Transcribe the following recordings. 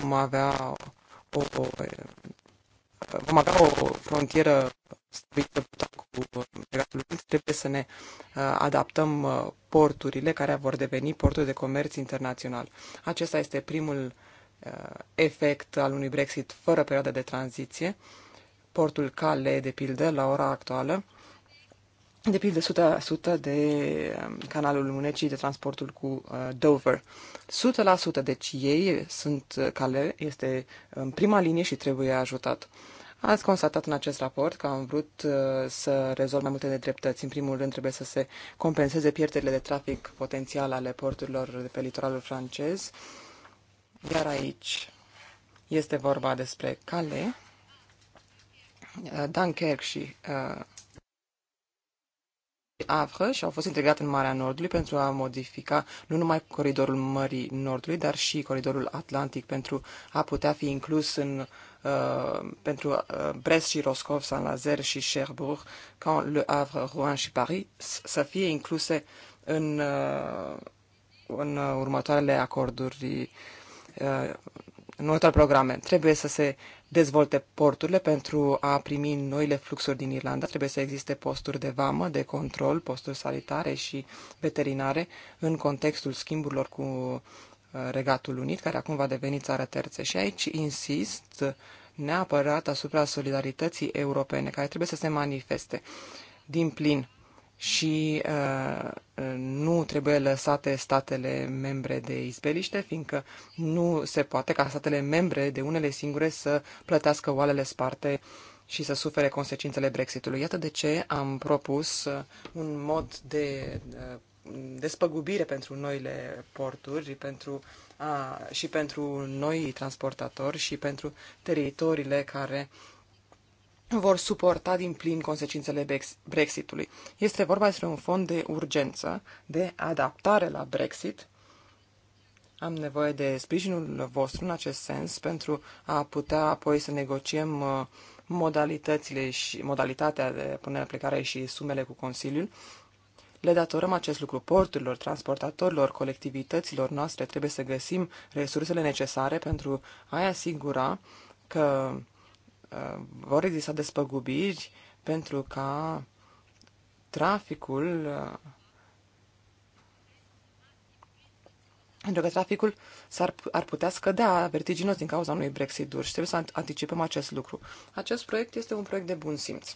vom avea o, vom avea o frontieră stabilită cu Regatul Unit, trebuie să ne uh, adaptăm uh, porturile care vor deveni porturi de comerț internațional. Acesta este primul uh, efect al unui Brexit fără perioadă de tranziție. Portul Calais, de pildă, la ora actuală, de 100% de um, canalul Mânecii de transportul cu uh, Dover. 100%, deci ei sunt uh, cale, este în prima linie și trebuie ajutat. Ați constatat în acest raport că am vrut uh, să rezolv mai multe nedreptăți. În primul rând trebuie să se compenseze pierderile de trafic potențial ale porturilor de pe litoralul francez. Iar aici este vorba despre cale. Dunkerque și uh, Avră și au fost integrate în Marea Nordului pentru a modifica nu numai coridorul Mării Nordului, dar și coridorul Atlantic pentru a putea fi inclus în uh, pentru uh, Brest și Roscov, Saint-Lazare și Cherbourg, ca Le Havre, Rouen și Paris să fie incluse în, uh, în uh, următoarele acorduri uh, în următoare programe. Trebuie să se dezvolte porturile pentru a primi noile fluxuri din Irlanda. Trebuie să existe posturi de vamă, de control, posturi sanitare și veterinare în contextul schimburilor cu uh, Regatul Unit, care acum va deveni țară terță. Și aici insist neapărat asupra solidarității europene, care trebuie să se manifeste din plin și uh, uh, nu trebuie lăsate statele membre de izbeliște, fiindcă nu se poate ca statele membre de unele singure să plătească oalele sparte și să sufere consecințele Brexitului. Iată de ce am propus uh, un mod de uh, despăgubire pentru noile porturi, pentru a, și pentru noi transportatori și pentru teritoriile care uh, vor suporta din plin consecințele Brexitului. Este vorba despre un fond de urgență, de adaptare la Brexit. Am nevoie de sprijinul vostru în acest sens pentru a putea apoi să negociem uh, modalitățile și modalitatea de punere în aplicare și sumele cu Consiliul. Le datorăm acest lucru porturilor, transportatorilor, colectivităților noastre. Trebuie să găsim resursele necesare pentru a asigura că Uh, vor exista despăgubiri pentru ca traficul uh, pentru că traficul s-ar, ar putea scădea vertiginos din cauza unui Brexit dur și trebuie să anticipăm acest lucru. Acest proiect este un proiect de bun simț.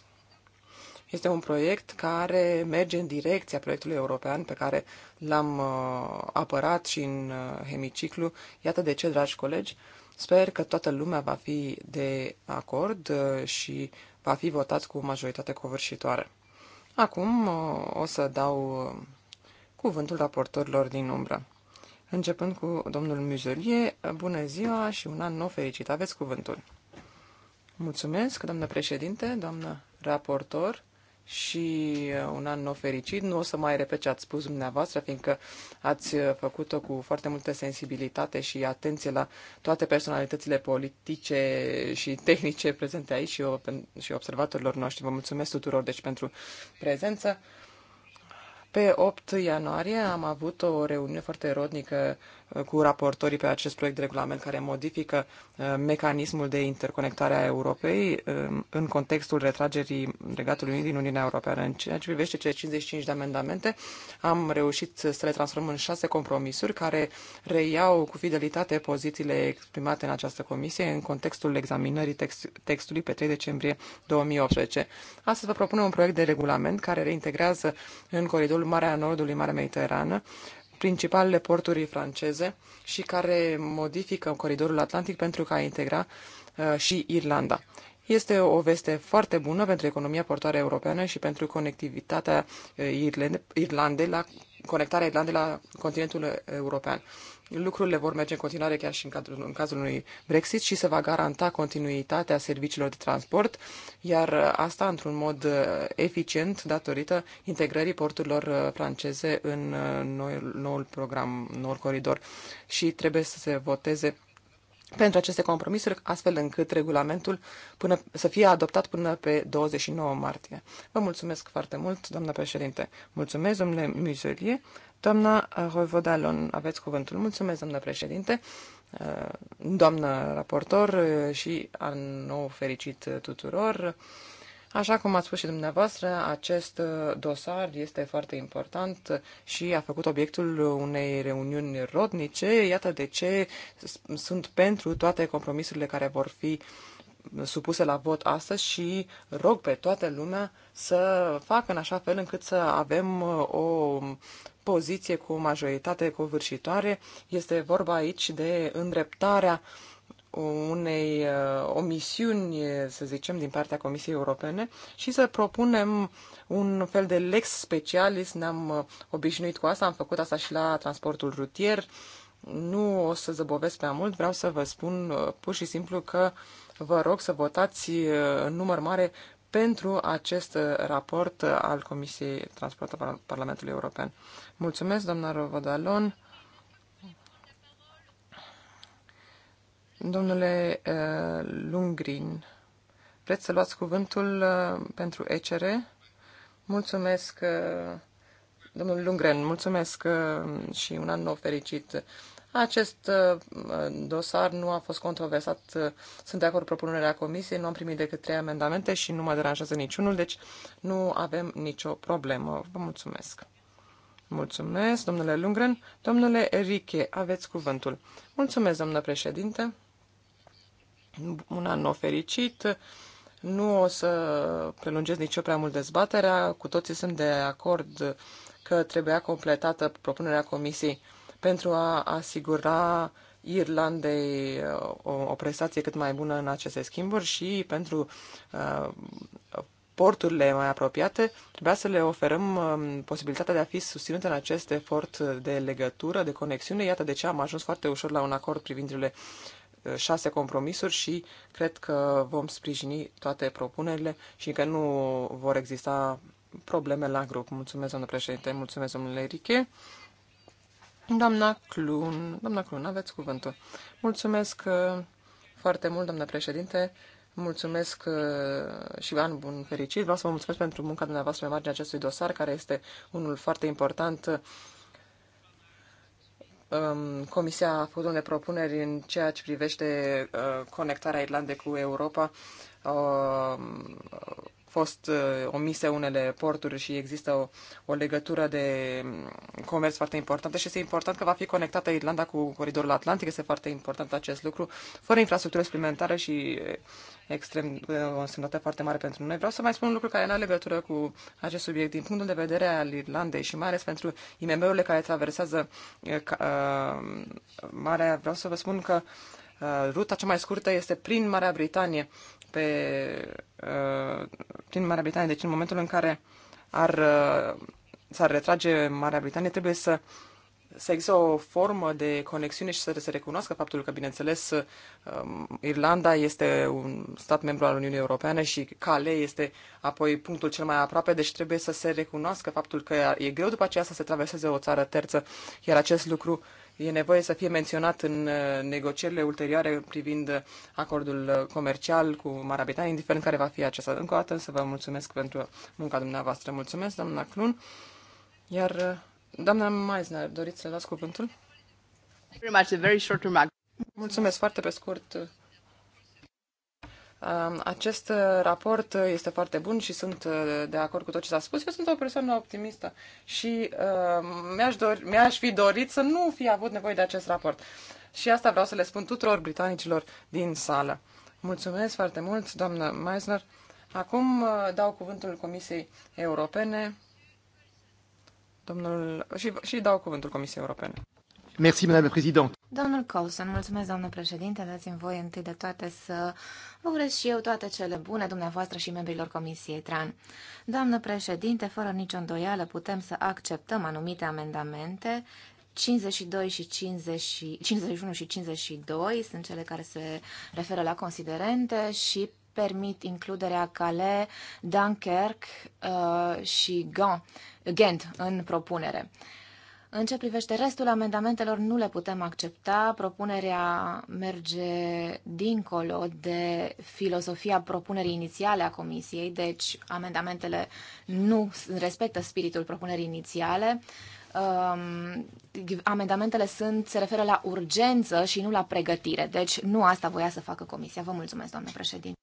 Este un proiect care merge în direcția proiectului european pe care l-am uh, apărat și în uh, hemiciclu. Iată de ce, dragi colegi, uh, Sper că toată lumea va fi de acord uh, și va fi votat cu majoritate covârșitoare. Acum uh, o să dau uh, cuvântul raportorilor din umbră. Începând cu domnul Muzelie, bună ziua și un an nou fericit. Aveți cuvântul. Mulțumesc, doamnă președinte, doamnă raportor și uh, un an nou fericit. Nu o să mai repet ce ați spus dumneavoastră, fiindcă ați uh, făcut-o cu foarte multă sensibilitate și atenție la toate personalitățile politice și tehnice prezente aici și, și observatorilor noștri. Vă mulțumesc tuturor deci pentru prezență. Pe 8 ianuarie am avut o reuniune foarte erotnică cu raportorii pe acest proiect de regulament care modifică uh, mecanismul de interconectare a Europei um, în contextul retragerii Regatului Unii din Uniunea Europeană. În ceea ce privește cele 55 de amendamente, am reușit să le transformăm în șase compromisuri care reiau cu fidelitate pozițiile exprimate în această comisie în contextul examinării text textului pe 3 decembrie 2018. Astăzi vă propunem un proiect de regulament care reintegrează în coridorul Marea Nordului, Marea Mediterană, principalele porturi franceze și care modifică coridorul atlantic pentru a integra uh, și Irlanda. Este o veste foarte bună pentru economia portoare europeană și pentru conectivitatea uh, Irlandei la conectarea Irlandei la continentul uh, european lucrurile vor merge în continuare chiar și în, cadrul, în cazul unui Brexit și se va garanta continuitatea serviciilor de transport, iar asta într-un mod uh, eficient datorită integrării porturilor uh, franceze în uh, noul, noul program, noul coridor și trebuie să se voteze pentru aceste compromisuri, astfel încât regulamentul până, să fie adoptat până pe 29 martie. Vă mulțumesc foarte mult, doamna președinte. Mulțumesc, domnule Muzelier. Doamna uh, Rovodalon, aveți cuvântul. Mulțumesc, doamnă președinte, uh, doamnă raportor uh, și an nou fericit tuturor. Așa cum ați spus și dumneavoastră, acest dosar este foarte important și a făcut obiectul unei reuniuni rodnice. Iată de ce sunt pentru toate compromisurile care vor fi supuse la vot astăzi și rog pe toată lumea să facă în așa fel încât să avem o poziție cu o majoritate covârșitoare. Este vorba aici de îndreptarea unei uh, omisiuni, să zicem, din partea Comisiei Europene și să propunem un fel de lex specialis. Ne-am uh, obișnuit cu asta, am făcut asta și la transportul rutier. Nu o să zăbovesc prea mult, vreau să vă spun uh, pur și simplu că vă rog să votați în număr mare pentru acest raport al Comisiei Transport al Parlamentului European. Mulțumesc, doamna Rovodalon. Domnule uh, Lungrin, vreți să luați cuvântul uh, pentru ECR? Mulțumesc, uh, domnul Lungren, mulțumesc și un an nou fericit. Acest uh, uh, dosar nu a fost controversat. Uh, sunt de acord cu propunerea comisiei, nu am primit decât trei amendamente și nu mă deranjează niciunul, deci nu avem nicio problemă. Vă mulțumesc! Mulțumesc, domnule Lungren. Domnule Riche, aveți cuvântul. Mulțumesc, domnule președinte. Un an nou fericit. Nu o să prelungesc nicio prea mult dezbaterea. Cu toții sunt de acord că trebuia completată propunerea comisiei pentru a asigura Irlandei uh, o, o prestație cât mai bună în aceste schimburi și pentru uh, porturile mai apropiate, trebuia să le oferăm uh, posibilitatea de a fi susținute în acest efort de legătură, de conexiune. Iată de ce am ajuns foarte ușor la un acord privind ele uh, șase compromisuri și cred că vom sprijini toate propunerile și că nu vor exista probleme la grup. Mulțumesc, domnule președinte, mulțumesc, domnule Riche. Doamna Clun, doamna Clun, aveți cuvântul. Mulțumesc uh, foarte mult, doamna președinte. Mulțumesc uh, și an bun fericit. Vreau să vă mulțumesc pentru munca dumneavoastră pe marginea acestui dosar, care este unul foarte important. Um, Comisia a făcut unele propuneri în ceea ce privește uh, conectarea Irlandei cu Europa fost uh, omise unele porturi și există o, o legătură de mm, comerț foarte importantă și este important că va fi conectată Irlanda cu coridorul Atlantic, este foarte important acest lucru, fără infrastructură suplimentară și eh, extrem, eh, o însemnătate foarte mare pentru noi. Vreau să mai spun un lucru care nu are legătură cu acest subiect. Din punctul de vedere al Irlandei și mai ales pentru IMM-urile care traversează uh, uh, Marea, vreau să vă spun că uh, ruta cea mai scurtă este prin Marea Britanie pe, uh, prin Marea Britanie. Deci în momentul în care ar, uh, s-ar retrage Marea Britanie, trebuie să să există o formă de conexiune și să se recunoască faptul că, bineînțeles, uh, Irlanda este un stat membru al Uniunii Europene și Calais este apoi punctul cel mai aproape, deci trebuie să se recunoască faptul că e greu după aceea să se traverseze o țară terță, iar acest lucru e nevoie să fie menționat în uh, negocierile ulterioare privind acordul uh, comercial cu Marea Britanie, indiferent care va fi acesta. Încă o dată să vă mulțumesc pentru munca dumneavoastră. Mulțumesc, doamna Clun. Iar uh, doamna Meisner, doriți să luați cuvântul? Mulțumesc foarte pe scurt acest uh, raport uh, este foarte bun și sunt uh, de acord cu tot ce s-a spus. Eu sunt o persoană optimistă și mi-aș, dori, mi-aș fi dorit să nu fi avut nevoie de acest raport. Și asta vreau să le spun tuturor britanicilor din sală. Mulțumesc foarte mult, doamnă Meisner. Acum dau cuvântul Comisiei Europene. Domnul, și, și dau cuvântul Comisiei Europene. Mersi, Madame Présidente. Domnul Coulson, mulțumesc, doamnă președinte. Dați-mi voie întâi de toate să vă urez și eu toate cele bune dumneavoastră și membrilor Comisiei TRAN. Doamnă președinte, fără nicio îndoială putem să acceptăm anumite amendamente 52 și 50, 51 și 52 sunt cele care se referă la considerente și permit includerea Calais, Dunkerque uh, și Gant, în propunere. Uh, în ce privește restul amendamentelor, nu le putem accepta. Propunerea merge dincolo de filosofia propunerii inițiale a Comisiei, deci amendamentele nu respectă spiritul propunerii inițiale. Um, amendamentele sunt, se referă la urgență și nu la pregătire, deci nu asta voia să facă Comisia. Vă mulțumesc, doamnă președinte.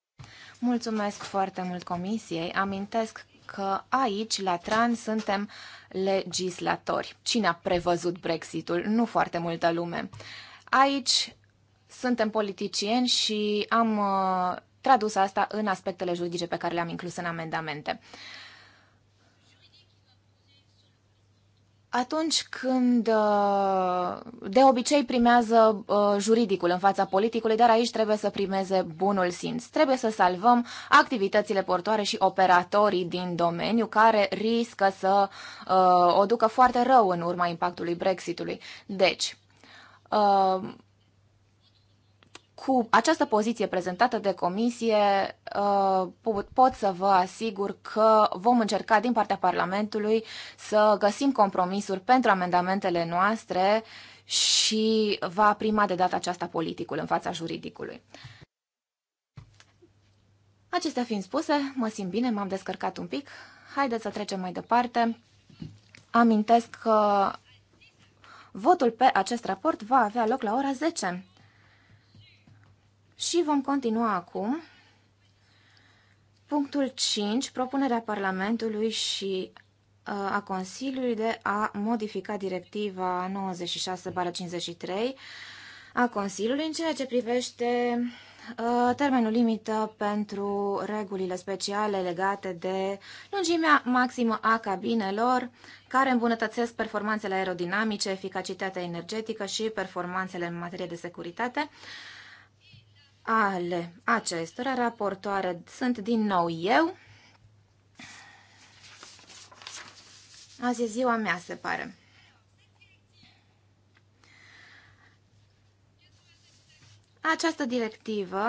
Mulțumesc foarte mult Comisiei. Amintesc că aici, la TRAN, suntem legislatori. Cine a prevăzut Brexitul? Nu foarte multă lume. Aici suntem politicieni și am uh, tradus asta în aspectele juridice pe care le-am inclus în amendamente. Uh, atunci când uh, de obicei primează uh, juridicul în fața politicului, dar aici trebuie să primeze bunul simț. Trebuie să salvăm activitățile portoare și operatorii din domeniu care riscă să uh, o ducă foarte rău în urma impactului Brexitului. Deci, cu această poziție prezentată de comisie uh, pot să vă asigur că vom încerca din partea Parlamentului să găsim compromisuri pentru amendamentele noastre și va prima de data aceasta politicul în fața juridicului. Acestea fiind spuse, mă simt bine, m-am descărcat un pic. Haideți să trecem mai departe. Amintesc că votul pe acest raport va avea loc la ora 10. Și vom continua acum. Punctul 5. Propunerea Parlamentului și uh, a Consiliului de a modifica directiva 96-53 a Consiliului în ceea ce privește uh, termenul limită pentru regulile speciale legate de lungimea maximă a cabinelor, care îmbunătățesc performanțele aerodinamice, eficacitatea energetică și performanțele în materie de securitate, ale acestora. Raportoare sunt din nou eu. Azi e ziua mea, se pare. Această directivă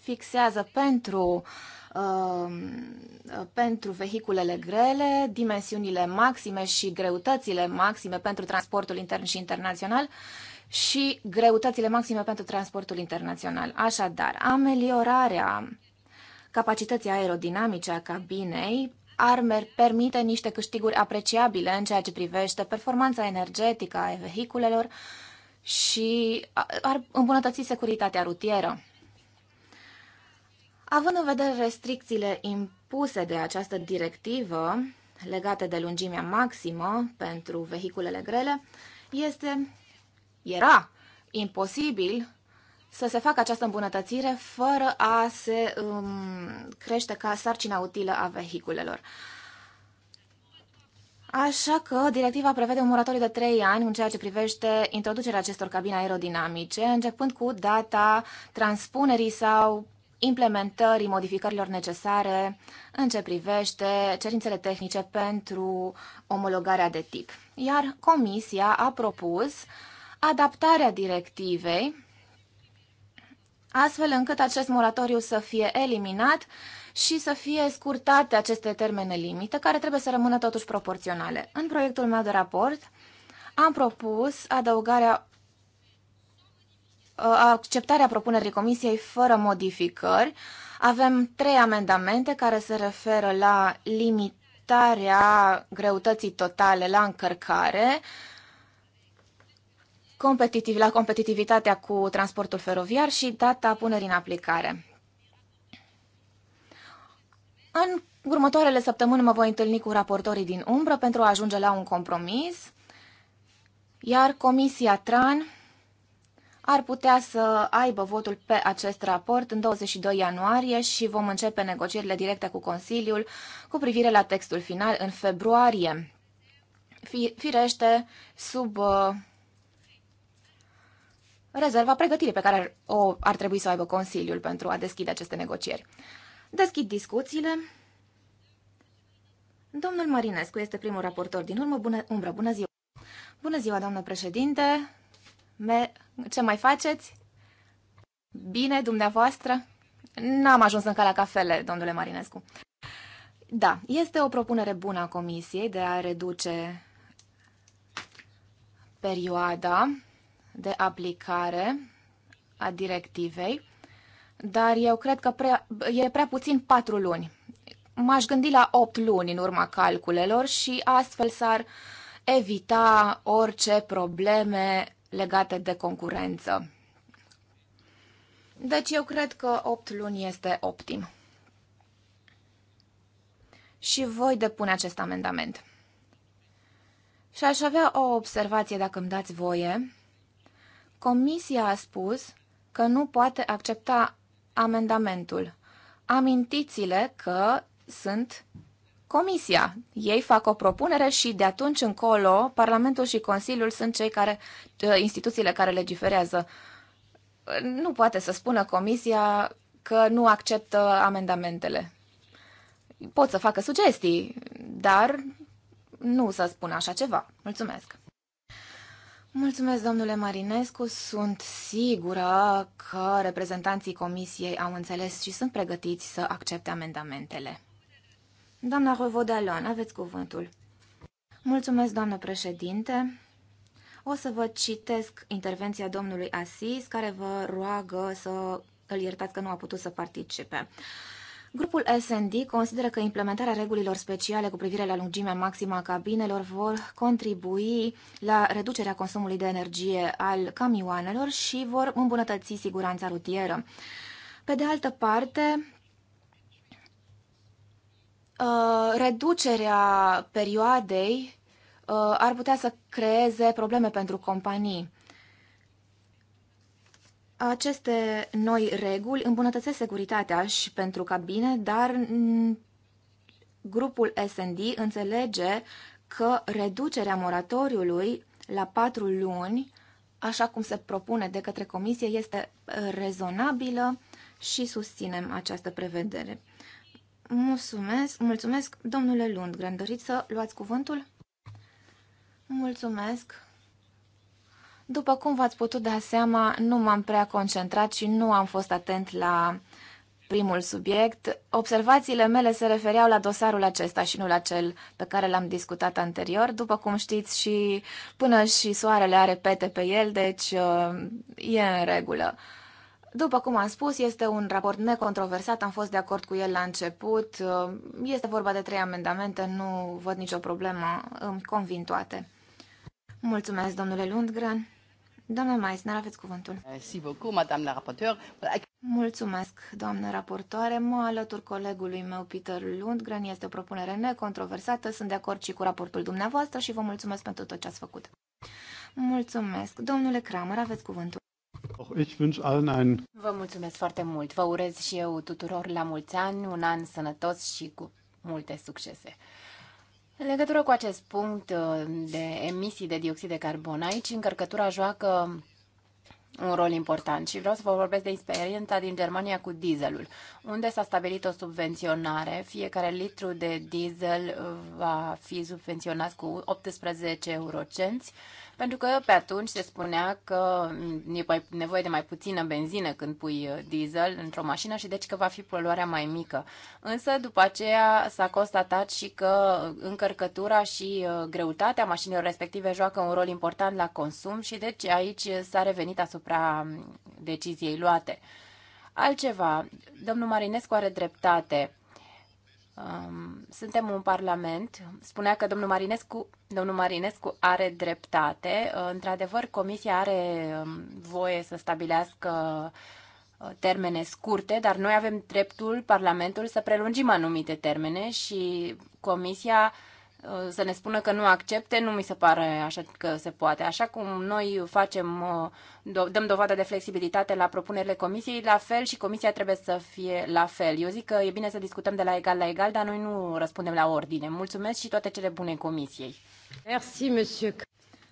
fixează pentru, uh, pentru vehiculele grele dimensiunile maxime și greutățile maxime pentru transportul intern și internațional și greutățile maxime pentru transportul internațional. Așadar, ameliorarea capacității aerodinamice a cabinei ar permite niște câștiguri apreciabile în ceea ce privește performanța energetică a vehiculelor și ar îmbunătăți securitatea rutieră. Având în vedere restricțiile impuse de această directivă legate de lungimea maximă pentru vehiculele grele, este era imposibil să se facă această îmbunătățire fără a se um, crește ca sarcina utilă a vehiculelor. Așa că directiva prevede un moratoriu de 3 ani în ceea ce privește introducerea acestor cabine aerodinamice, începând cu data transpunerii sau implementării modificărilor necesare în ce privește cerințele tehnice pentru omologarea de tip. Iar Comisia a propus uh, adaptarea directivei, astfel încât acest moratoriu să fie eliminat și să fie scurtate aceste termene limite, care trebuie să rămână totuși proporționale. În proiectul meu de raport am propus adăugarea ă, acceptarea propunerii comisiei fără modificări. Avem trei amendamente care se referă la limitarea greutății totale la încărcare, uh, competitiv, la competitivitatea cu transportul feroviar și data punerii în aplicare. În următoarele săptămâni mă voi întâlni cu raportorii din umbră pentru a ajunge la un compromis, iar Comisia TRAN ar putea să aibă votul pe acest raport în 22 ianuarie și vom începe negocierile directe cu Consiliul cu privire la textul final în februarie. Firește, sub uh, rezerva pregătire pe care o ar trebui să o aibă Consiliul pentru a deschide aceste negocieri. Deschid discuțiile. Domnul Marinescu este primul raportor din urmă. Bună, umbră, bună ziua! Bună ziua, doamnă președinte! Me- ce mai faceți? Bine, dumneavoastră? N-am ajuns încă la cafele, domnule Marinescu. Da, este o propunere bună a Comisiei de a reduce perioada de aplicare a directivei, dar eu cred că prea, e prea puțin patru luni. M-aș gândi la opt luni în urma calculelor și astfel s-ar evita orice probleme legate de concurență. Deci eu cred că 8 luni este optim. Și voi depune acest amendament. Și aș avea o observație dacă îmi dați voie. Comisia a spus că nu poate accepta amendamentul. Amintiți-le că sunt Comisia. Ei fac o propunere și de atunci încolo Parlamentul și Consiliul sunt cei care, ă, instituțiile care legiferează. Nu poate să spună Comisia că nu acceptă amendamentele. Pot să facă sugestii, dar nu să spună așa ceva. Mulțumesc! Mulțumesc, domnule Marinescu. Sunt sigură că reprezentanții comisiei au înțeles și sunt pregătiți să accepte amendamentele. Doamna Rovodalon, aveți cuvântul. Mulțumesc, doamnă președinte. O să vă citesc intervenția domnului Asis, care vă roagă să îl iertați că nu a putut să participe. Uh, Grupul SND consideră că implementarea regulilor speciale cu privire la lungimea maximă a cabinelor vor contribui la reducerea consumului de energie al camioanelor și vor îmbunătăți siguranța rutieră. Pe de altă parte, ă, reducerea perioadei ă, ar putea să creeze probleme pentru companii. Aceste noi reguli îmbunătățesc securitatea și pentru cabine, dar grupul S&D înțelege că reducerea moratoriului la patru luni, așa cum se propune de către comisie, este uh, rezonabilă și susținem această prevedere. Mulțumesc, mulțumesc, domnule Lundgren. Doriți să luați cuvântul? Mulțumesc. După cum v-ați putut da seama, nu m-am prea concentrat și nu am fost atent la primul subiect. Observațiile mele se refereau la dosarul acesta și nu la cel pe care l-am discutat anterior. După cum știți, și până și soarele are pete pe el, deci uh, e în regulă. După cum am spus, este un raport necontroversat, am fost de acord cu el la început. Uh, este vorba de trei amendamente, nu văd nicio problemă, îmi convin toate. Mulțumesc, domnule Lundgren. Doamna Meisner, aveți cuvântul. Mulțumesc, doamnă raportoare. Mă alătur colegului meu, Peter Lundgren. Este o propunere necontroversată. Sunt de acord și cu raportul dumneavoastră și vă mulțumesc pentru tot ce ați făcut. Mulțumesc. Domnule Kramer, aveți cuvântul. Vă mulțumesc foarte mult. Vă urez și eu tuturor la mulți ani, un an sănătos și cu multe succese. În legătură cu acest punct uh, de emisii de dioxid de carbon, aici încărcătura joacă un rol important și vreau să vă vorbesc de experiența din Germania cu dieselul, unde s-a stabilit o subvenționare. Fiecare litru de diesel uh, va fi subvenționat cu 18 eurocenți pentru că pe atunci se spunea că e nevoie de mai puțină benzină când pui uh, diesel într-o mașină și deci că va fi poluarea mai mică. Însă după aceea s-a constatat și că încărcătura și uh, greutatea mașinilor respective joacă un rol important la consum și deci aici s-a revenit asupra um, deciziei luate. Altceva, domnul Marinescu are dreptate Um, suntem un parlament. Spunea că domnul Marinescu, domnul Marinescu are dreptate. Uh, într-adevăr, comisia are um, voie să stabilească uh, termene scurte, dar noi avem dreptul, Parlamentul, să prelungim anumite termene și comisia uh, Uh, să ne spună că nu accepte, nu mi se pare așa că se poate. Așa cum noi facem, uh, dăm dovadă de flexibilitate la propunerile comisiei, la fel și comisia trebuie să fie la fel. Eu zic că e bine să discutăm de la egal la egal, dar noi nu răspundem la ordine. Mulțumesc și toate cele bune comisiei. Merci, monsieur.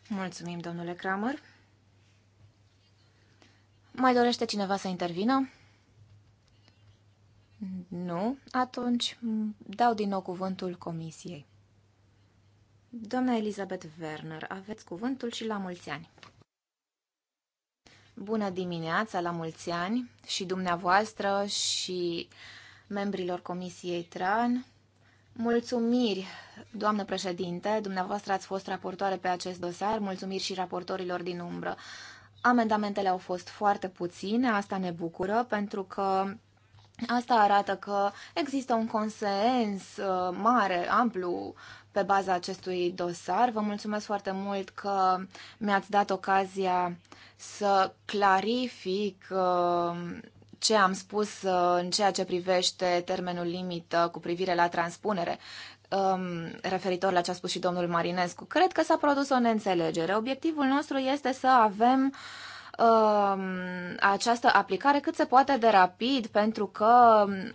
Mulțumim, domnule Kramer. Mai dorește cineva să intervină? Nu? Atunci dau din nou cuvântul comisiei. Doamna Elizabeth Werner, aveți cuvântul și la mulți ani. Bună dimineața, la mulți ani și dumneavoastră și membrilor Comisiei TRAN. Mulțumiri, doamnă președinte, dumneavoastră ați fost raportoare pe acest dosar, mulțumiri și raportorilor din umbră. Amendamentele au fost foarte puține, asta ne bucură, pentru că Asta arată că există un consens uh, mare, amplu, pe baza acestui dosar. Vă mulțumesc foarte mult că mi-ați dat ocazia să clarific uh, ce am spus uh, în ceea ce privește termenul limită cu privire la transpunere um, referitor la ce a spus și domnul Marinescu. Cred că s-a produs o neînțelegere. Obiectivul nostru este să avem uh, Um, această aplicare cât se poate de rapid, pentru că um,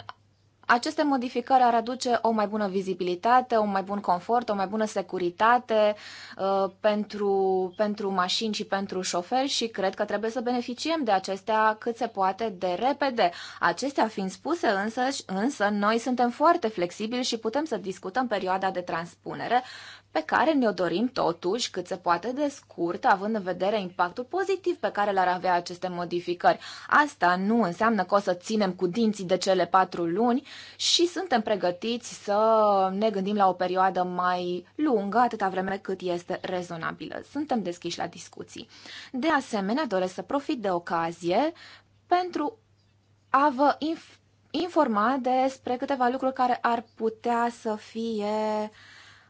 aceste modificări ar aduce o mai bună vizibilitate, un mai bun confort, o mai bună securitate uh, pentru, pentru mașini și pentru șoferi și cred că trebuie să beneficiem de acestea cât se poate de repede. Acestea fiind spuse însă, însă noi suntem foarte flexibili și putem să discutăm perioada de transpunere pe care ne-o dorim totuși cât se poate de scurt, având în vedere impactul pozitiv pe care l-ar avea aceste modificări. Asta nu înseamnă că o să ținem cu dinții de cele patru luni și suntem pregătiți să ne gândim la o perioadă mai lungă, atâta vreme cât este rezonabilă. Suntem deschiși la discuții. De asemenea, doresc să profit de ocazie pentru a vă informa informa despre câteva lucruri care ar putea să fie uh,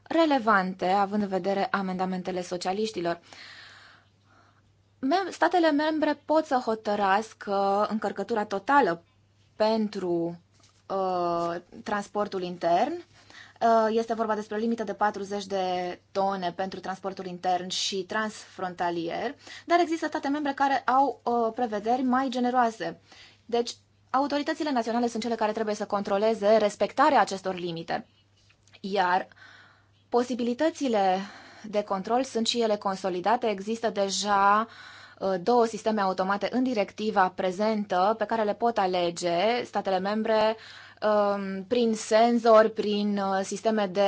relevante, având în vedere amendamentele socialiștilor. statele membre pot să hotărască încărcătura totală pentru uh, transportul intern. Uh, este vorba despre o limită de 40 de tone pentru transportul intern și transfrontalier, dar există state membre care au uh, prevederi mai generoase. Deci, autoritățile naționale sunt cele care trebuie să controleze respectarea acestor limite. Iar uh, Posibilitățile de control sunt și ele consolidate. Există deja uh, două sisteme automate în directiva prezentă pe care le pot alege statele membre um, prin senzori, prin uh, sisteme de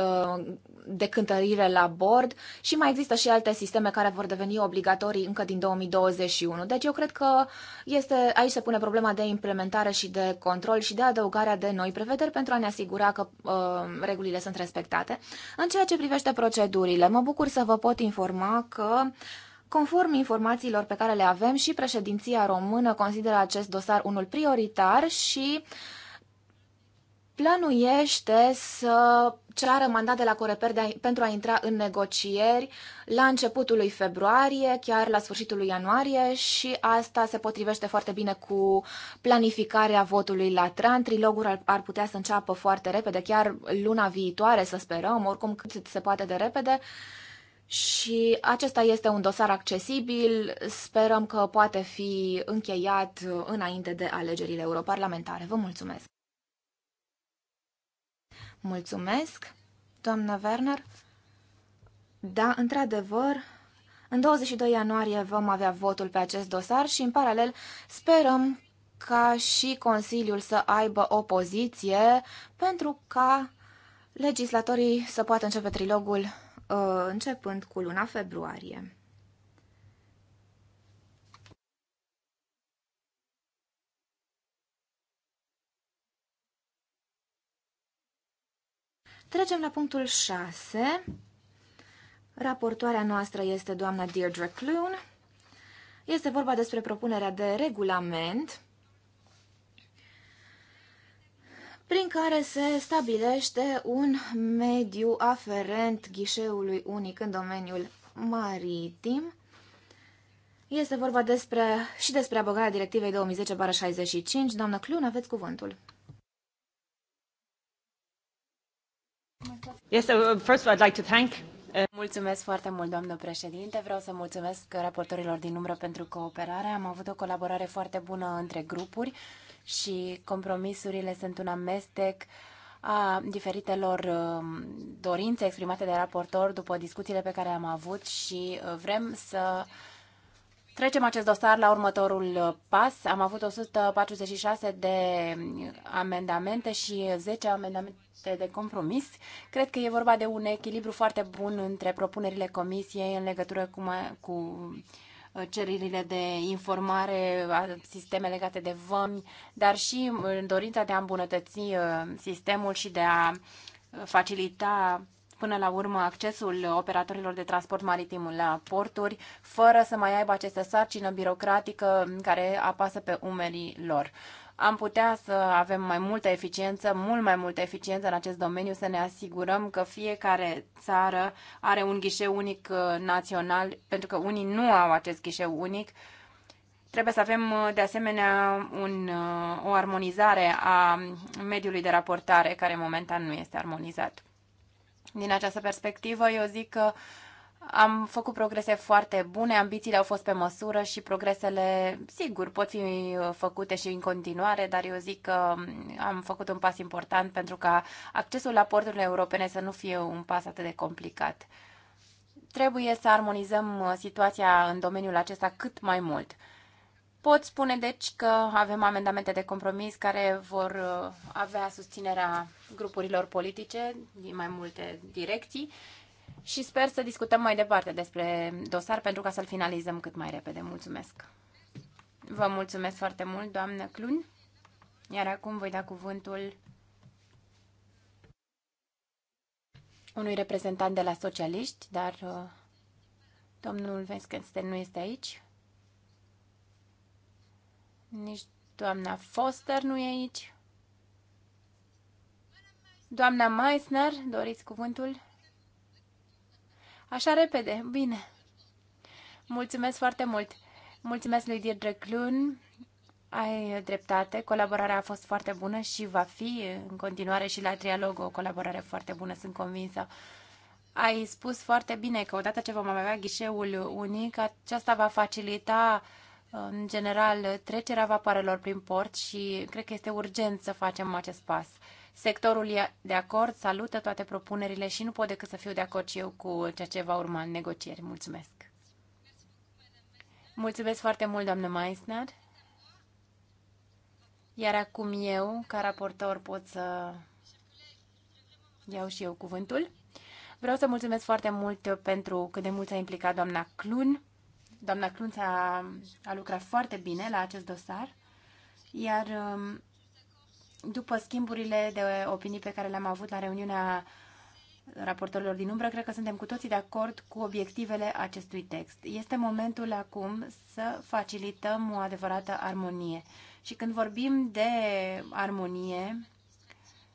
uh, de cântărire la bord și mai există și alte sisteme care vor deveni obligatorii încă din 2021. Deci eu cred că este, aici se pune problema de implementare și de control și de adăugarea de noi prevederi pentru a ne asigura că uh, regulile sunt respectate. În ceea ce privește procedurile, mă bucur să vă pot informa că Conform informațiilor pe care le avem și președinția română consideră acest dosar unul prioritar și planuiește să ceară mandat de la Coreper de a, pentru a intra în negocieri la începutul lui februarie, chiar la sfârșitul lui ianuarie și asta se potrivește foarte bine cu planificarea votului la TRAN. Trilogul ar, ar putea să înceapă foarte repede, chiar luna viitoare să sperăm, oricum cât se poate de repede. Și acesta este un dosar accesibil, sperăm că poate fi încheiat înainte de alegerile europarlamentare. Vă mulțumesc! Mulțumesc, doamna Werner. Da, într-adevăr, în 22 ianuarie vom avea votul pe acest dosar și, în paralel, sperăm ca și Consiliul să aibă o poziție pentru ca legislatorii să poată începe trilogul uh, începând cu luna februarie. Trecem la punctul 6. Raportoarea noastră este doamna Deirdre Clune. Este vorba despre propunerea de regulament prin care se stabilește un mediu aferent ghișeului unic în domeniul maritim. Este vorba despre, și despre abogarea directivei 2010-65. Doamnă Clun, aveți cuvântul. Mulțumesc foarte mult, doamnă președinte. Vreau să mulțumesc raportorilor din umbră pentru cooperare. Am avut o colaborare foarte bună între grupuri și compromisurile sunt un amestec a diferitelor um, dorințe exprimate de raportor după discuțiile pe care am avut și uh, vrem să Trecem acest dosar la următorul uh, pas. Am avut 146 de amendamente și 10 amendamente de compromis. Cred că e vorba de un echilibru foarte bun între propunerile comisiei în legătură cu, cu uh, cererile de informare, sisteme legate de vămi, dar și uh, dorința de a îmbunătăți sistemul și de a facilita până la urmă accesul operatorilor de transport maritim la porturi, fără să mai aibă această sarcină birocratică care apasă pe umerii lor am putea să avem mai multă eficiență, mult mai multă eficiență în acest domeniu, să ne asigurăm că fiecare țară are un ghișeu unic uh, național, pentru că unii nu au acest ghișeu unic. Trebuie să avem, uh, de asemenea, un, uh, o armonizare a mediului de raportare, care momentan nu este armonizat. Din această perspectivă, eu zic că am făcut progrese foarte bune, ambițiile au fost pe măsură și progresele, sigur, pot fi uh, făcute și în continuare, dar eu zic că um, am făcut un pas important pentru ca accesul la porturile europene să nu fie un pas atât de complicat. Trebuie să armonizăm uh, situația în domeniul acesta cât mai mult. Pot spune, deci, că avem amendamente de compromis care vor uh, avea susținerea grupurilor politice din mai multe direcții și sper să discutăm mai departe despre dosar pentru ca să-l finalizăm cât mai repede. Mulțumesc! Vă mulțumesc foarte mult, doamnă Clun, iar acum voi da cuvântul unui reprezentant de la socialiști, dar uh, domnul Veskensten nu este aici. Nici doamna Foster nu e aici. Doamna Meissner, doriți cuvântul? Așa repede, bine. Mulțumesc foarte mult. Mulțumesc lui Deirdre Clun. Ai dreptate, colaborarea a fost foarte bună și va fi în continuare și la trialog o colaborare foarte bună, sunt convinsă. Ai spus foarte bine că odată ce vom avea ghișeul unic, aceasta va facilita uh, în general, trecerea vapoarelor prin port și cred că este urgent să facem acest pas. Sectorul e de acord, salută toate propunerile și nu pot decât să fiu de acord și eu cu ceea ce va urma în negocieri. Mulțumesc! Mulțumesc foarte mult, doamnă Meissner! Iar acum eu, ca raportor, pot să iau și eu cuvântul. Vreau să mulțumesc foarte mult pentru cât de mult s-a implicat doamna Clun Doamna Clunț a, a lucrat foarte bine la acest dosar, iar um, după schimburile de opinii pe care le-am avut la reuniunea raportorilor din umbră, cred că suntem cu toții de acord cu obiectivele acestui text. Este momentul acum să facilităm o adevărată armonie. Și când vorbim de armonie,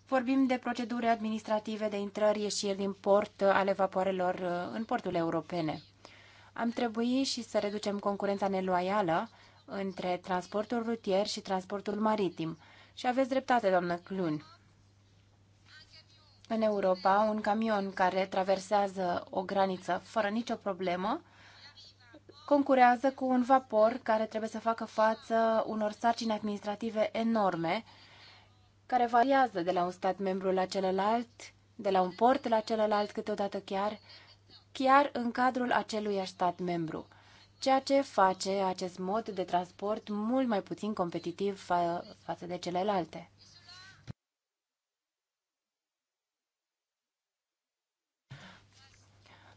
vorbim de proceduri administrative de intrări-ieșiri din port ale vapoarelor uh, în porturile europene am trebuit și să reducem concurența neloială între transportul rutier și transportul maritim. Și aveți dreptate, doamnă Clun. În Europa, un camion care traversează o graniță fără nicio problemă concurează cu un vapor care trebuie să facă față unor sarcini administrative enorme, care variază de la un stat membru la celălalt, de la un port la celălalt câteodată chiar, chiar în cadrul acelui stat membru, ceea ce face acest mod de transport mult mai puțin competitiv fa față de celelalte.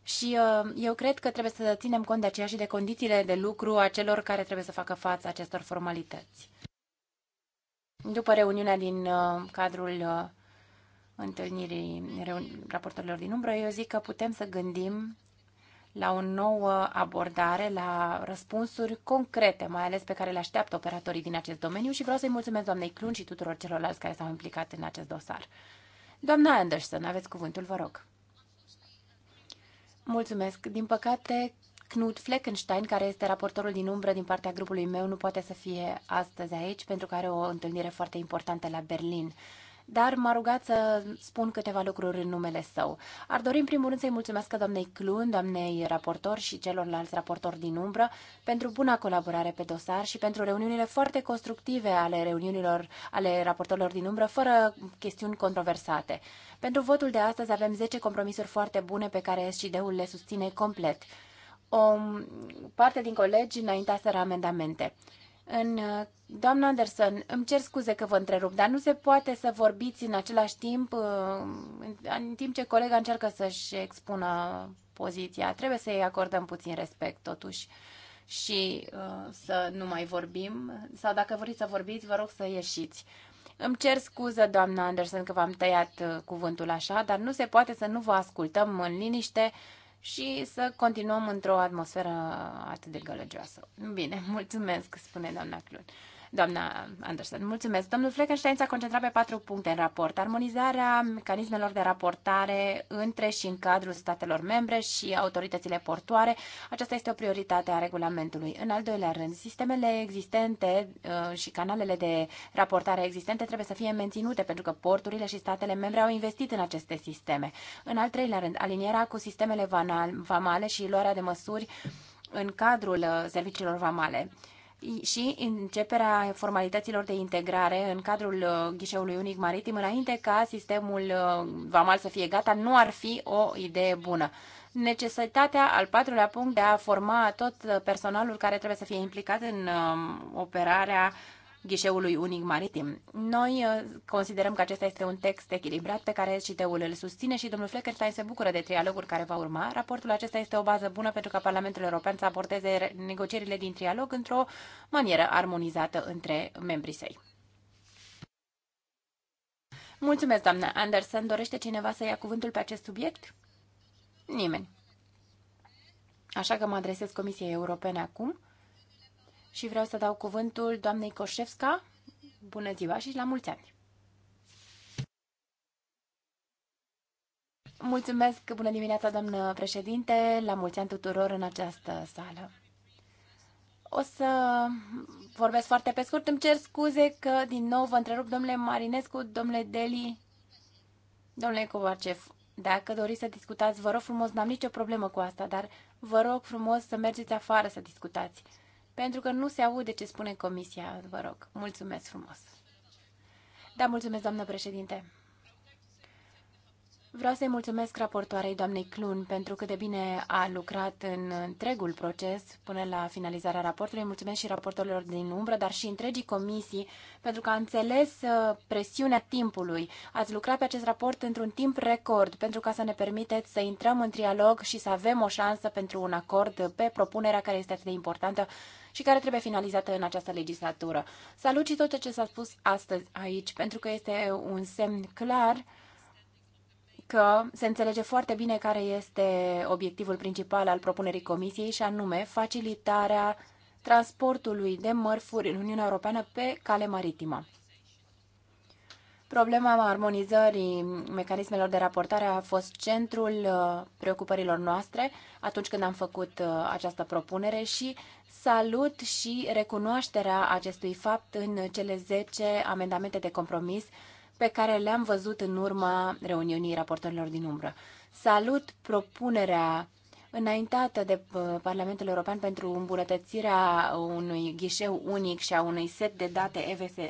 Și uh, eu cred că trebuie să ținem cont de aceea și de condițiile de lucru a celor care trebuie să facă față acestor formalități. După reuniunea din uh, cadrul uh, întâlnirii raportorilor din umbră, eu zic că putem să gândim la o nouă abordare, la răspunsuri concrete, mai ales pe care le așteaptă operatorii din acest domeniu și vreau să-i mulțumesc doamnei Clun și tuturor celorlalți care s-au implicat în acest dosar. Doamna Anderson, aveți cuvântul, vă rog. Mulțumesc. Din păcate, Knut Fleckenstein, care este raportorul din umbră din partea grupului meu, nu poate să fie astăzi aici pentru că are o întâlnire foarte importantă la Berlin dar m-a rugat să spun câteva lucruri în numele său. Ar dori în primul rând să-i mulțumesc doamnei Clun, doamnei raportor și celorlalți raportori din umbră pentru buna colaborare pe dosar și pentru reuniunile foarte constructive ale reuniunilor ale raportorilor din umbră, fără chestiuni controversate. Pentru votul de astăzi avem 10 compromisuri foarte bune pe care SCD-ul le susține complet. O parte din colegi să amendamente. În, uh, doamna Anderson, îmi cer scuze că vă întrerup, dar nu se poate să vorbiți în același timp, uh, în timp ce colega încearcă să-și expună poziția. Trebuie să-i acordăm puțin respect, totuși, și uh, să nu mai vorbim. Sau dacă vreți să vorbiți, vă rog să ieșiți. Îmi cer scuză, doamna Anderson, că v-am tăiat uh, cuvântul așa, dar nu se poate să nu vă ascultăm în liniște și să continuăm într-o atmosferă atât de gălăgioasă. Bine, mulțumesc, spune doamna Clun doamna Anderson. Mulțumesc. Domnul Fleckenstein s-a concentrat pe patru puncte în raport. Armonizarea mecanismelor de raportare între și în cadrul statelor membre și autoritățile portoare. Aceasta este o prioritate a regulamentului. În al doilea rând, sistemele existente uh, și canalele de raportare existente trebuie să fie menținute pentru că porturile și statele membre au investit în aceste sisteme. În al treilea rând, alinierea cu sistemele vamale și luarea de măsuri în cadrul uh, serviciilor vamale și începerea formalităților de integrare în cadrul uh, ghișeului unic maritim înainte ca sistemul uh, vamal să fie gata nu ar fi o idee bună. Necesitatea, al patrulea punct, de a forma tot uh, personalul care trebuie să fie implicat în um, operarea ghișeului unic maritim. Noi uh, considerăm că acesta este un text echilibrat pe care SCT-ul îl susține și domnul Fleckenstein se bucură de trialogul care va urma. Raportul acesta este o bază bună pentru ca Parlamentul European să abordeze negocierile din trialog într-o manieră armonizată între membrii săi. Mulțumesc, doamna Anderson. Dorește cineva să ia cuvântul pe acest subiect? Nimeni. Așa că mă adresez Comisiei Europene acum și vreau să dau cuvântul doamnei Coșevska. Bună ziua și la mulți ani! Mulțumesc, bună dimineața, doamnă președinte, la mulți ani tuturor în această sală. O să vorbesc foarte pe scurt. Îmi cer scuze că din nou vă întrerup, domnule Marinescu, domnule Deli, domnule Covarcev. Dacă doriți să discutați, vă rog frumos, n-am nicio problemă cu asta, dar vă rog frumos să mergeți afară să discutați. Pentru că nu se aude ce spune comisia, vă rog. Mulțumesc frumos. Da, mulțumesc, doamnă președinte. Vreau să-i mulțumesc raportoarei doamnei Clun pentru cât de bine a lucrat în întregul proces până la finalizarea raportului. Mulțumesc și raportorilor din umbră, dar și întregii comisii, pentru că a înțeles uh, presiunea timpului. Ați lucrat pe acest raport într-un timp record, pentru ca să ne permiteți să intrăm în trialog și să avem o șansă pentru un acord pe propunerea care este atât de importantă și care trebuie finalizată în această legislatură. Salut și tot ce s-a spus astăzi aici, pentru că este un semn clar că se înțelege foarte bine care este obiectivul principal al propunerii Comisiei și anume facilitarea transportului de mărfuri în Uniunea Europeană pe cale maritimă. Problema armonizării mecanismelor de raportare a fost centrul uh, preocupărilor noastre atunci când am făcut uh, această propunere și salut și recunoașterea acestui fapt în cele 10 amendamente de compromis pe care le-am văzut în urma reuniunii raportorilor din umbră. Salut propunerea înaintată de uh, Parlamentul European pentru îmbunătățirea unui ghișeu unic și a unui set de date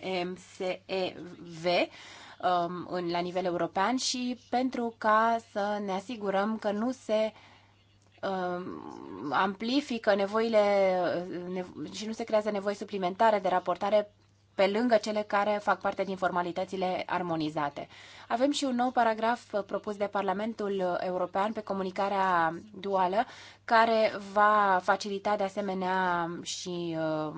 EMSEV um, la nivel european și pentru ca să ne asigurăm că nu se um, amplifică nevoile uh, și nu se creează nevoi suplimentare de raportare pe lângă cele care fac parte din formalitățile armonizate. Avem și un nou paragraf propus de Parlamentul European pe comunicarea duală, care va facilita de asemenea și uh,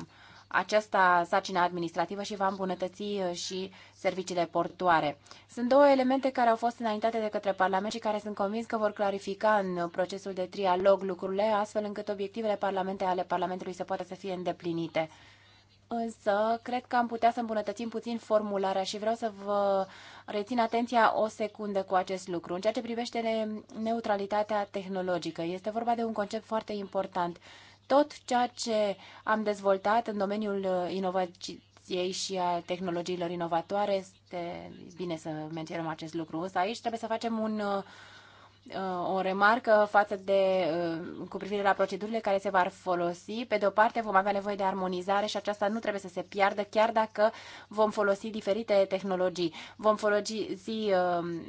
aceasta sarcina administrativă și va îmbunătăți uh, și serviciile portoare. Sunt două elemente care au fost înaintate de către Parlament și care sunt convins că vor clarifica în procesul de trialog lucrurile, astfel încât obiectivele parlamente ale Parlamentului să poată să fie îndeplinite însă cred că am putea să îmbunătățim puțin formularea și vreau să vă rețin atenția o secundă cu acest lucru. În ceea ce privește neutralitatea tehnologică, este vorba de un concept foarte important. Tot ceea ce am dezvoltat în domeniul inovației și a tehnologiilor inovatoare, este bine să menționăm acest lucru, însă aici trebuie să facem un uh, Uh, o remarcă față de, uh, cu privire la procedurile care se vor folosi. Pe de o parte, vom avea nevoie de armonizare și aceasta nu trebuie să se piardă, chiar dacă vom folosi diferite tehnologii. Vom folosi uh,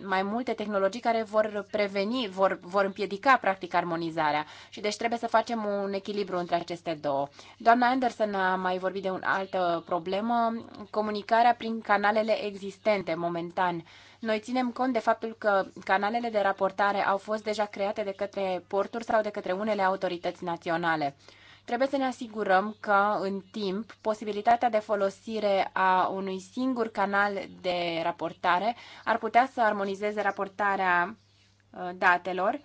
mai multe tehnologii care vor preveni, vor, vor împiedica, practic, armonizarea. Și deci trebuie să facem un echilibru între aceste două. Doamna Anderson a mai vorbit de o altă problemă, comunicarea prin canalele existente momentan noi ținem cont de faptul că canalele de raportare au fost deja create de către porturi sau de către unele autorități naționale. Trebuie să ne asigurăm că, în timp, posibilitatea de folosire a unui singur canal de raportare ar putea să armonizeze raportarea uh, datelor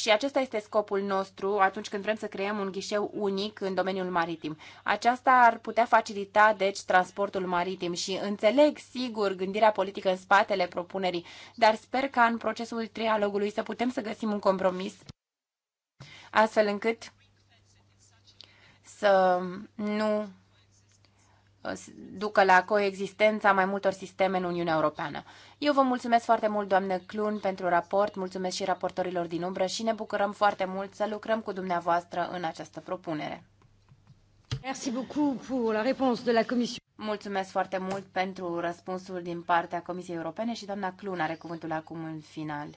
și acesta este scopul nostru atunci când vrem să creăm un ghișeu unic în domeniul maritim. Aceasta ar putea facilita, deci, transportul maritim și înțeleg, sigur, gândirea politică în spatele propunerii, dar sper ca în procesul trialogului să putem să găsim un compromis astfel încât să nu ducă la coexistența mai multor sisteme în Uniunea Europeană. Eu vă mulțumesc foarte mult, doamnă Clun, pentru raport, mulțumesc și raportorilor din umbră și ne bucurăm foarte mult să lucrăm cu dumneavoastră în această propunere. Merci beaucoup pour la réponse de la Commission. Mulțumesc foarte mult pentru răspunsul din partea Comisiei Europene și doamna Clun are cuvântul acum în final.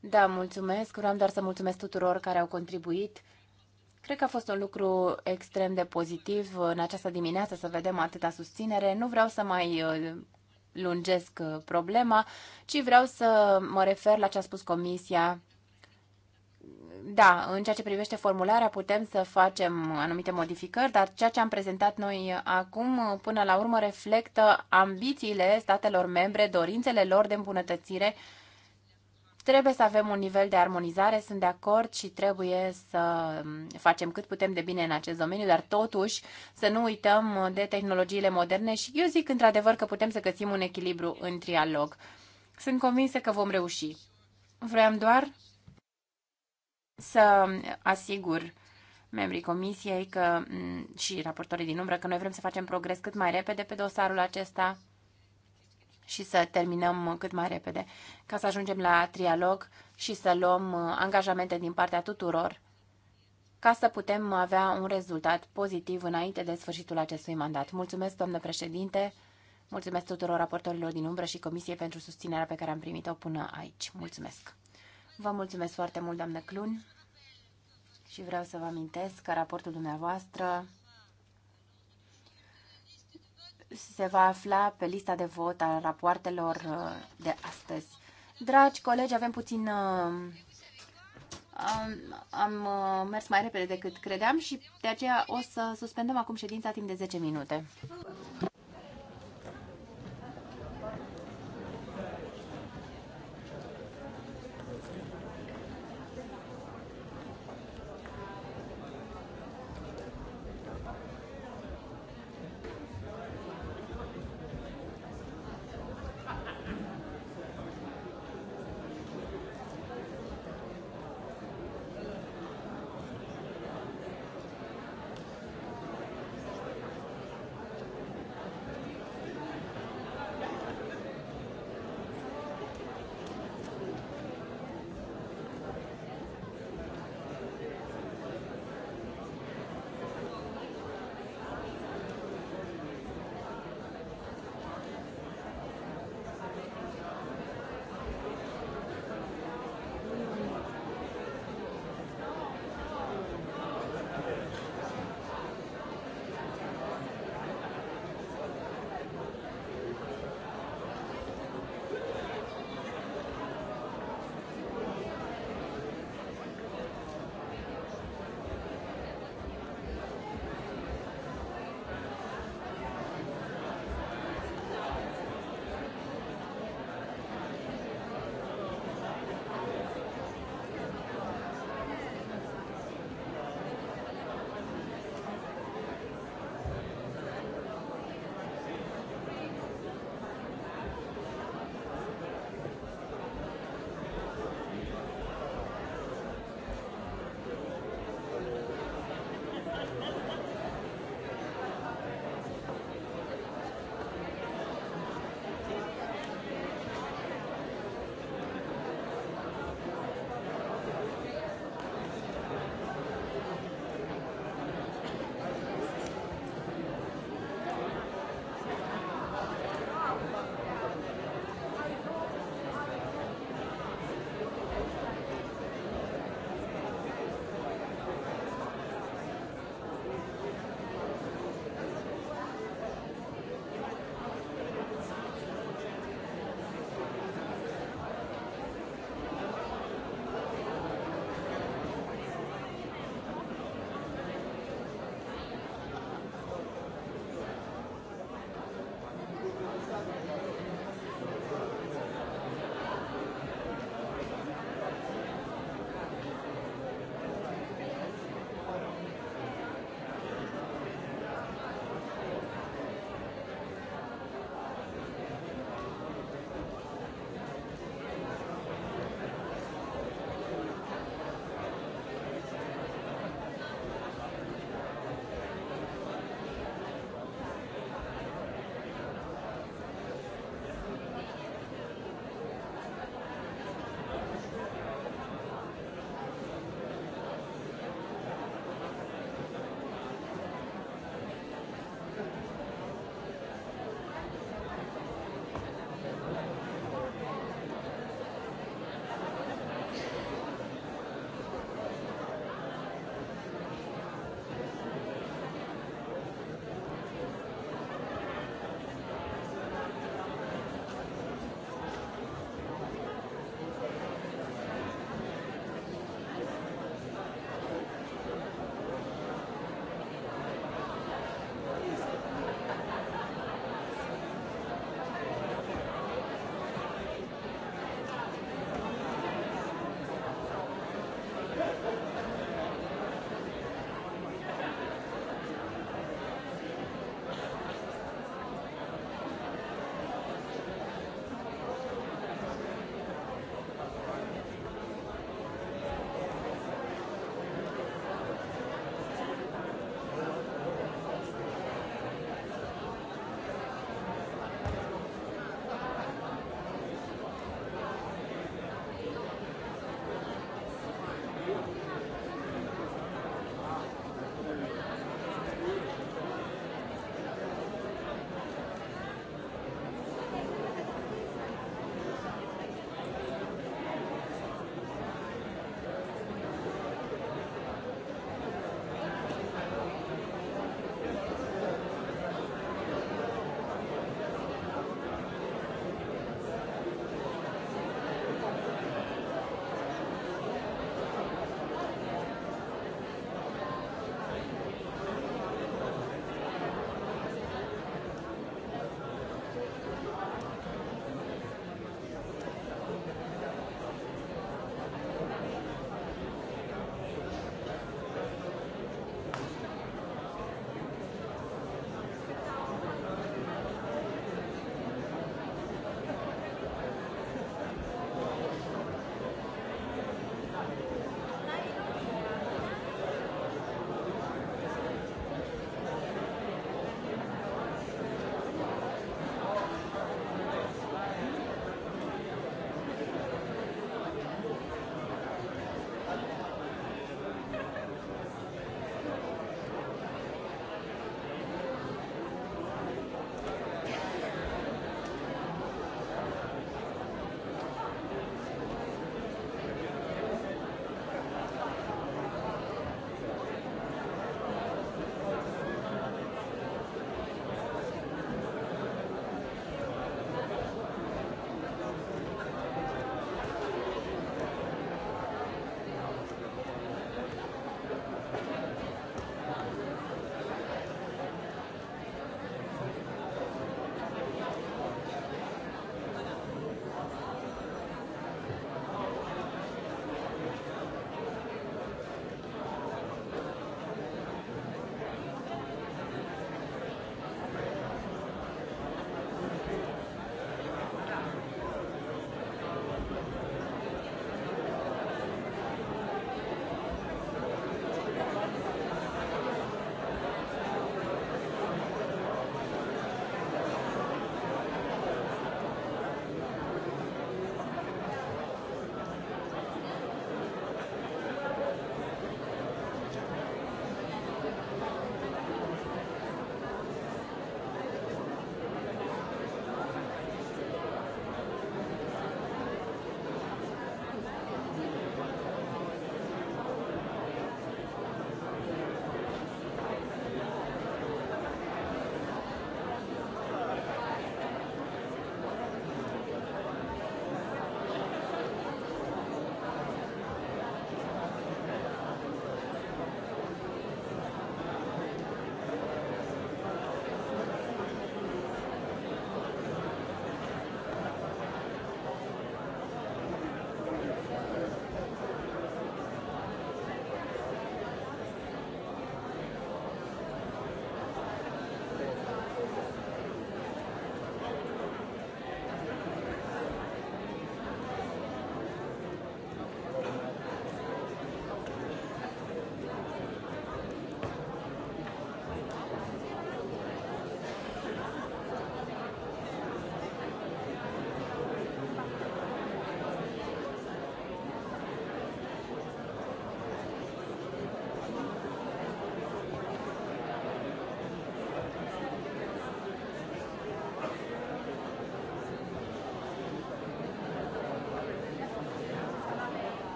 Da, mulțumesc. Vreau doar să mulțumesc tuturor care au contribuit Cred că a fost un lucru extrem de pozitiv în această dimineață să vedem atâta susținere. Nu vreau să mai uh, lungesc uh, problema, ci vreau să mă refer la ce a spus Comisia da, în ceea ce privește formularea putem să facem anumite modificări, dar ceea ce am prezentat noi acum uh, până la urmă reflectă ambițiile statelor membre, dorințele lor de îmbunătățire Trebuie să avem un nivel de armonizare, sunt de acord și trebuie să mm, facem cât putem de bine în acest domeniu, dar totuși să nu uităm de tehnologiile moderne și eu zic într-adevăr că putem să găsim un echilibru în trialog. Sunt convinsă că vom reuși. Vreau doar să asigur membrii comisiei că, mm, și raportorii din umbră că noi vrem să facem progres cât mai repede pe dosarul acesta și să terminăm cât mai repede, ca să ajungem la trialog și să luăm uh, angajamente din partea tuturor, ca să putem avea un rezultat pozitiv înainte de sfârșitul acestui mandat. Mulțumesc, domnule președinte, mulțumesc tuturor raportorilor din umbră și comisiei pentru susținerea pe care am primit-o până aici. Mulțumesc! Vă mulțumesc foarte mult, doamnă Clun, și vreau să vă amintesc că raportul dumneavoastră se va afla pe lista de vot a rapoartelor uh, de astăzi. Dragi colegi, avem puțin... Uh, am, am uh, mers mai repede decât credeam și de aceea o să suspendăm acum ședința timp de 10 minute.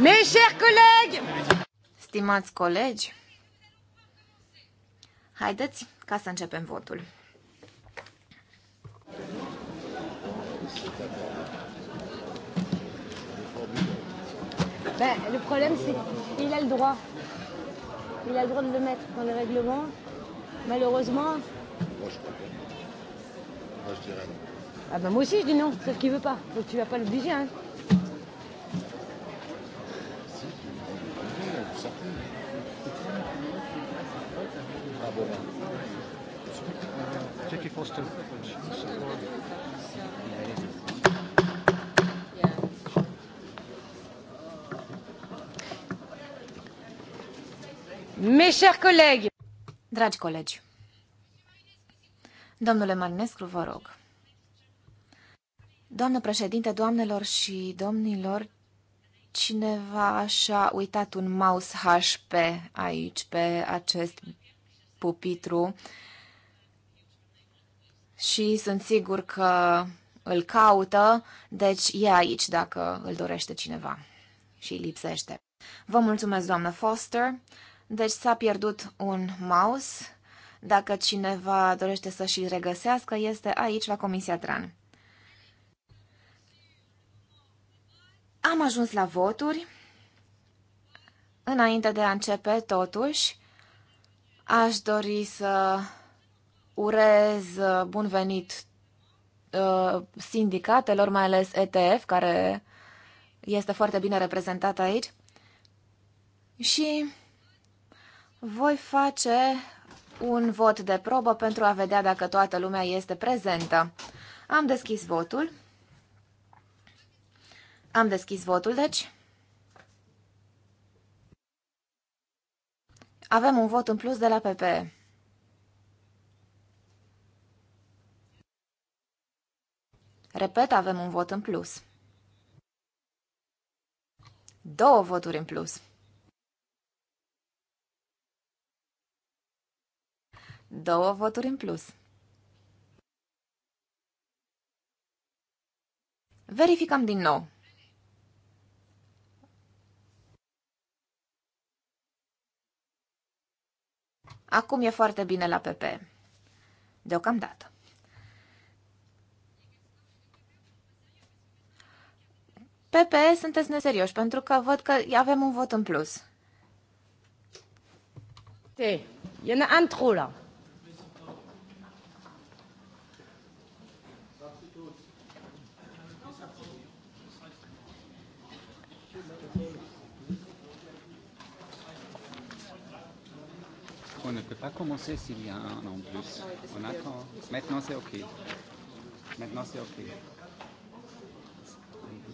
Mes chers collègues! Stimați colegi, haideți ca să începem votul. Ben, le problème, c'est qu'il a le droit. Il a le droit de le mettre dans le règlement. Malheureusement. Moi, je comprends. Moi, je dirais non. Ah ben, moi aussi, je dis non, sauf qu'il veut pas. Donc, tu vas pas l'obliger, hein. Jackie Foster. Mes chers collègues. Dragi colegi. Domnule Marinescu, vă rog. Doamnă președinte, doamnelor și domnilor, cineva așa uitat un mouse HP aici, pe acest pupitru. Uh, și sunt sigur că îl caută, deci e aici dacă îl dorește cineva și îi lipsește. Vă mulțumesc, doamnă Foster. Deci s-a pierdut un mouse. Dacă cineva dorește să și regăsească, este aici la Comisia Tran. Am ajuns la voturi. Înainte de a începe, totuși, aș dori să urez uh, bun venit uh, sindicatelor, mai ales ETF, care este foarte bine reprezentat aici. Și voi face un vot de probă pentru a vedea dacă toată lumea este prezentă. Am deschis votul. Am deschis votul, deci. Avem un vot în plus de la PPE. Repet, avem un vot în plus. Două voturi în plus. Două voturi în plus. Verificăm din nou. Acum e foarte bine la PP. Deocamdată. PPE sunteți neserioși, pentru că văd că avem un vot în plus. Te, e un antrula. On ne peut pas commencer s'il y a un en plus. On attend. Maintenant c'est ok. Maintenant c'est ok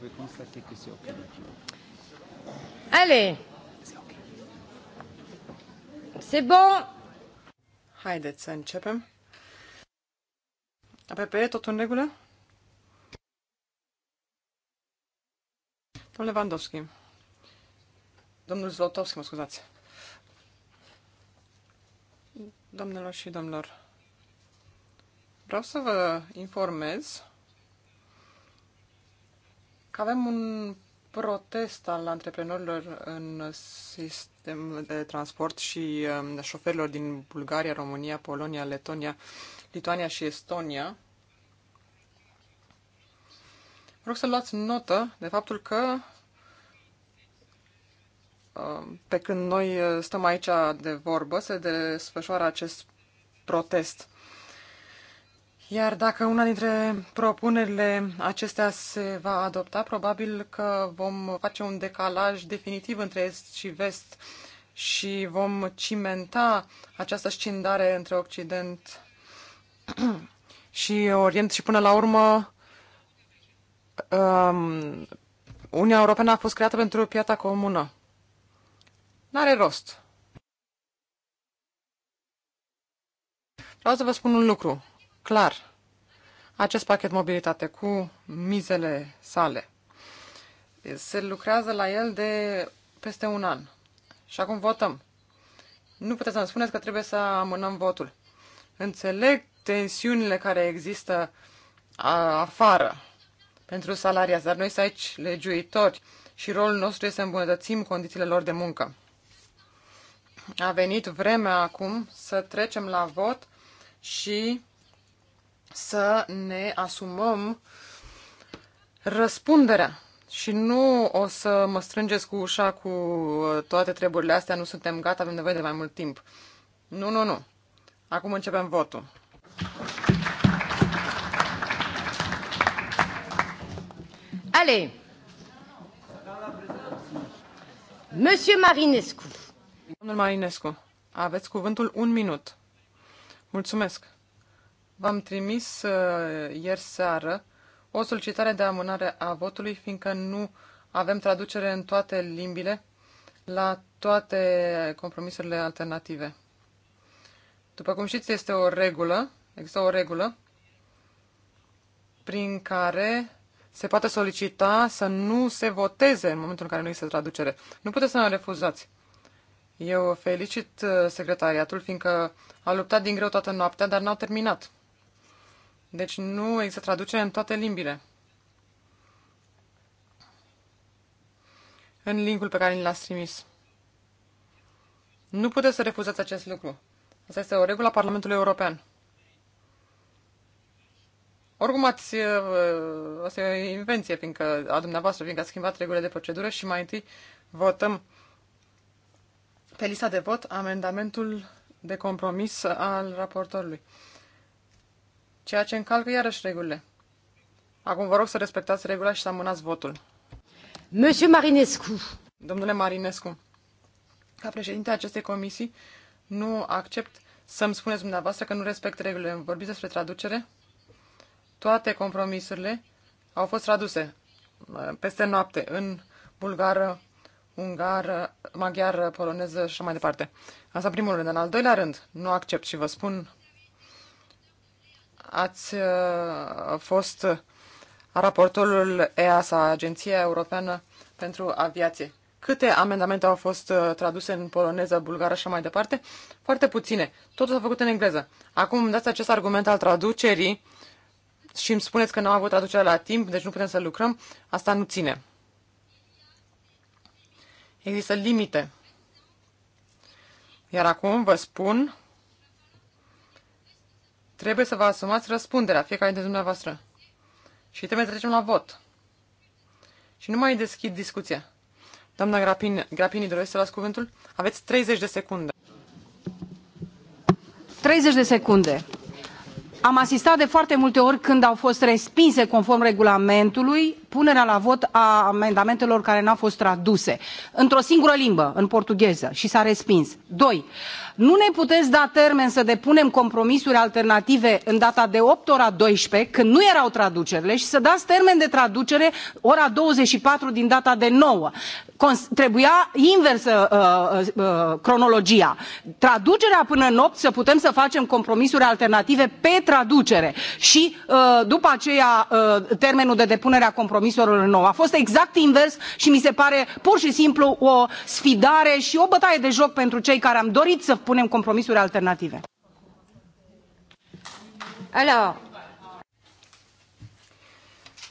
pouvez constater que c'est OK maintenant. Allez. C'est bon. Haideți să începem. APP, tot în regulă? Domnul Lewandowski. Domnul Zlotowski, mă scuzați. Domnilor și domnilor, vreau să vă informez că avem un protest al antreprenorilor în sistem de transport și um, șoferilor din Bulgaria, România, Polonia, Letonia, Lituania și Estonia. Vreau să luați notă de faptul că um, pe când noi uh, stăm aici de vorbă, se desfășoară acest protest. Iar dacă una dintre propunerile acestea se va adopta, probabil că vom face un decalaj definitiv între est și vest și vom cimenta această scindare între Occident și Orient și până la urmă um, Uniunea Europeană a fost creată pentru piața comună. N-are rost. Vreau să vă spun un lucru clar acest pachet mobilitate cu mizele sale. Se lucrează la el de peste un an. Și acum votăm. Nu puteți să-mi spuneți că trebuie să amânăm votul. Înțeleg tensiunile care există afară pentru salaria, dar noi suntem aici legiuitori și rolul nostru este să îmbunătățim condițiile lor de muncă. A venit vremea acum să trecem la vot și să ne asumăm răspunderea și nu o să mă strângeți cu ușa cu uh, toate treburile astea, nu suntem gata, avem nevoie de mai mult timp. Nu, nu, nu. Acum începem votul. Allez. Monsieur Marinescu. Domnul Marinescu, aveți cuvântul un minut. Mulțumesc. V-am trimis uh, ieri seară o solicitare de amânare a votului, fiindcă nu avem traducere în toate limbile la toate compromisurile alternative. După cum știți, este o regulă, există o regulă prin care se poate solicita să nu se voteze în momentul în care nu există traducere. Nu puteți să ne refuzați. Eu felicit uh, secretariatul, fiindcă a luptat din greu toată noaptea, dar n-au terminat. Deci nu există traducere în toate limbile. În linkul pe care l-ați trimis. Nu puteți să refuzați acest lucru. Asta este o regulă a Parlamentului European. Oricum ați, uh, uh, asta e o invenție, fiindcă a dumneavoastră, fiindcă ați schimbat regulile de procedură și mai întâi votăm pe lista de vot amendamentul de compromis al raportorului ceea ce încalcă iarăși regulile. Acum vă rog să respectați regula și să amânați votul. Monsieur Marinescu. Domnule Marinescu, ca președinte acestei comisii, nu accept să-mi spuneți dumneavoastră că nu respect regulile. Vorbiți despre traducere? Toate compromisurile au fost traduse uh, peste noapte în bulgară, ungară, maghiară, poloneză și așa mai departe. Asta primul rând. În al doilea rând, nu accept și vă spun ați uh, fost raportorul EASA, Agenția Europeană pentru Aviație. Câte amendamente au fost uh, traduse în poloneză, bulgară și mai departe? Foarte puține. Totul s-a făcut în engleză. Acum îmi dați acest argument al traducerii și îmi spuneți că n-am avut traducerea la timp, deci nu putem să lucrăm. Asta nu ține. Există limite. Iar acum vă spun Trebuie să vă asumați răspunderea, fiecare dintre dumneavoastră. Și trebuie să trecem la vot. Și nu mai deschid discuția. Doamna Grapini, Grapini, doresc să las cuvântul? Aveți 30 de secunde. 30 de secunde. Am asistat de foarte multe ori când au fost respinse conform regulamentului punerea la vot a amendamentelor care nu au fost traduse într o singură limbă în portugheză și s a respins. doi nu ne puteți da termen să depunem compromisuri alternative în data de opt ora doisprezece când nu erau traducerile și să dați termen de traducere ora douăzeci și patru din data de nouă trebuia inversă uh, uh, uh, cronologia traducerea până în opt să putem să facem compromisuri alternative pe traducere și uh, după aceea uh, termenul de depunere a compromisurilor comisarul nou a fost exact invers și mi se pare pur și simplu o sfidare și o bătaie de joc pentru cei care am dorit să punem compromisuri alternative. Alors,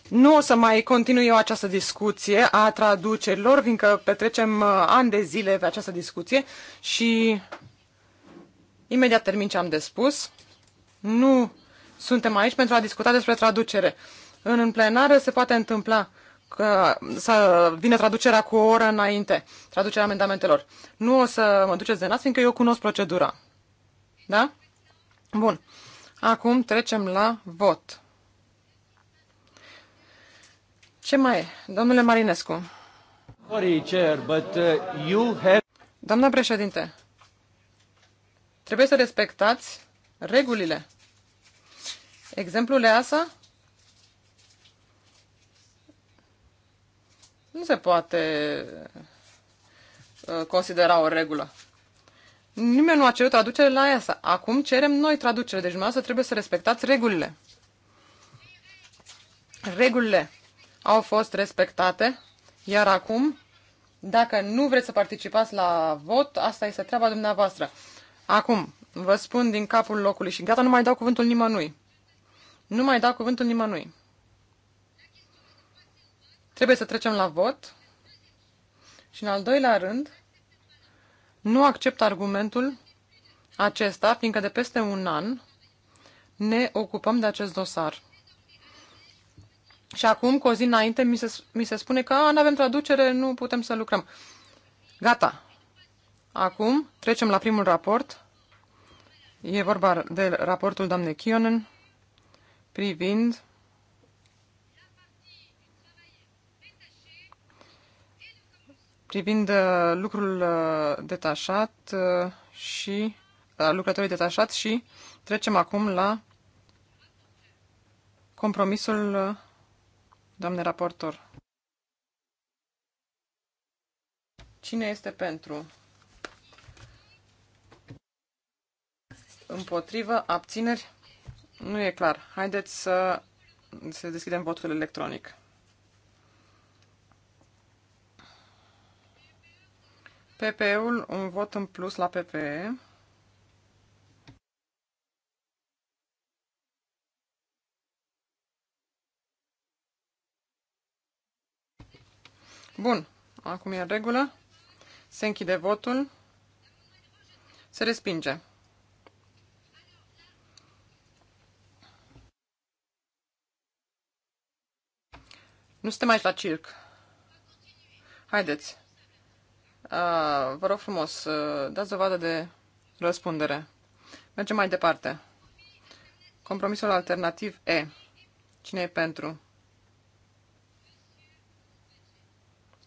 nu o să mai continui eu această discuție a traducerilor, fiindcă petrecem uh, ani de zile pe această discuție și imediat termin ce am de spus. Nu suntem aici pentru a discuta despre traducere. În plenară se poate întâmpla că să vină traducerea cu o oră înainte, traducerea amendamentelor. Nu o să mă duceți de nas, fiindcă eu cunosc procedura. Da? Bun. Acum trecem la vot. Ce mai e? Domnule Marinescu. Sorry, chair, but uh, you have... Doamna președinte, trebuie să respectați regulile. Exemplul EASA nu se poate uh, considera o regulă. Nimeni nu a cerut traducere la EASA. Acum cerem noi traducere, deci dumneavoastră trebuie să respectați regulile. Regulile au fost respectate, iar acum, dacă nu vreți să participați la vot, asta este treaba dumneavoastră. Acum, vă spun din capul locului și gata, nu mai dau cuvântul nimănui. Nu mai dau cuvântul nimănui. Trebuie să trecem la vot. Și în al doilea rând, nu accept argumentul acesta, fiindcă de peste un an ne ocupăm de acest dosar. Și acum, cu o zi înainte, mi se, mi se spune că nu avem traducere, nu putem să lucrăm. Gata. Acum trecem la primul raport. E vorba de raportul doamnei Kionen privind privind uh, lucrul uh, detașat uh, și lucrătorii detașați și trecem acum la compromisul doamne raportor. Cine este pentru? Împotrivă? Abțineri? Nu e clar. Haideți să, să deschidem votul electronic. PPE-ul, un vot în plus la PPE. Bun, acum e în regulă. Se închide votul. Se respinge. Nu suntem aici la circ. Haideți vă rog frumos, dați dovadă de răspundere. Mergem mai departe. Compromisul alternativ E. Cine e pentru?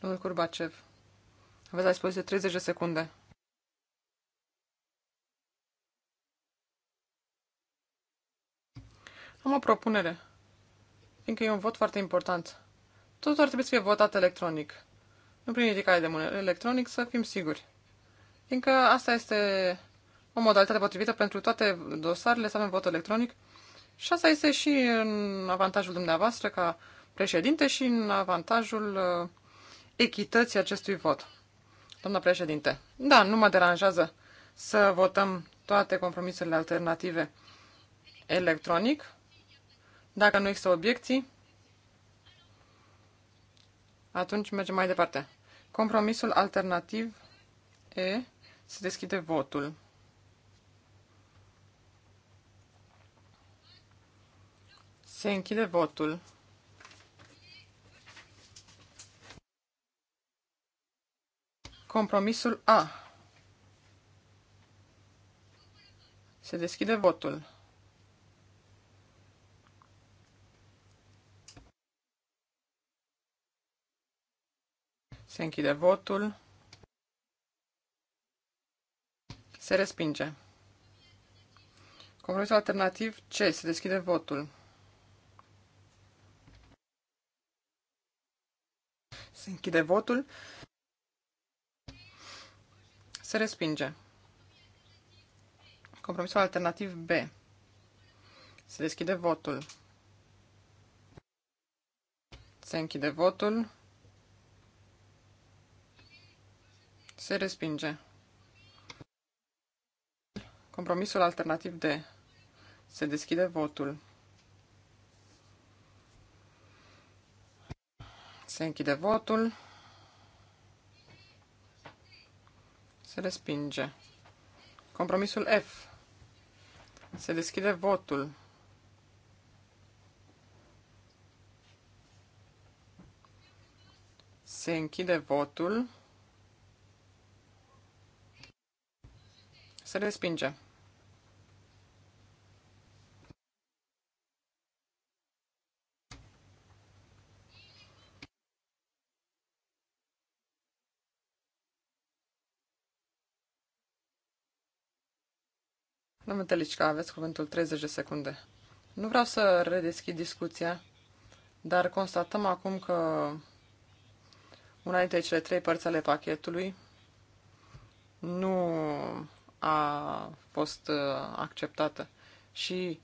Domnul Curbacev. Aveți la dispoziție 30 de secunde. Am o propunere, fiindcă e un vot foarte important. Totul ar trebui să fie votat electronic prin ridicare de mână electronic, să fim siguri. Fiindcă asta este o modalitate potrivită pentru toate dosarele să avem vot electronic și asta este și în avantajul dumneavoastră ca președinte și în avantajul uh, echității acestui vot. Doamna președinte, da, nu mă deranjează să votăm toate compromisurile alternative electronic. Dacă nu există obiecții, atunci mergem mai departe. Compromisul alternativ E. Se deschide votul. Se închide votul. Compromisul A. Se deschide votul. Se închide votul. Se respinge. Compromisul alternativ C. Se deschide votul. Se închide votul. Se respinge. Compromisul alternativ B. Se deschide votul. Se închide votul. Se respinge. Compromisul alternativ D. Se deschide votul. Se închide votul. Se respinge. Compromisul F. Se deschide votul. Se închide votul. Se respinge. Domnul Telicica, aveți cuvântul 30 de secunde. Nu vreau să redeschid discuția, dar constatăm acum că una dintre cele trei părți ale pachetului nu a fost uh, acceptată. Și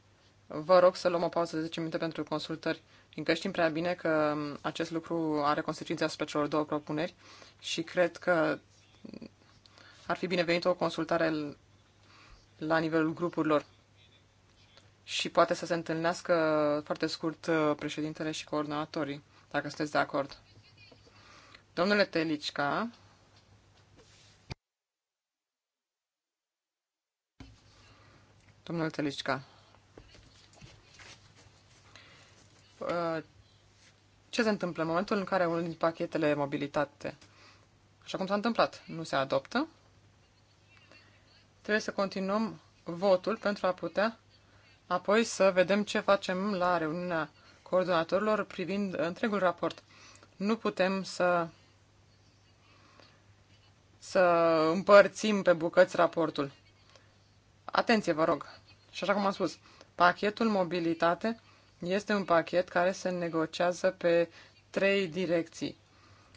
vă rog să luăm o pauză de 10 minute pentru consultări, fiindcă știm prea bine că um, acest lucru are consecințe asupra celor două propuneri și cred că ar fi binevenit o consultare la nivelul grupurilor și poate să se întâlnească foarte scurt uh, președintele și coordonatorii, dacă sunteți de acord. Domnule Telicca, Domnul Telicca. Uh, ce se întâmplă în momentul în care unul din pachetele mobilitate, așa cum s-a întâmplat, nu se adoptă? Trebuie să continuăm votul pentru a putea apoi să vedem ce facem la reuniunea coordonatorilor privind întregul raport. Nu putem să să împărțim pe bucăți raportul. Atenție, vă rog! Și așa cum am spus, pachetul mobilitate este un pachet care se negociază pe trei direcții.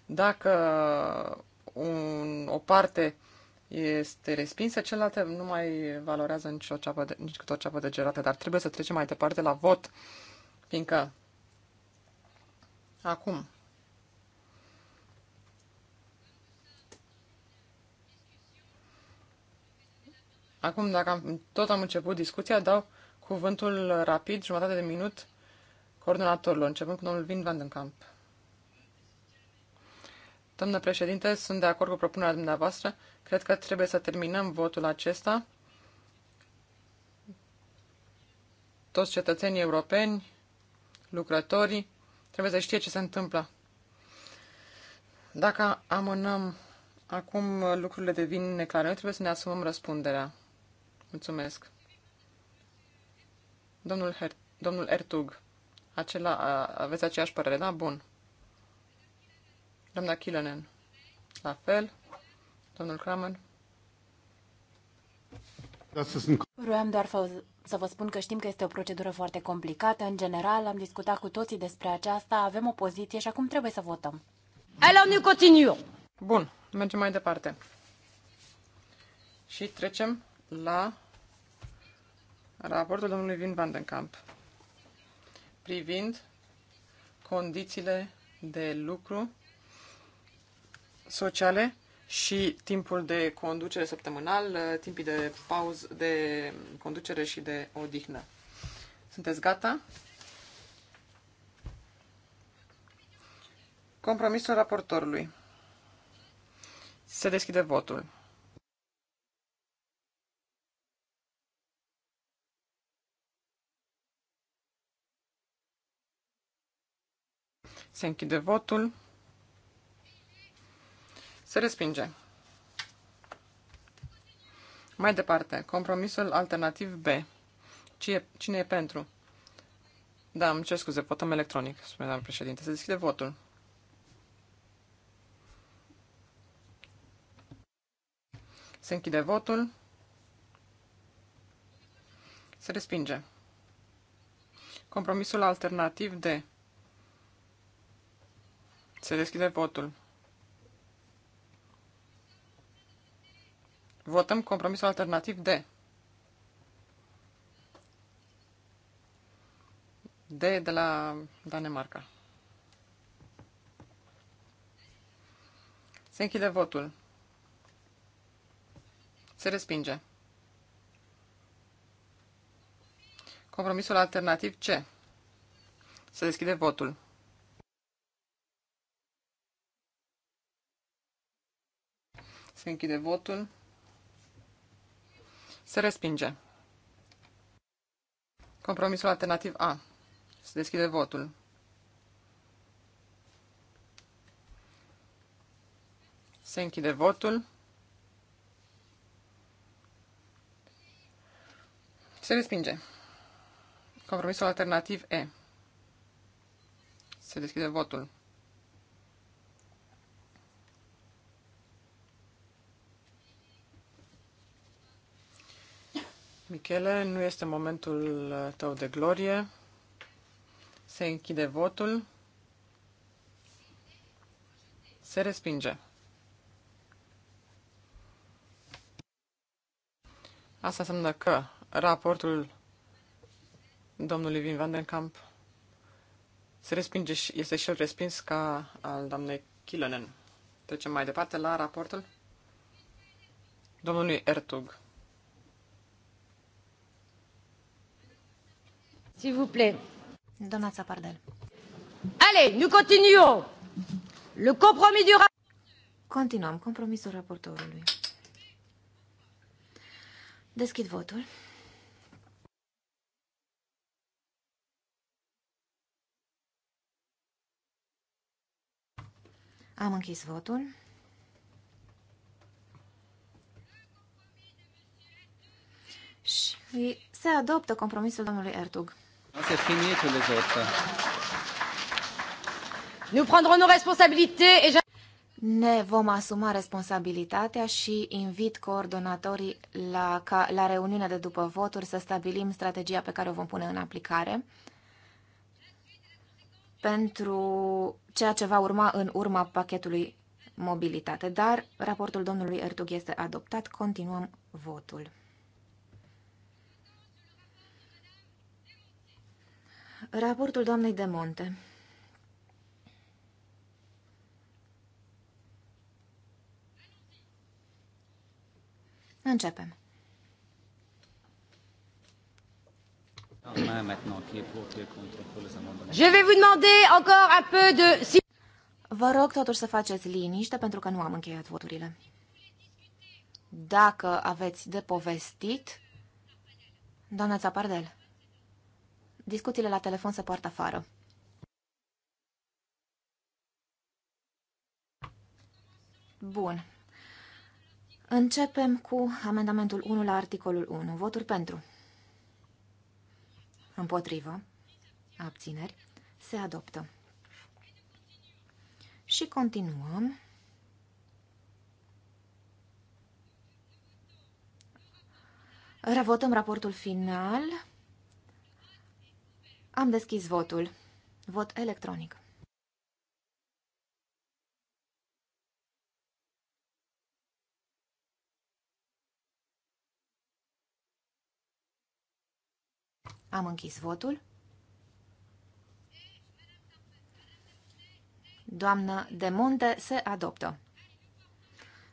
Dacă un, o parte este respinsă, celălalt nu mai valorează nici, o ceapă de, nici cât o ceapă de gerată, dar trebuie să trecem mai departe la vot, fiindcă acum Acum, dacă am, tot am început discuția, dau cuvântul rapid, jumătate de minut, coordonatorilor, începând cu domnul Vin Van den Kamp. Domnule președinte, sunt de acord cu propunerea dumneavoastră. Cred că trebuie să terminăm votul acesta. Toți cetățenii europeni, lucrătorii, trebuie să știe ce se întâmplă. Dacă amânăm acum lucrurile devin neclare, noi trebuie să ne asumăm răspunderea. Mulțumesc. Domnul, Her- domnul Ertug, acela, aveți aceeași părere, da? Bun. Doamna Kilenen, la fel. Domnul Kramer. Vreau doar să vă spun că știm că este o procedură foarte complicată. În general, am discutat cu toții despre aceasta, avem o poziție și acum trebuie să votăm. Alors, nous continuons. Bun, mergem mai departe. Și trecem la raportul domnului Vin van den Kamp privind condițiile de lucru sociale și timpul de conducere săptămânal, uh, timpii de pauză, de conducere și de odihnă. Sunteți gata? Compromisul raportorului. Se deschide votul. Se închide votul. Se respinge. Mai departe, compromisul alternativ B. Cine e pentru? Da, îmi cer scuze, votăm electronic, spune doamna președinte. Se deschide votul. Se închide votul. Se respinge. Compromisul alternativ de se deschide votul. Votăm compromisul alternativ D. D de la Danemarca. Se închide votul. Se respinge. Compromisul alternativ C. Se deschide votul. Se închide votul. Se respinge. Compromisul alternativ A. Se deschide votul. Se închide votul. Se respinge. Compromisul alternativ E. Se deschide votul. Michele, nu este momentul uh, tău de glorie. Se închide votul. Se respinge. Asta înseamnă că raportul domnului Vin van den Kamp se respinge și este și el respins ca al doamnei Kilonen. Trecem mai departe la raportul domnului Ertug. S'il vous plaît. Doamna Țapardel. Allez, nous continuons. Le compromis du Continuăm compromisul raportorului. Deschid votul. Am închis votul. Și se adoptă compromisul domnului Ertug ne vom asuma responsabilitatea și invit coordonatorii la, ca, la reuniunea de după voturi să stabilim strategia pe care o vom pune în aplicare pentru ceea ce va urma în urma pachetului mobilitate. Dar raportul domnului Ertug este adoptat. Continuăm votul. Raportul doamnei de Monte. Începem. Je vais vous demander encore un peu de... Vă rog totuși să faceți liniște pentru că nu am încheiat voturile. Dacă aveți de povestit, doamna Țapardel discuțiile la telefon se poartă afară. Bun. Începem cu amendamentul 1 la articolul 1. Voturi pentru. Împotrivă. Abțineri. Se adoptă. Și continuăm. Revotăm raportul final. Am deschis votul. Vot electronic. Am închis votul. Doamnă de munte se adoptă.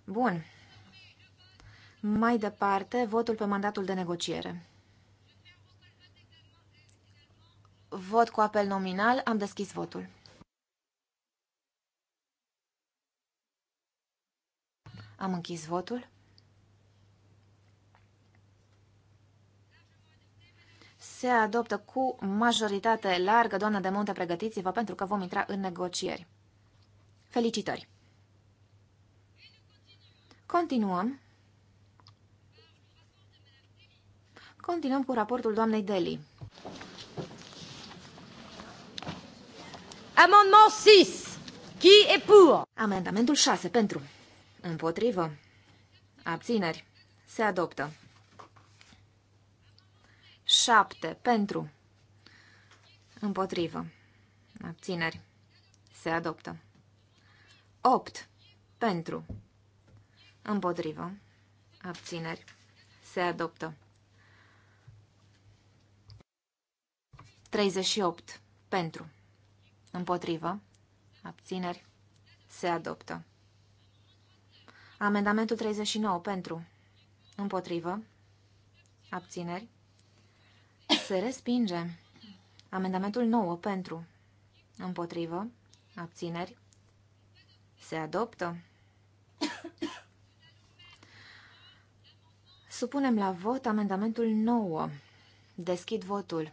Bun. Mai departe, votul pe mandatul de negociere. Vot cu apel nominal. Am deschis votul. Am închis votul. Se adoptă cu majoritate largă. Doamna de munte, pregătiți-vă pentru că vom intra în negocieri. Felicitări! Continuăm. Continuăm cu raportul doamnei Deli. Amendement 6. Qui est pour? Amendamentul 6 pentru. Împotrivă. Abțineri. Se adoptă. 7 pentru. Împotrivă. Abțineri. Se adoptă. 8 pentru. Împotrivă. Abțineri. Se adoptă. 38 pentru. Împotrivă. Abțineri. Se adoptă. Amendamentul 39. Pentru. Împotrivă. Abțineri. Se respinge. Amendamentul 9. Pentru. Împotrivă. Abțineri. Se adoptă. Supunem la vot amendamentul 9. Deschid votul.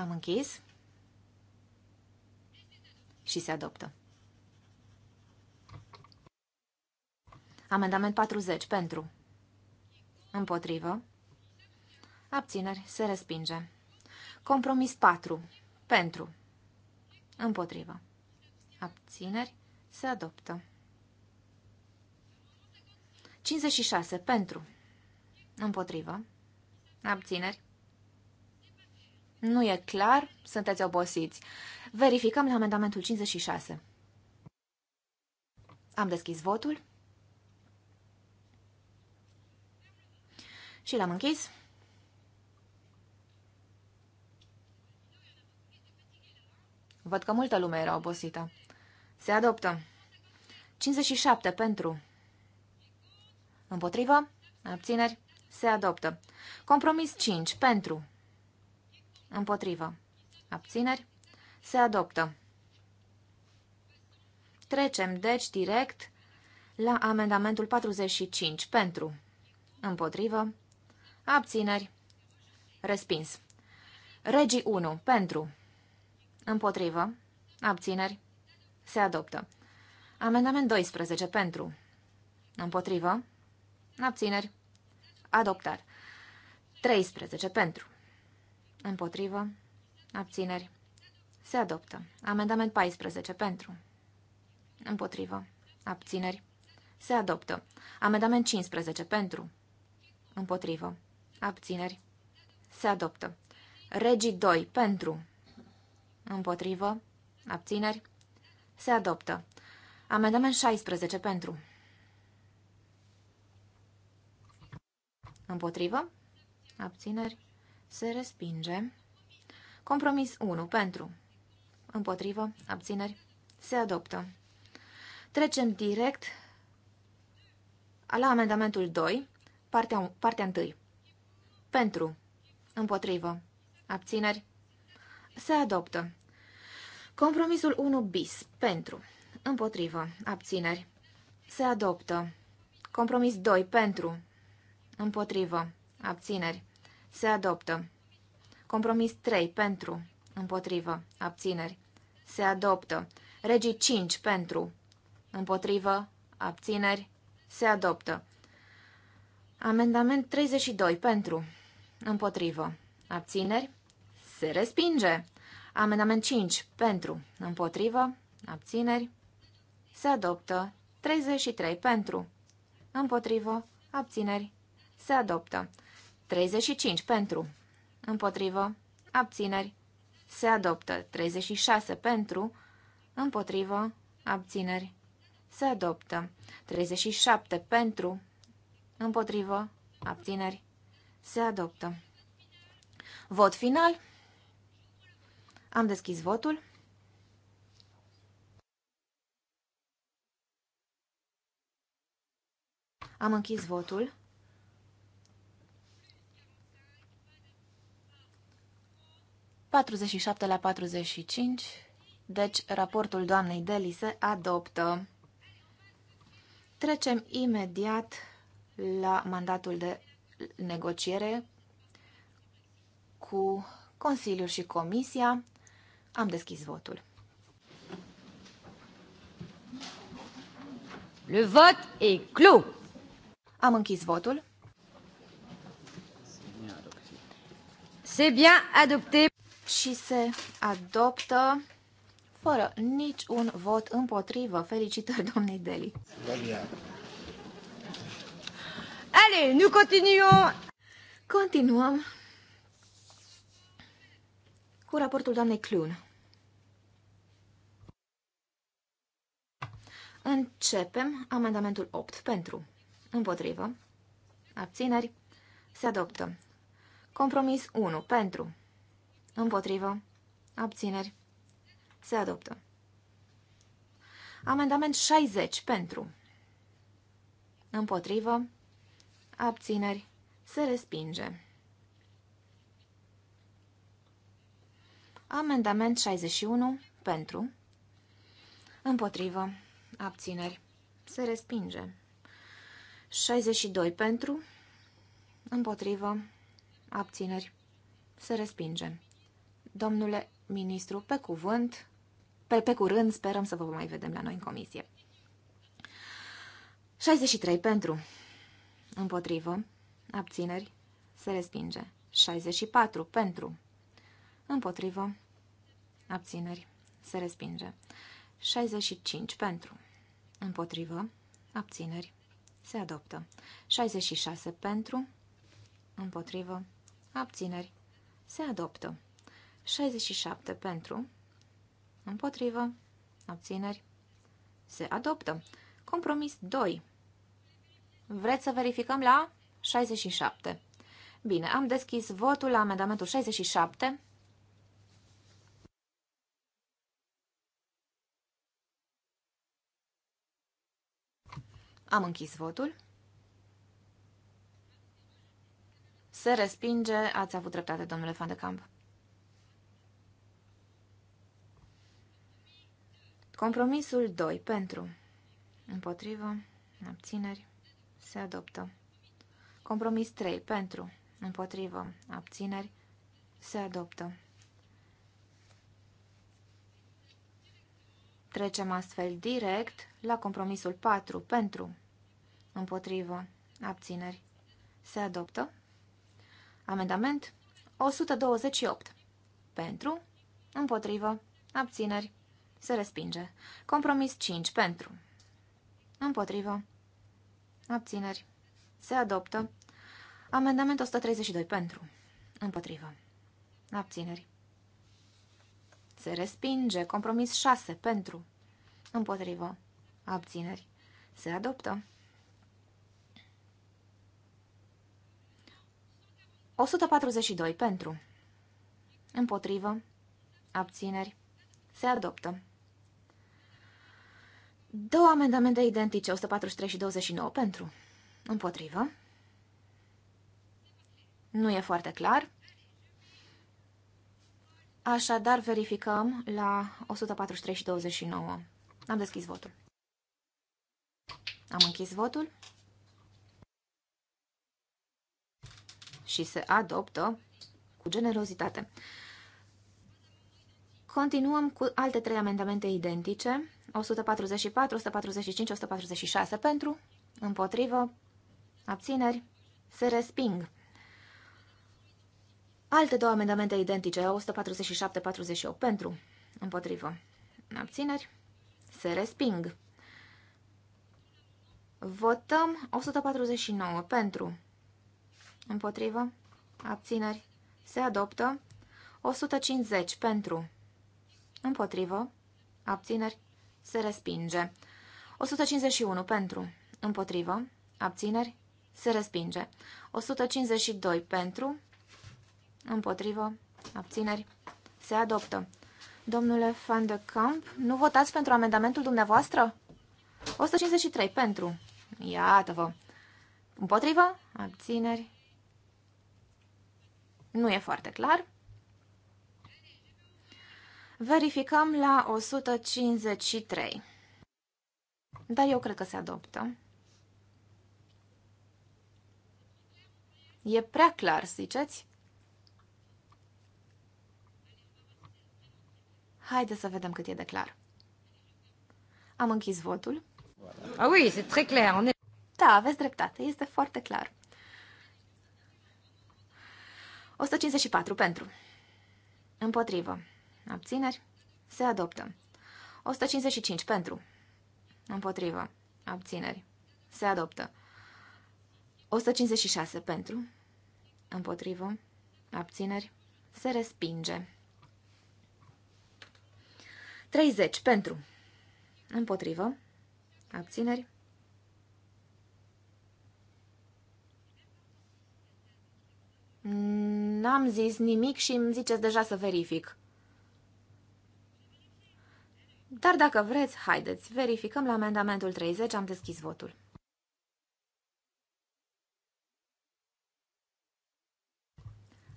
Am închis. Și se adoptă. Amendament 40. Pentru. Împotrivă. Abțineri. Se respinge. Compromis 4. Pentru. Împotrivă. Abțineri. Se adoptă. 56. Pentru. Împotrivă. Abțineri. Nu e clar, sunteți obosiți. Verificăm la amendamentul 56. Am deschis votul. Și l-am închis. Văd că multă lume era obosită. Se adoptă. 57 pentru. Împotrivă. Abțineri. Se adoptă. Compromis 5 pentru. Împotrivă. Abțineri. Se adoptă. Trecem, deci, direct la amendamentul 45. Pentru. Împotrivă. Abțineri. Respins. Regii 1. Pentru. Împotrivă. Abțineri. Se adoptă. Amendament 12. Pentru. Împotrivă. Abțineri. Adoptat. 13. Pentru. Împotrivă. Abțineri. Se adoptă. Amendament 14. Pentru. Împotrivă. Abțineri. Se adoptă. Amendament 15. Pentru. Împotrivă. Abțineri. Se adoptă. Regii 2. Pentru. Împotrivă. Abțineri. Se adoptă. Amendament 16. Pentru. Împotrivă. Abțineri se respinge. Compromis 1 pentru, împotrivă, abțineri, se adoptă. Trecem direct la amendamentul 2, partea, partea 1. Pentru, împotrivă, abțineri, se adoptă. Compromisul 1 bis, pentru, împotrivă, abțineri, se adoptă. Compromis 2 pentru, împotrivă, abțineri, se adoptă. Compromis 3 pentru. Împotrivă. Abțineri. Se adoptă. Regii 5 pentru. Împotrivă. Abțineri. Se adoptă. Amendament 32 pentru. Împotrivă. Abțineri. Se respinge. Amendament 5 pentru. Împotrivă. Abțineri. Se adoptă. 33 pentru. Împotrivă. Abțineri. Se adoptă. 35 pentru, împotrivă, abțineri, se adoptă. 36 pentru, împotrivă, abțineri, se adoptă. 37 pentru, împotrivă, abțineri, se adoptă. Vot final. Am deschis votul. Am închis votul. 47 la 45, deci raportul doamnei Deli se adoptă. Trecem imediat la mandatul de negociere cu Consiliul și Comisia. Am deschis votul. Le vot e clou. Am închis votul. C'est bien adopté și se adoptă fără nici un vot împotrivă. Felicitări, domnei Deli! Ale, nu continuăm! Continuăm cu raportul doamnei Clun. Începem amendamentul 8 pentru, împotrivă, abțineri, se adoptă. Compromis 1 pentru, Împotrivă. Abțineri. Se adoptă. Amendament 60 pentru. Împotrivă. Abțineri. Se respinge. Amendament 61 pentru. Împotrivă. Abțineri. Se respinge. 62 pentru. Împotrivă. Abțineri. Se respinge. Domnule ministru, pe cuvânt, pe, pe curând sperăm să vă mai vedem la noi în comisie. 63 pentru. Împotrivă. Abțineri. Se respinge. 64 pentru. Împotrivă. Abțineri. Se respinge. 65 pentru. Împotrivă. Abțineri. Se adoptă. 66 pentru. Împotrivă. Abțineri. Se adoptă. 67 pentru, împotrivă, abțineri, se adoptă. Compromis 2. Vreți să verificăm la 67. Bine, am deschis votul la amendamentul 67. Am închis votul. Se respinge, ați avut dreptate, domnule Van de Camp. Compromisul 2. Pentru. Împotrivă. Abțineri. Se adoptă. Compromis 3. Pentru. Împotrivă. Abțineri. Se adoptă. Trecem astfel direct la compromisul 4. Pentru. Împotrivă. Abțineri. Se adoptă. Amendament 128. Pentru. Împotrivă. Abțineri. Se respinge. Compromis 5. Pentru. Împotrivă. Abțineri. Se adoptă. Amendament 132. Pentru. Împotrivă. Abțineri. Se respinge. Compromis 6. Pentru. Împotrivă. Abțineri. Se adoptă. 142. Pentru. Împotrivă. Abțineri. Se adoptă. Două amendamente identice, 143 și 29, pentru. Împotrivă. Nu e foarte clar. Așadar, verificăm la 143 și 29. Am deschis votul. Am închis votul. Și se adoptă cu generozitate. Continuăm cu alte trei amendamente identice. 144, 145, 146 pentru, împotrivă, abțineri, se resping. Alte două amendamente identice, 147-48 pentru, împotrivă, abțineri, se resping. Votăm 149 pentru, împotrivă, abțineri, se adoptă, 150 pentru, împotrivă, abțineri, se respinge. 151 pentru. Împotrivă. Abțineri. Se respinge. 152 pentru. Împotrivă. Abțineri. Se adoptă. Domnule Van de Camp, nu votați pentru amendamentul dumneavoastră? 153 pentru. Iată-vă. Împotrivă. Abțineri. Nu e foarte clar. Verificăm la 153. Dar eu cred că se adoptă. E prea clar, ziceți? Haideți să vedem cât e de clar. Am închis votul. Ah oui, c'est très clair. On est... Da, aveți dreptate, este foarte clar. 154 pentru. Împotrivă. Abțineri? Se adoptă. 155 pentru. Împotrivă. Abțineri. Se adoptă. 156 pentru. Împotrivă. Abțineri. Se respinge. 30 pentru. Împotrivă. Abțineri. N-am zis nimic și îmi ziceți deja să verific. Dar dacă vreți, haideți, verificăm la amendamentul 30, am deschis votul.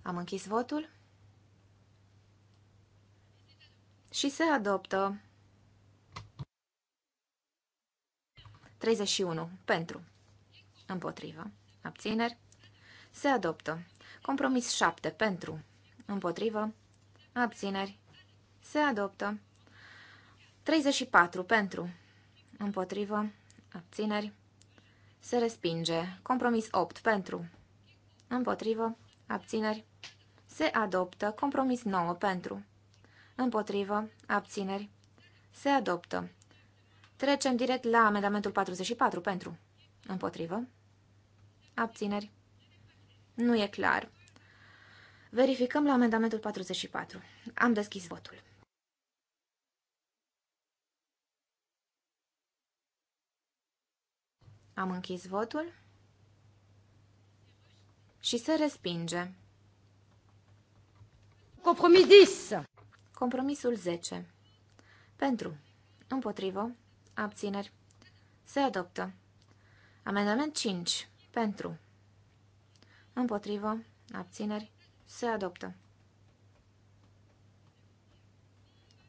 Am închis votul și se adoptă 31 pentru, împotrivă, abțineri, se adoptă. Compromis 7 pentru, împotrivă, abțineri, se adoptă. 34 pentru, împotrivă, abțineri, se respinge. Compromis 8 pentru, împotrivă, abțineri, se adoptă. Compromis 9 pentru, împotrivă, abțineri, se adoptă. Trecem direct la amendamentul 44 pentru, împotrivă, abțineri, nu e clar. Verificăm la amendamentul 44. Am deschis votul. Am închis votul și se respinge. Compromis 10. Compromisul 10. Pentru, împotrivă, abțineri. Se adoptă. Amendament 5. Pentru. Împotrivă, abțineri. Se adoptă.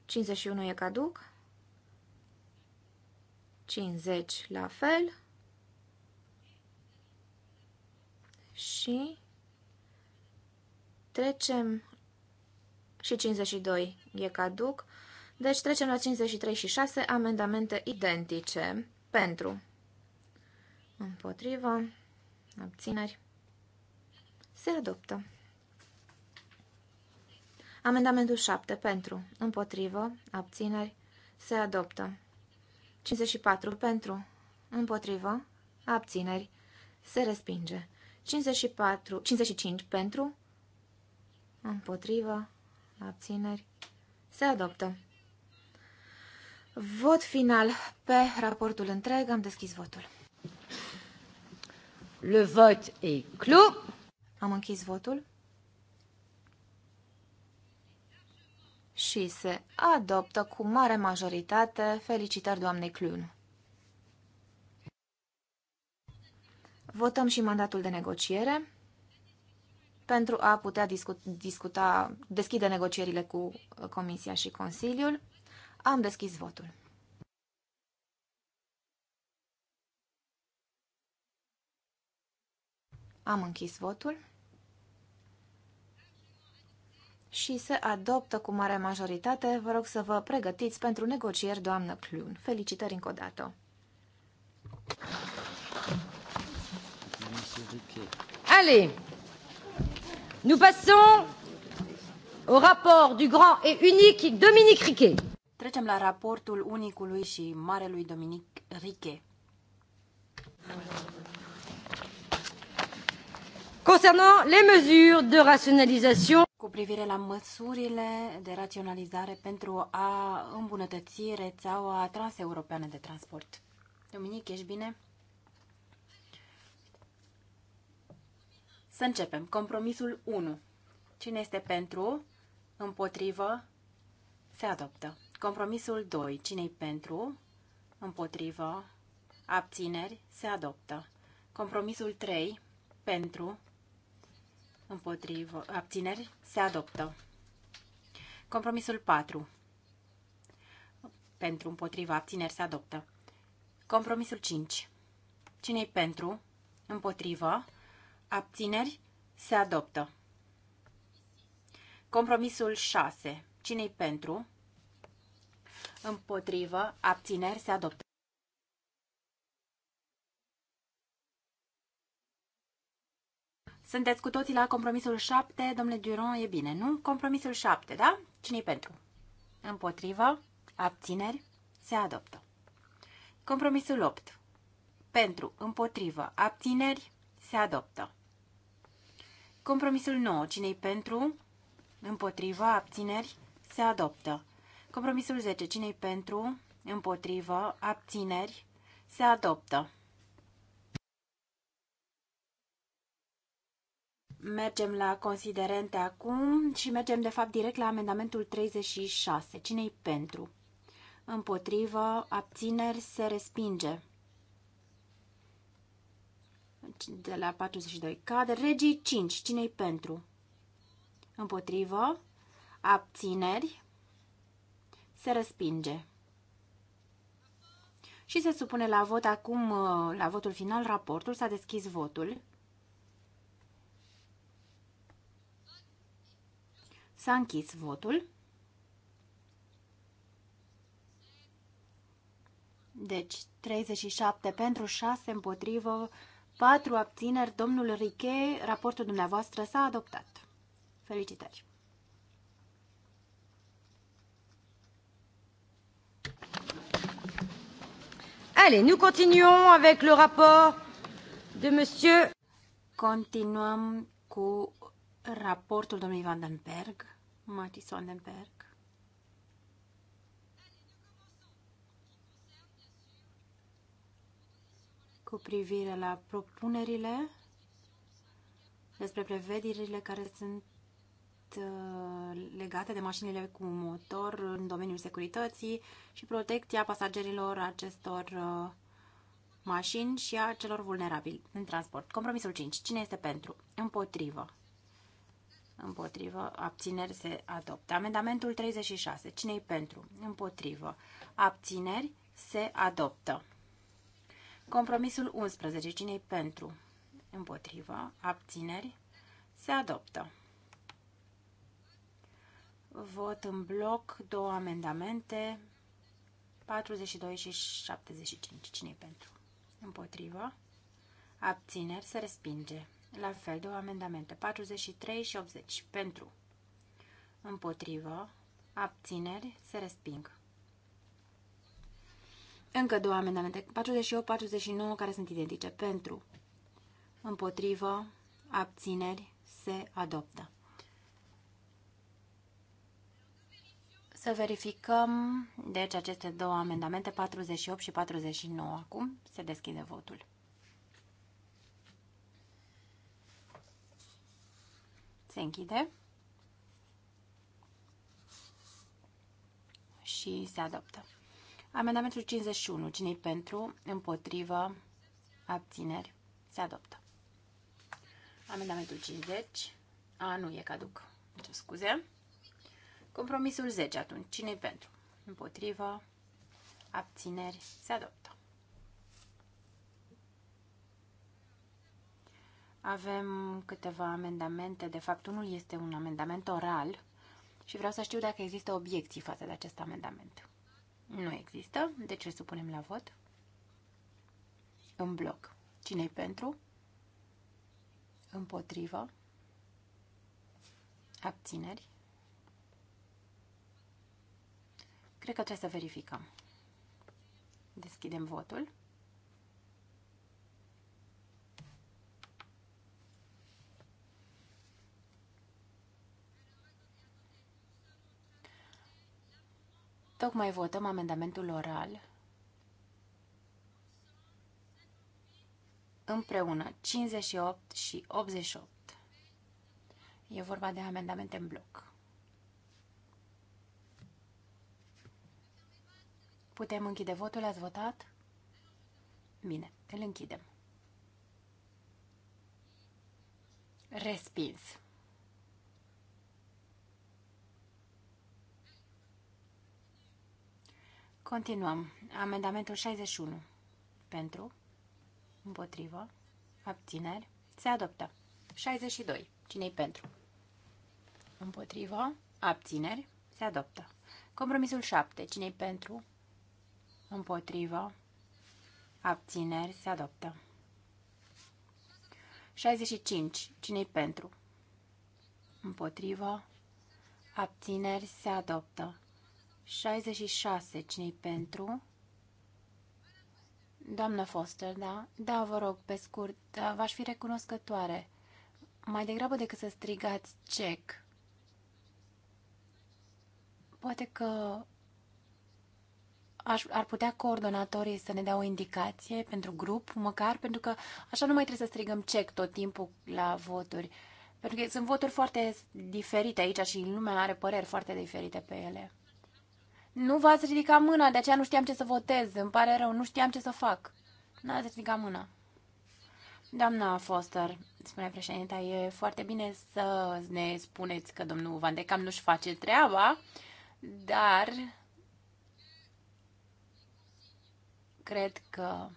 51 e caduc. 50 la fel. și trecem și 52 e caduc, deci trecem la 53 și 6 amendamente identice pentru împotrivă abțineri se adoptă. Amendamentul 7 pentru, împotrivă, abțineri, se adoptă. 54 pentru, împotrivă, abțineri, se respinge. 54, 55 pentru, împotrivă, abțineri, se adoptă. Vot final pe raportul întreg. Am deschis votul. Le vot e clou. Am închis votul. Și se adoptă cu mare majoritate. Felicitări doamnei Clun. Votăm și mandatul de negociere pentru a putea discu- discuta, deschide negocierile cu uh, Comisia și Consiliul. Am deschis votul. Am închis votul și se adoptă cu mare majoritate. Vă rog să vă pregătiți pentru negocieri, doamnă Clun. Felicitări încă o dată! Allez, nous passons au rapport du grand et unique Dominique Riquet. Trecem la raportul unicului și marelui Dominic Riquet. Concernant les mesures de rationalisation cu privire la măsurile de raționalizare pentru a îmbunătăți rețeaua transeuropeană de transport. Dominic, ești bine? Să începem. Compromisul 1. Cine este pentru? Împotrivă? Se adoptă. Compromisul 2. Cine-i pentru? Împotrivă? Abțineri? Se adoptă. Compromisul 3. Pentru? Împotrivă? Abțineri? Se adoptă. Compromisul 4. Pentru, împotrivă, abțineri se adoptă. Compromisul 5. Cine-i pentru? Împotrivă? Abțineri? Se adoptă. Compromisul 6. Cine-i pentru? Împotrivă. Abțineri? Se adoptă. Sunteți cu toții la compromisul 7, domnule Duron, e bine, nu? Compromisul 7, da? Cine-i pentru? Împotrivă, abțineri, se adoptă. Compromisul 8. Pentru, împotrivă, abțineri, se adoptă. Compromisul 9. cine pentru? Împotrivă. Abțineri. Se adoptă. Compromisul 10. cine pentru? Împotrivă. Abțineri. Se adoptă. Mergem la considerente acum și mergem de fapt direct la amendamentul 36. Cine-i pentru? Împotrivă. Abțineri. Se respinge de la 42 cade. Regii 5. Cine-i pentru? Împotrivă. Abțineri. Se respinge. Și se supune la vot acum, uh, la votul final, raportul. S-a deschis votul. S-a închis votul. Deci 37 pentru 6 împotrivă Patru abțineri, domnul Riche, raportul dumneavoastră s-a adoptat. Felicitări! Allez, nous continuons avec le rapport de monsieur... Continuăm cu raportul domnului Vandenberg, Matis Vandenberg. cu privire la propunerile despre prevederile care sunt uh, legate de mașinile cu motor în domeniul securității și protecția pasagerilor acestor uh, mașini și a celor vulnerabili în transport. Compromisul 5. Cine este pentru? Împotrivă. Împotrivă. Abțineri se adoptă. Amendamentul 36. cine e pentru? Împotrivă. Abțineri se adoptă. Compromisul 11. Cine-i pentru? Împotrivă. Abțineri. Se adoptă. Vot în bloc două amendamente 42 și 75. cine pentru? Împotrivă. Abțineri se respinge. La fel două amendamente 43 și 80. Pentru. Împotrivă. Abțineri se resping. Încă două amendamente, 48-49, care sunt identice. Pentru, împotrivă, abțineri, se adoptă. Să verificăm, deci, aceste două amendamente, 48 și 49. Acum se deschide votul. Se închide. Și se adoptă. Amendamentul 51. cine pentru? Împotrivă? Abțineri? Se adoptă. Amendamentul 50. A, nu e caduc. Ce scuze. Compromisul 10 atunci. cine pentru? Împotrivă? Abțineri? Se adoptă. Avem câteva amendamente. De fapt, unul este un amendament oral și vreau să știu dacă există obiecții față de acest amendament. Nu există. de ce să punem la vot. În bloc. Cine-i pentru? Împotrivă. Abțineri. Cred că trebuie să verificăm. Deschidem votul. Tocmai votăm amendamentul oral împreună 58 și 88. E vorba de amendamente în bloc. Putem închide votul? Ați votat? Bine, îl închidem. Respins. Continuăm. Amendamentul 61. Pentru. Împotrivă. Abțineri. Se adoptă. 62. Cine-i pentru? Împotrivă. Abțineri. Se adoptă. Compromisul 7. Cine-i pentru? Împotrivă. Abțineri. Se adoptă. 65. Cine-i pentru? Împotrivă. Abțineri. Se adoptă. 66, cine pentru? Doamnă Foster, da? Da, vă rog, pe scurt, da, v-aș fi recunoscătoare. Mai degrabă decât să strigați cec. Poate că aș, ar putea coordonatorii să ne dea o indicație pentru grup, măcar, pentru că așa nu mai trebuie să strigăm cec tot timpul la voturi. Pentru că sunt voturi foarte diferite aici și lumea are păreri foarte diferite pe ele. Nu v-ați ridicat mâna, de aceea nu știam ce să votez. Îmi pare rău, nu știam ce să fac. N-ați ridicat mâna. Doamna Foster, spune președinta, e foarte bine să ne spuneți că domnul Van de Cam nu-și face treaba, dar cred că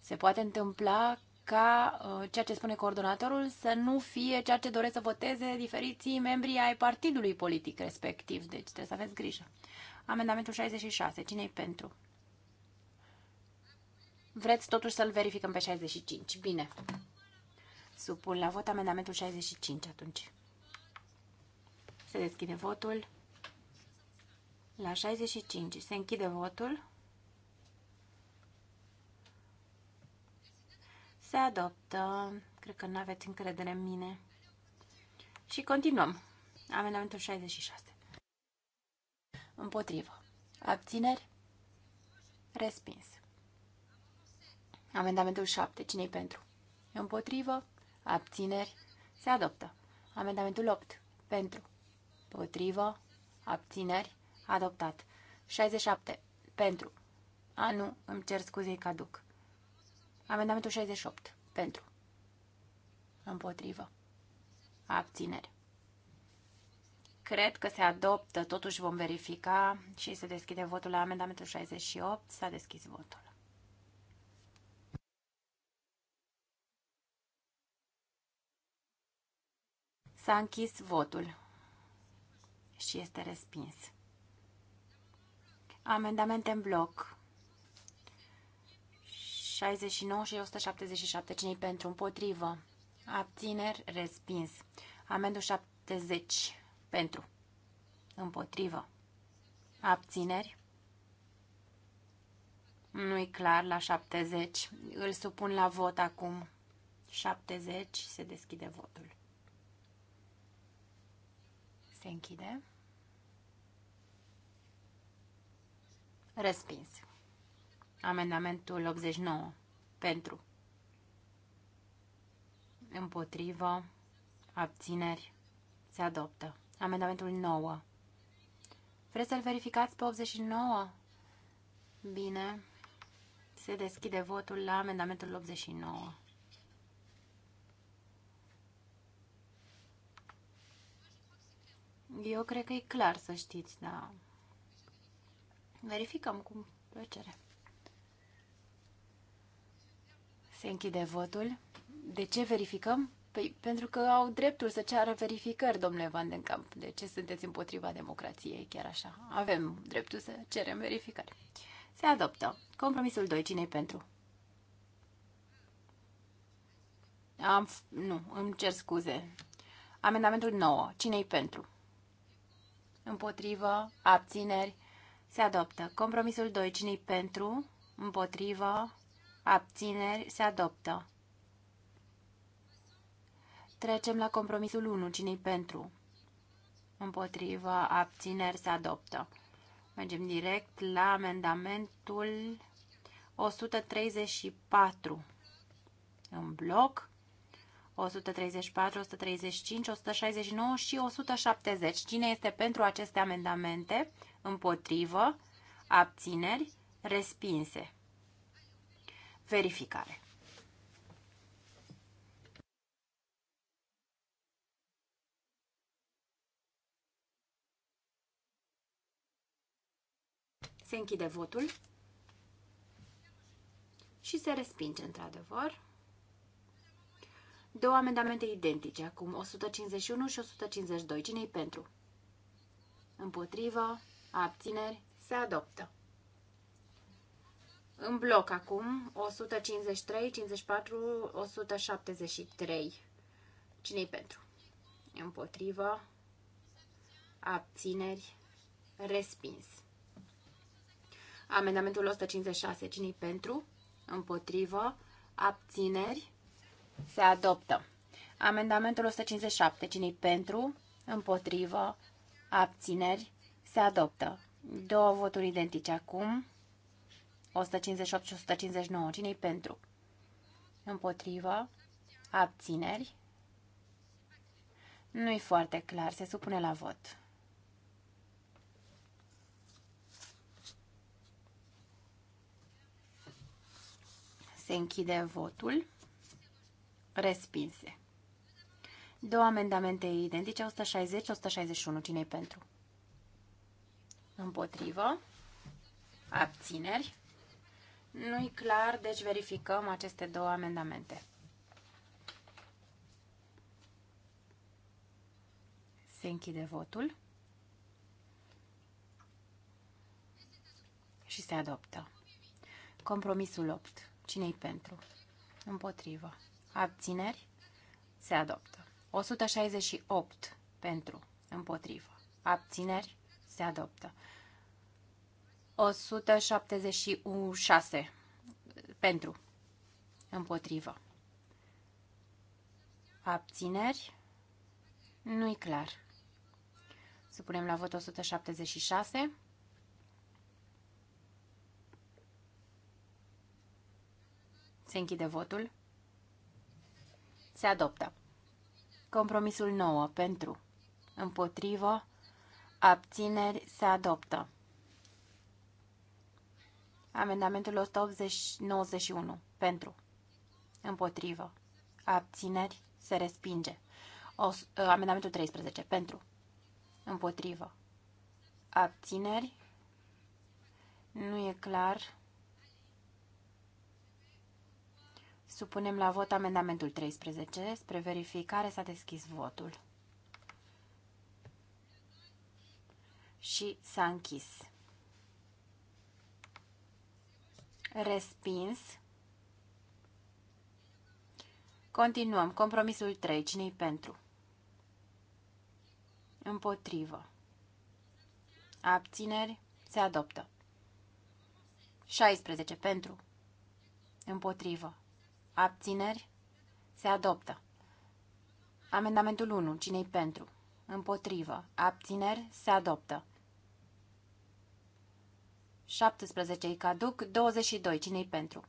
se poate întâmpla ca uh, ceea ce spune coordonatorul să nu fie ceea ce doresc să voteze diferiții membrii ai partidului politic respectiv. Deci trebuie să aveți grijă. Amendamentul 66. Cine-i pentru? Vreți totuși să-l verificăm pe 65. Bine. Supun la vot amendamentul 65 atunci. Se deschide votul. La 65 se închide votul. Se adoptă. Cred că nu aveți încredere în mine. Și continuăm. Amendamentul 66. Împotrivă. Abțineri? Respins. Amendamentul 7. Cine-i pentru? Împotrivă. Abțineri? Se adoptă. Amendamentul 8. Pentru. Împotrivă? Abțineri? Adoptat. 67. Pentru. A, nu, îmi cer scuze, că aduc. Amendamentul 68. Pentru. Împotrivă. Abțineri. Cred că se adoptă, totuși vom verifica și se deschide votul la amendamentul 68. S-a deschis votul. S-a închis votul și este respins. Amendamente în bloc 69 și 177. Cine pentru? Împotrivă. Abțineri? Respins. Amendul 70. Pentru. Împotrivă. Abțineri. Nu-i clar la 70. Îl supun la vot acum. 70 se deschide votul. Se închide. Respins. Amendamentul 89. Pentru. Împotrivă. Abțineri. Se adoptă. Amendamentul 9. Vreți să-l verificați pe 89? Bine. Se deschide votul la amendamentul 89. Eu cred că e clar să știți, dar verificăm cu plăcere. Se închide votul. De ce verificăm? Păi, pentru că au dreptul să ceară verificări, domnule Van den Camp. De ce sunteți împotriva democrației, chiar așa? Avem dreptul să cerem verificări. Se adoptă. Compromisul 2. Cine-i pentru? Am, nu, îmi cer scuze. Amendamentul 9. Cine-i pentru? Împotrivă, abțineri, se adoptă. Compromisul 2. Cine-i pentru? Împotrivă, abțineri, se adoptă. Trecem la compromisul 1. Cine-i pentru? Împotriva abțineri se adoptă. Mergem direct la amendamentul 134 în bloc. 134, 135, 169 și 170. Cine este pentru aceste amendamente? Împotrivă, abțineri, respinse. Verificare. Se închide votul și se respinge într-adevăr. Două amendamente identice, acum 151 și 152. Cine-i pentru? Împotrivă, abțineri, se adoptă. În bloc acum 153, 54, 173. Cine-i pentru? Împotrivă, abțineri, respins. Amendamentul 156. cine pentru? Împotrivă. Abțineri. Se adoptă. Amendamentul 157. cine pentru? Împotrivă. Abțineri. Se adoptă. Două voturi identice acum. 158 și 159. cine pentru? Împotrivă. Abțineri. Nu-i foarte clar. Se supune la vot. Se închide votul. Respinse. Două amendamente identice, 160-161. Cine-i pentru? Împotrivă. Abțineri. Nu-i clar, deci verificăm aceste două amendamente. Se închide votul. Și se adoptă. Compromisul 8 cine pentru? Împotrivă. Abțineri? Se adoptă. 168 pentru. Împotrivă. Abțineri? Se adoptă. 176 pentru. Împotrivă. Abțineri? Nu-i clar. Să punem la vot 176. Se închide votul. Se adoptă. Compromisul 9 pentru. Împotrivă. Abțineri se adoptă. Amendamentul 191 pentru. Împotrivă. Abțineri se respinge. O, uh, amendamentul 13 pentru. Împotrivă. Abțineri. Nu e clar. Supunem la vot amendamentul 13. Spre verificare s-a deschis votul. Și s-a închis. Respins. Continuăm. Compromisul 3. cine pentru? Împotrivă. Abțineri. Se adoptă. 16. Pentru. Împotrivă. Abțineri? Se adoptă. Amendamentul 1. Cine-i pentru? Împotrivă. Abțineri? Se adoptă. 17 îi caduc, 22. Cine-i pentru?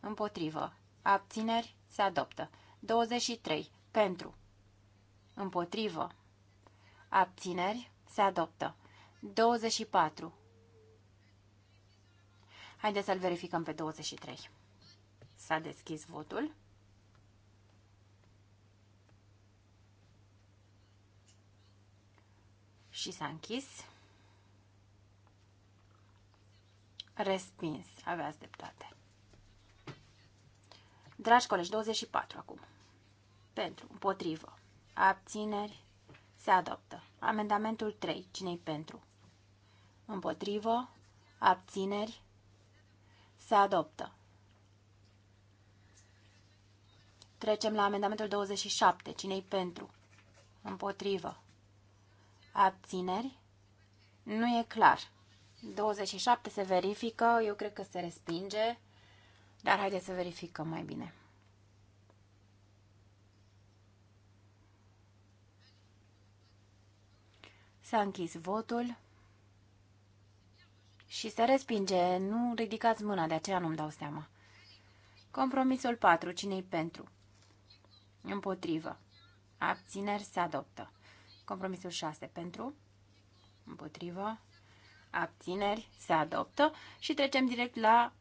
Împotrivă. Abțineri? Se adoptă. 23. Pentru. Împotrivă. Abțineri? Se adoptă. 24. Haideți să-l verificăm pe 23. S-a deschis votul. Și s-a închis. Respins. Aveați dreptate. Dragi colegi, 24 acum. Pentru, împotrivă, abțineri, se adoptă. Amendamentul 3. Cine-i pentru? Împotrivă, abțineri, se adoptă. Trecem la amendamentul 27. Cine-i pentru? Împotrivă. Abțineri? Nu e clar. 27 se verifică, eu cred că se respinge, dar haideți să verificăm mai bine. S-a închis votul și se respinge. Nu ridicați mâna, de aceea nu-mi dau seama. Compromisul 4. Cine-i pentru? Împotrivă. Abțineri se adoptă. Compromisul 6 pentru. Împotrivă. Abțineri se adoptă. Și trecem direct la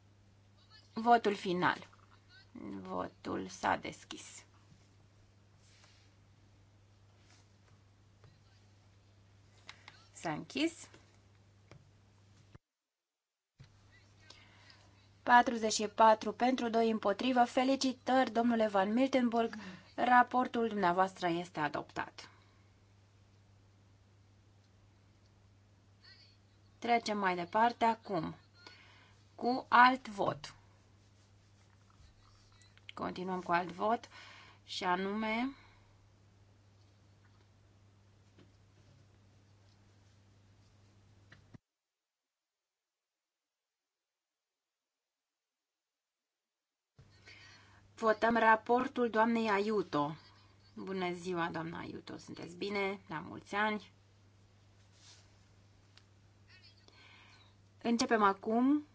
votul final. Votul s-a deschis. S-a închis. 44 pentru 2 împotrivă. Felicitări, domnule Van Miltenburg. Mm -hmm Raportul dumneavoastră este adoptat. Trecem mai departe acum cu alt vot. Continuăm cu alt vot și anume Votăm raportul doamnei Aiuto. Bună ziua, doamna Aiuto, sunteți bine? La mulți ani! Începem acum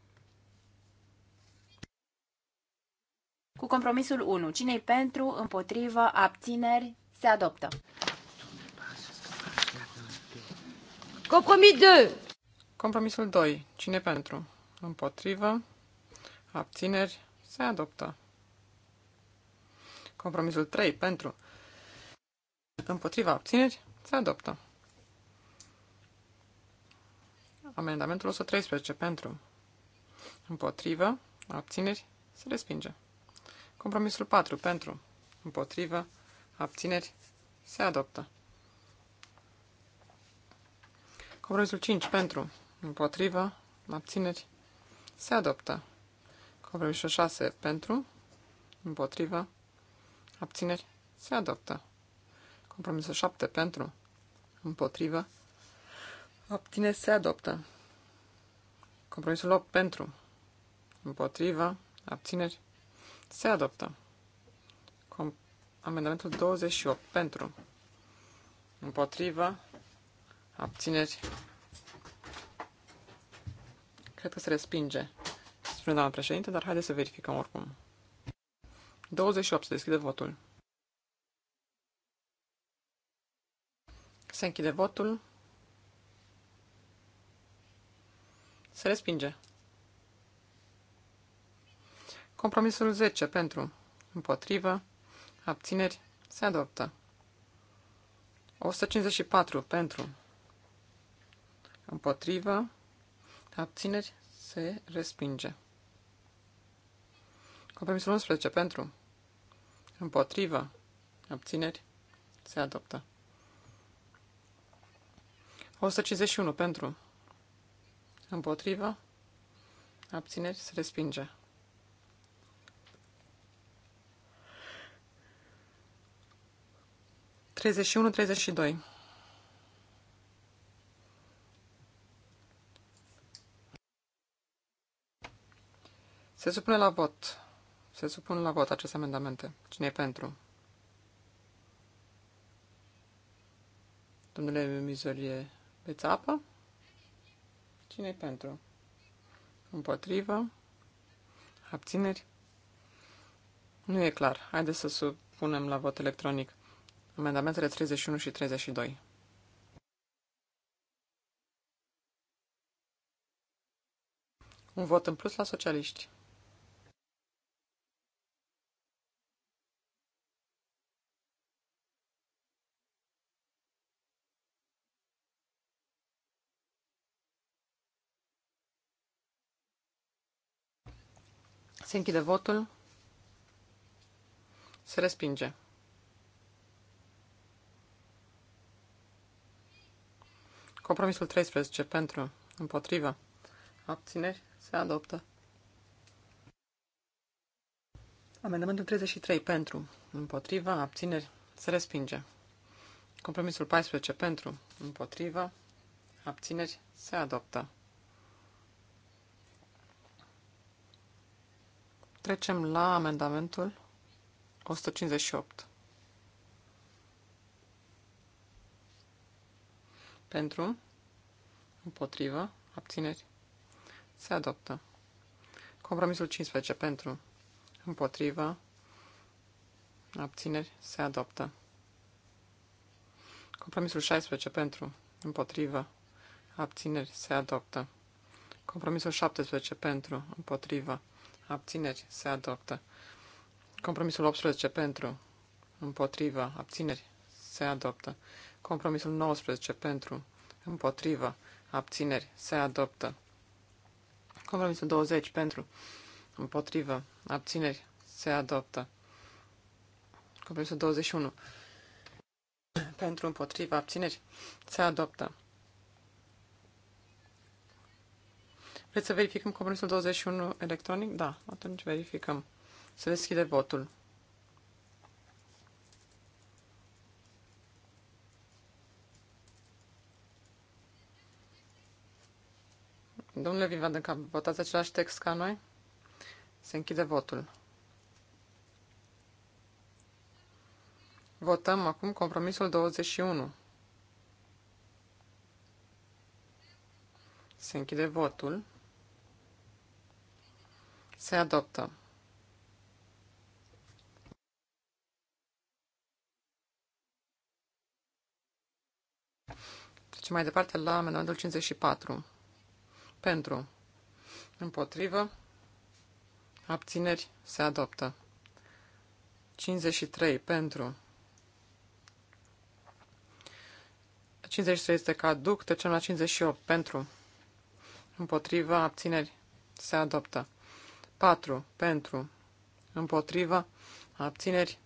cu compromisul 1. cine pentru, împotrivă, abțineri, se adoptă. Compromis 2. Compromisul 2. Cine pentru? Împotrivă. Abțineri. Se adoptă. Compromisul 3 pentru împotriva obțineri se adoptă. Amendamentul 113 pentru împotriva abțineri se respinge. Compromisul 4 pentru împotriva abțineri se adoptă. Compromisul 5 pentru împotriva abțineri se adoptă. Compromisul 6 pentru, împotriva, Abțineri. Se adoptă. Compromisul 7 pentru. Împotrivă. Abțineri. Se adoptă. Compromisul 8 pentru. Împotrivă. Abțineri. Se adoptă. Com amendamentul 28 pentru. Împotrivă. Abțineri. Cred că se respinge, spune doamna președinte, dar haideți să verificăm oricum. 28. deschide votul. Se închide votul. Se respinge. Compromisul 10 pentru, împotrivă, abțineri, se adoptă. 154 pentru, împotrivă, abțineri, se respinge. Compromisul 11 pentru. Împotrivă. Abțineri. Se adoptă. 151 pentru. Împotrivă. Abțineri. Se respinge. Treizeci și unu, treizeci și doi. Se supune la vot. Se supun la vot aceste amendamente. Cine e pentru? Domnule Mizorie, veți apă? cine e pentru? Împotrivă? Abțineri? Nu e clar. Haideți să supunem la vot electronic amendamentele 31 și 32. Un vot în plus la socialiști. Se închide votul. Se respinge. Compromisul 13 pentru, împotrivă, abțineri, se adoptă. Amendamentul 33 pentru, împotrivă, abțineri, se respinge. Compromisul 14 pentru, împotrivă, abțineri, se adoptă. Trecem la amendamentul 158. Pentru, împotrivă, abțineri, se adoptă. Compromisul 15 pentru, împotrivă, abțineri, se adoptă. Compromisul 16 pentru, împotrivă, abțineri, se adoptă. Compromisul 17 pentru, împotrivă, abțineri, abțineri, se adoptă. Compromisul 18 pentru, împotriva, abțineri, se adoptă. Compromisul 19 pentru, împotriva, abțineri, se adoptă. Compromisul 20 pentru, împotriva, abțineri, se adoptă. Compromisul 21 pentru, împotriva, abțineri, se adoptă. Vreți să verificăm compromisul 21 electronic? Da, atunci verificăm. Se deschide votul. Domnule Vivandenca, votați același text ca noi? Se închide votul. Votăm acum compromisul 21. Se închide votul. Se adoptă. Și deci mai departe la amendamentul 54. Pentru. Împotrivă. Abțineri. Se adoptă. 53. Pentru. 53 este caduc. Trecem la 58. Pentru. Împotrivă. Abțineri. Se adoptă. 4 pentru, împotriva, abțineri.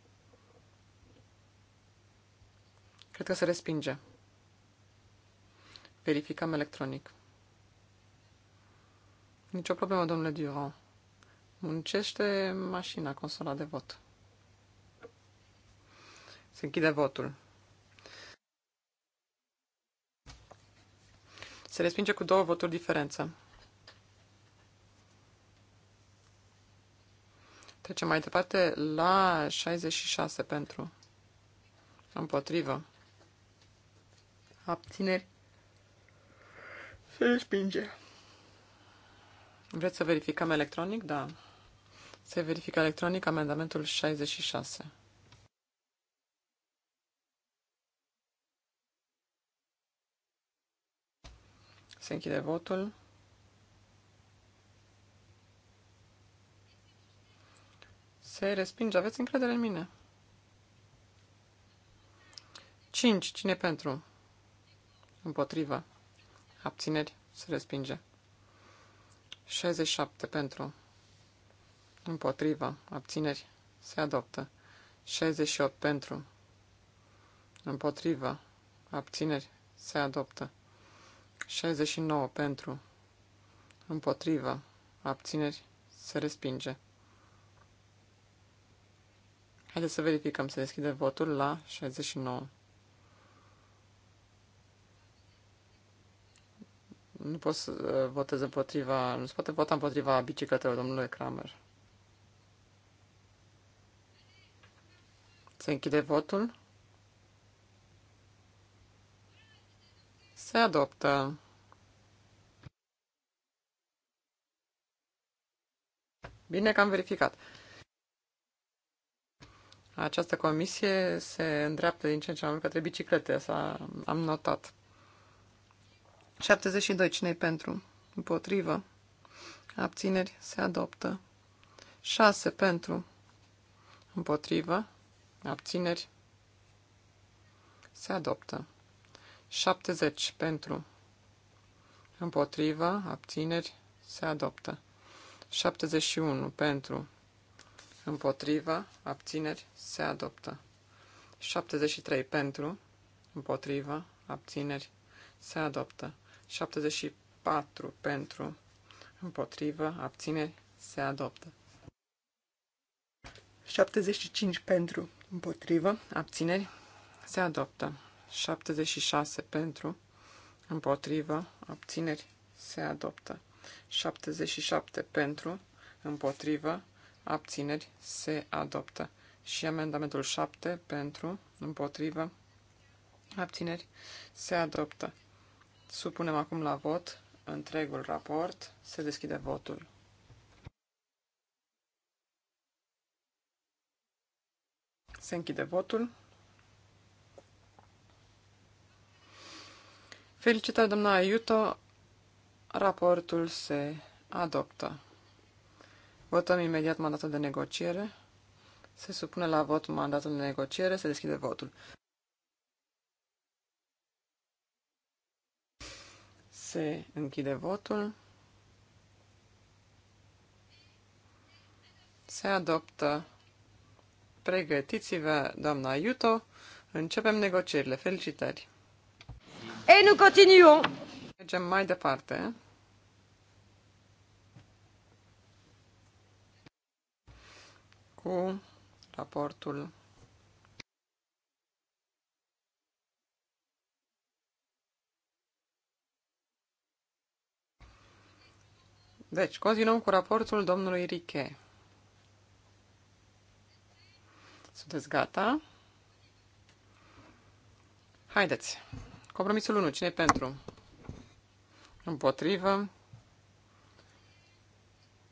Cred că se respinge. Verificăm electronic. Nicio problemă, domnule Durand. Muncește mașina, consola de vot. Se închide votul. Se respinge cu două voturi diferență. Trecem mai departe la 66 pentru împotrivă. Abțineri. Se respinge. Vreți să verificăm electronic? Da. Se verifică electronic amendamentul 66. Se închide votul. Se respinge. Aveți încredere în mine. 5. Cine pentru? Împotrivă. Abțineri. Se respinge. 67. Pentru. Împotrivă. Abțineri. Se adoptă. 68. Pentru. Împotrivă. Abțineri. Se adoptă. 69. Pentru. Împotrivă. Abțineri. Se respinge. Haideți să verificăm, se deschide votul la 69. Nu pot să uh, votez împotriva, nu se poate vota împotriva bicicletelor, domnului Kramer. Se închide votul. Se adoptă. Bine că am verificat. Această comisie se îndreaptă din ce în ce mai mult către biciclete, asta am notat. 72. Cine-i pentru? Împotrivă. Abțineri se adoptă. 6 pentru. Împotrivă. Abțineri se adoptă. 70 pentru. Împotrivă. Abțineri se adoptă. 71 pentru împotriva, abțineri, se adoptă. 73 pentru, împotriva, abțineri, se adoptă. 74 pentru, împotriva, abțineri, se adoptă. 75 pentru, împotrivă, abțineri, se adoptă. 76 pentru, împotrivă, abțineri, se adoptă. 77 pentru, împotrivă, abțineri, se adoptă. Și amendamentul 7 pentru, împotrivă, abțineri, se adoptă. Supunem acum la vot întregul raport. Se deschide votul. Se închide votul. Felicitări, doamna Iuto, Raportul se adoptă. Votăm imediat mandatul de negociere. Se supune la vot mandatul de negociere, se deschide votul. Se închide votul. Se adoptă. Pregătiți-vă, doamna Iuto. Începem negocierile. Felicitări! Ei, nu continuăm! Mergem mai departe. cu raportul Deci, continuăm cu raportul domnului Riche. Sunteți gata? Haideți. Compromisul 1. Cine pentru? Împotrivă.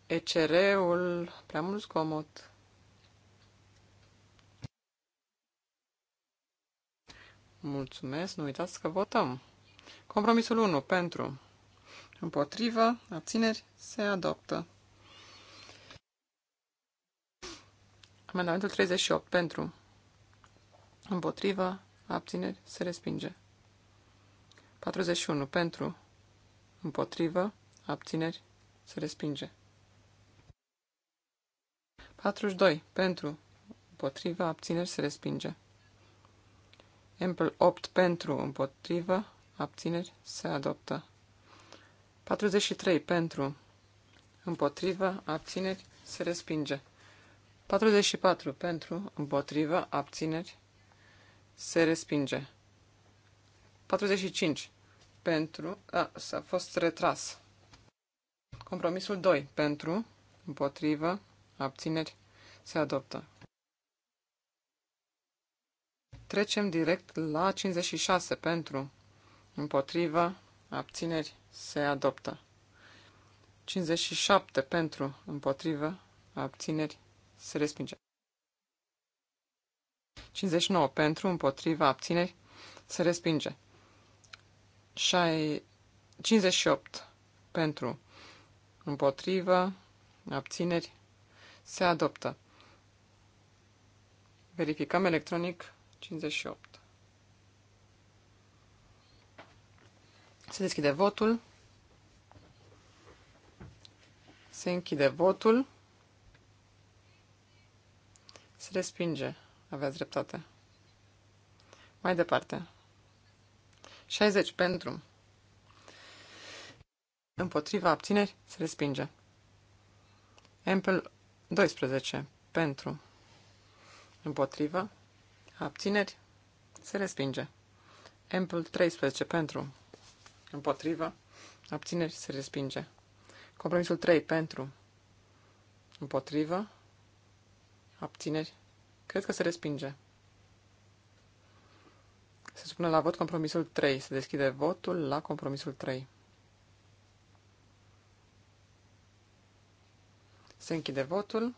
ECR-ul prea mult zgomot. Mulțumesc, nu uitați că votăm. Compromisul 1 pentru. Împotrivă, abțineri, se adoptă. Amendamentul 38 pentru. Împotrivă, abțineri, se respinge. 41 pentru. Împotrivă, abțineri, se respinge. 42 pentru. Împotrivă, abțineri, se respinge. Exemplu 8 pentru, împotrivă, abțineri, se adoptă. 43 pentru, împotrivă, abțineri, se respinge. 44 pentru, împotrivă, abțineri, se respinge. 45 pentru, a, s-a fost retras. Compromisul 2 pentru, împotrivă, abțineri, se adoptă. Trecem direct la 56 pentru împotriva abțineri se adoptă. 57 pentru împotriva abțineri se respinge. 59 pentru împotriva abțineri se respinge. 58 pentru împotriva abțineri se adoptă. Verificăm electronic 58. Se deschide votul. Se închide votul. Se respinge. aveți dreptate. Mai departe. 60 pentru. Împotriva abțineri se respinge. Ample 12 pentru. Împotriva Abțineri? Se respinge. Ample 13 pentru. Împotrivă. Abțineri? Se respinge. Compromisul 3 pentru. Împotrivă. Abțineri? Cred că se respinge. Se supune la vot compromisul 3. Se deschide votul la compromisul 3. Se închide votul.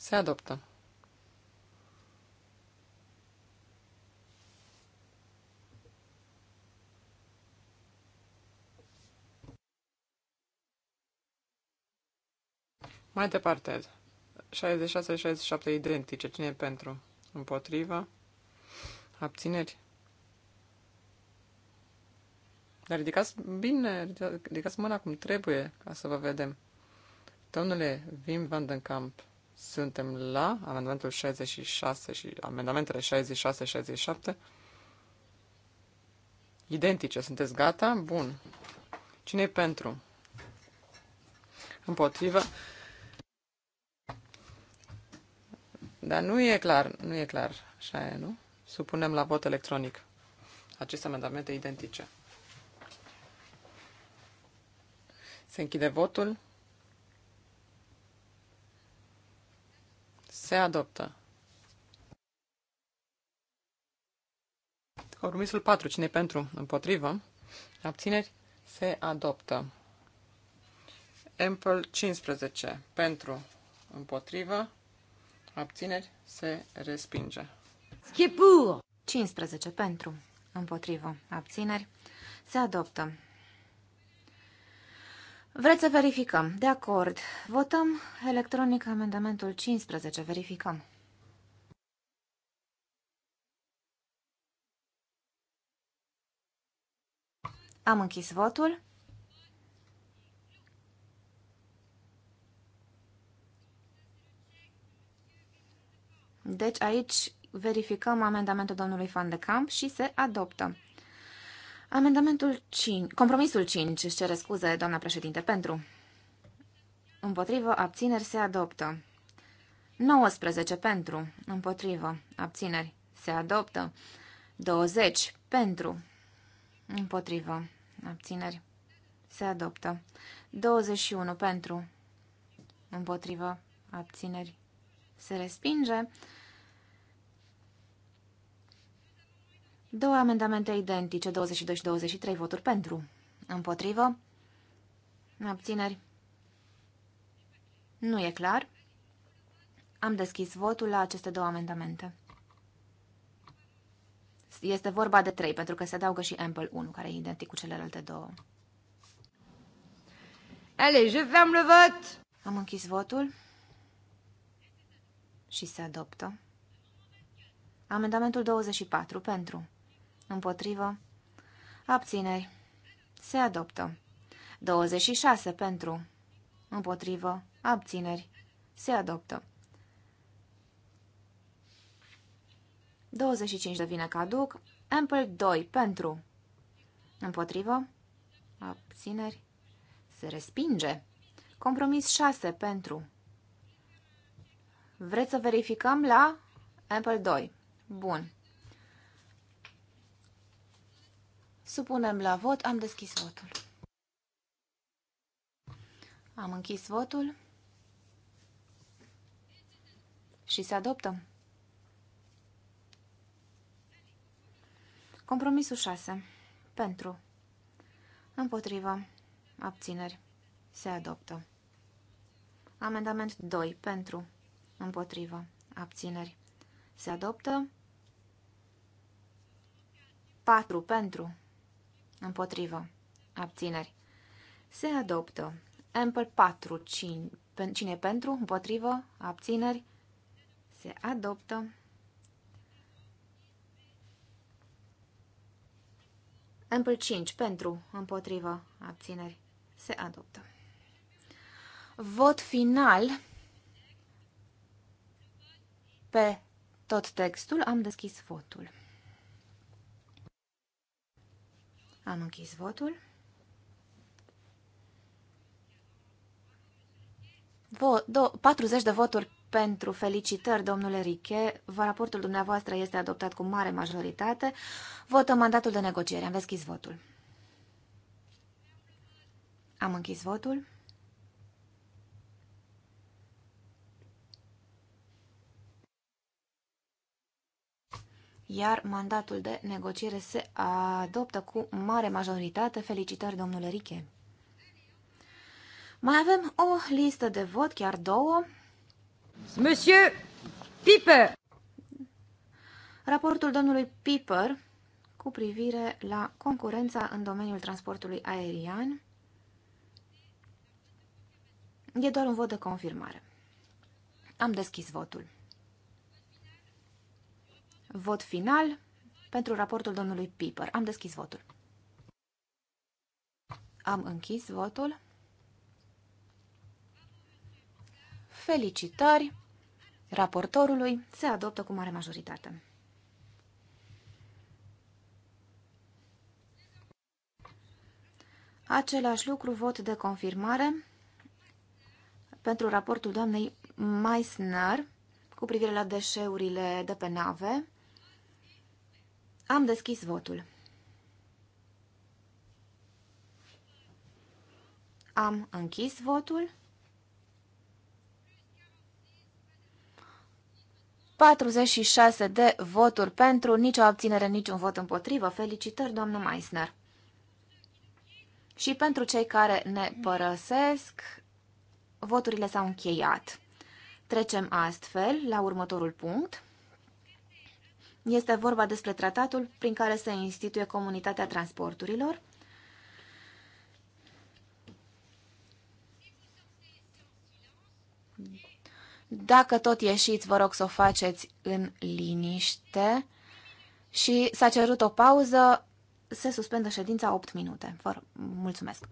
Se adoptă. Mai departe, 66-67 identice. Cine e pentru? Împotrivă? Abțineri? Dar ridicați bine, ridicați mâna cum trebuie ca să vă vedem. Domnule Wim van den Kamp, suntem la amendamentul 66 și amendamentele 66-67. Identice. Sunteți gata? Bun. cine e pentru? Împotrivă. Dar nu e clar, nu e clar. Așa e, nu? Supunem la vot electronic aceste amendamente identice. Se închide votul. Se adoptă. Compromisul 4. cine pentru? Împotrivă. Abțineri? Se adoptă. Ample 15. Pentru. Împotrivă. Abțineri? Se respinge. Schipu! 15. Pentru. Împotrivă. Abțineri? Se adoptă. Vreți să verificăm? De acord. Votăm electronic amendamentul 15. Verificăm. Am închis votul. Deci aici verificăm amendamentul domnului Van de Camp și se adoptă. Amendamentul 5, compromisul 5, își cere scuze, doamna președinte, pentru. Împotrivă, abțineri se adoptă. 19 pentru, împotrivă, abțineri se adoptă. 20 pentru, împotrivă, abțineri se adoptă. 21 pentru, împotrivă, abțineri se respinge. Două amendamente identice, 22 și 23 voturi pentru. Împotrivă. Abțineri. Nu e clar. Am deschis votul la aceste două amendamente. Este vorba de trei, pentru că se adaugă și Ample 1, care e identic cu celelalte două. Allez, je ferme le vot! Am închis votul și se adoptă. Amendamentul 24 pentru. Împotrivă. Abțineri. Se adoptă. 26 pentru. Împotrivă. Abțineri. Se adoptă. 25 devine caduc. Ample 2 pentru. Împotrivă. Abțineri. Se respinge. Compromis 6 pentru. Vreți să verificăm la Ample 2. Bun. Supunem la vot. Am deschis votul. Am închis votul. Și se adoptă. Compromisul 6. Pentru. Împotrivă. Abțineri. Se adoptă. Amendament 2. Pentru. Împotrivă. Abțineri. Se adoptă. 4. Pentru. Împotrivă. Abțineri. Se adoptă. Ample 4. Cine, cine pentru? Împotrivă. Abțineri. Se adoptă. Ample 5. Pentru. Împotrivă. Abțineri. Se adoptă. Vot final pe tot textul. Am deschis votul. Am închis votul. Vo 40 de voturi pentru felicitări, domnule Riche. Vă raportul dumneavoastră este adoptat cu mare majoritate. Votăm mandatul de negociere. Am deschis votul. Am închis votul. iar mandatul de negociere se adoptă cu mare majoritate. Felicitări, domnule Riche! Mai avem o listă de vot, chiar două. Monsieur Piper! Raportul domnului Piper cu privire la concurența în domeniul transportului aerian e doar un vot de confirmare. Am deschis votul. Vot final pentru raportul domnului Piper. Am deschis votul. Am închis votul. Felicitări raportorului. Se adoptă cu mare majoritate. Același lucru, vot de confirmare pentru raportul doamnei Meissner cu privire la deșeurile de pe nave. Am deschis votul. Am închis votul. 46 de voturi pentru, nicio abținere, niciun vot împotrivă. Felicitări, doamnă Meissner. Și pentru cei care ne părăsesc, voturile s-au încheiat. Trecem astfel la următorul punct. Este vorba despre tratatul prin care se instituie comunitatea transporturilor. Dacă tot ieșiți, vă rog să o faceți în liniște. Și s-a cerut o pauză. Se suspendă ședința 8 minute. Vă mulțumesc!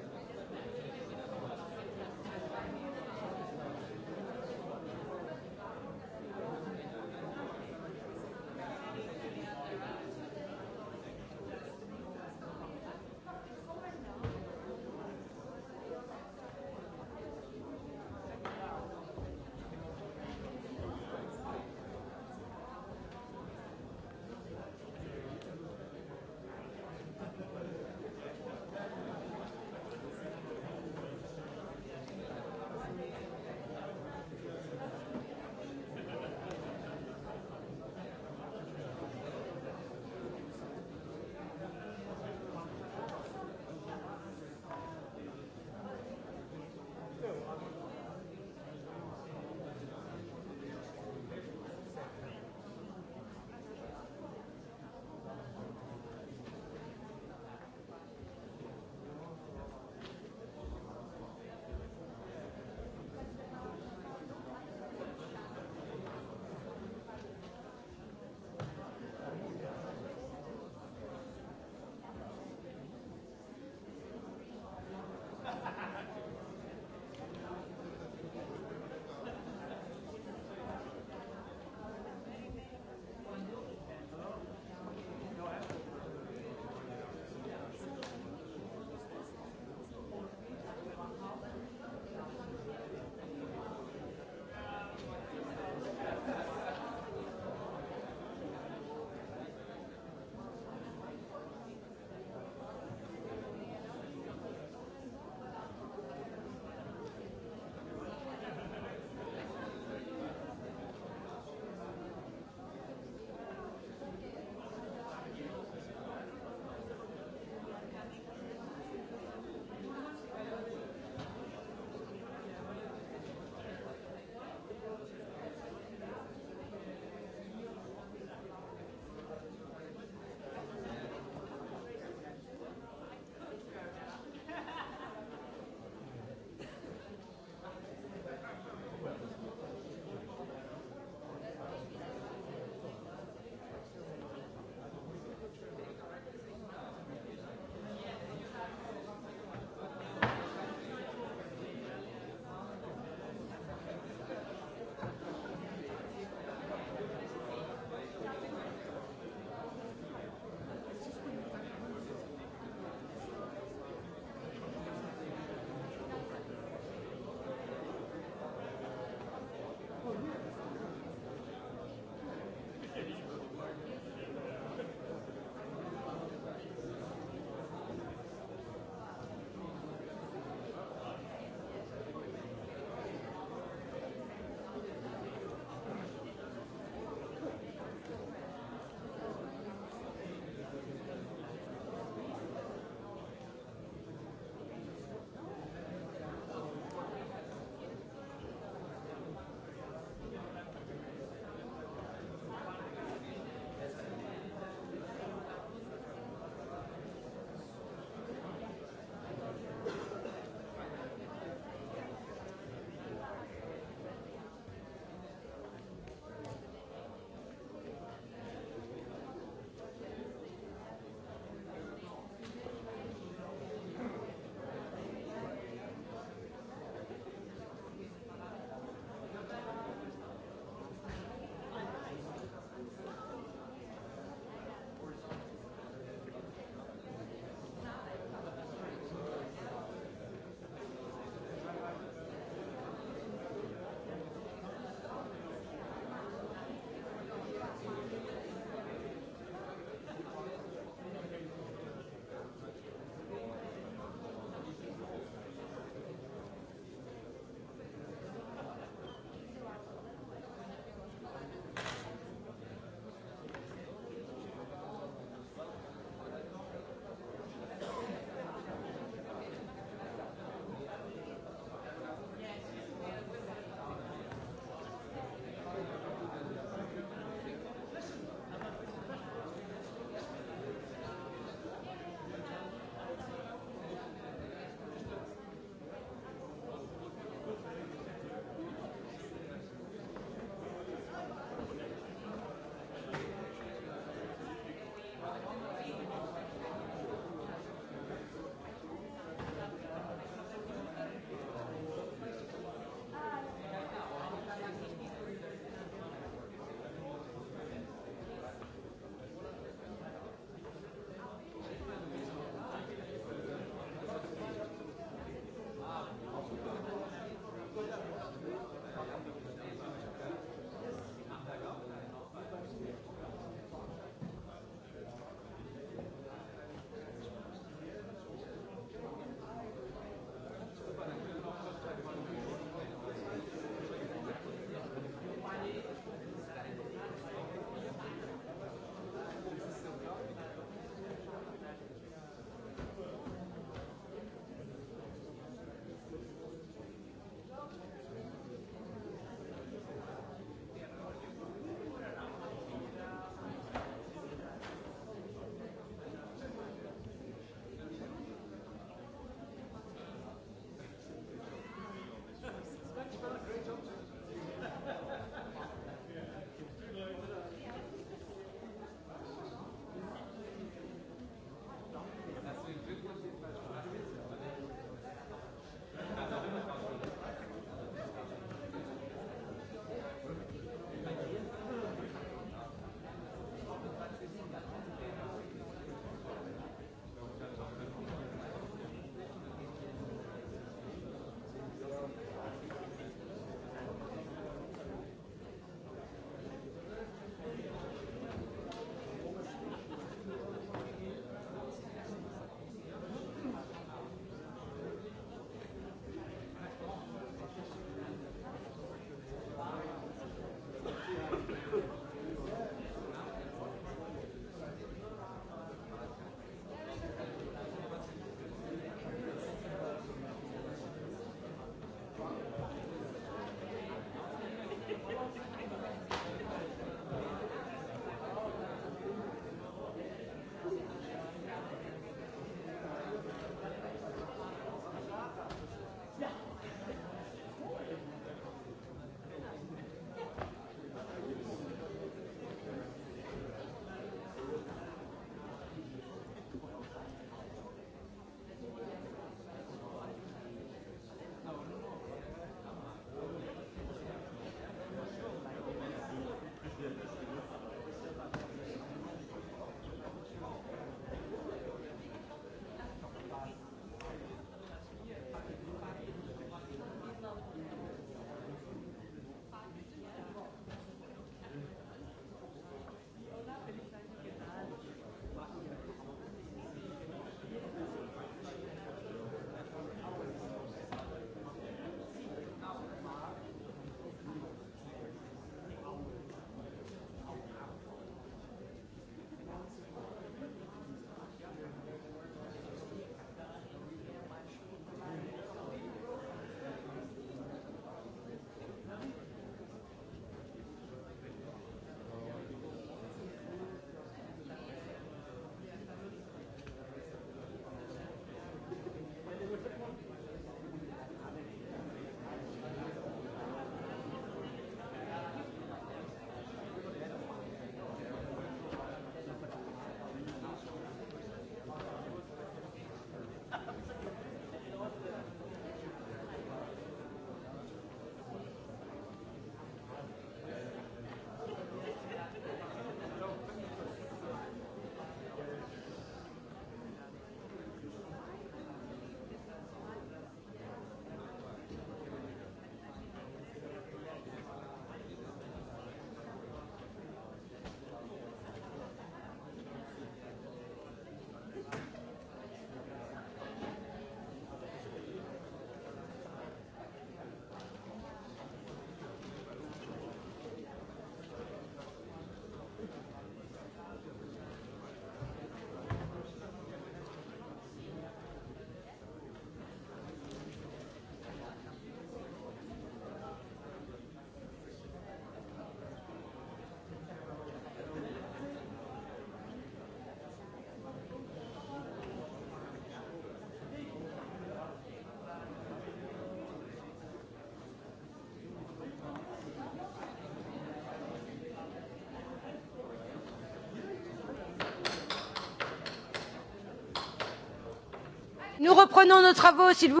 Nous reprenons nos travaux, s'il vous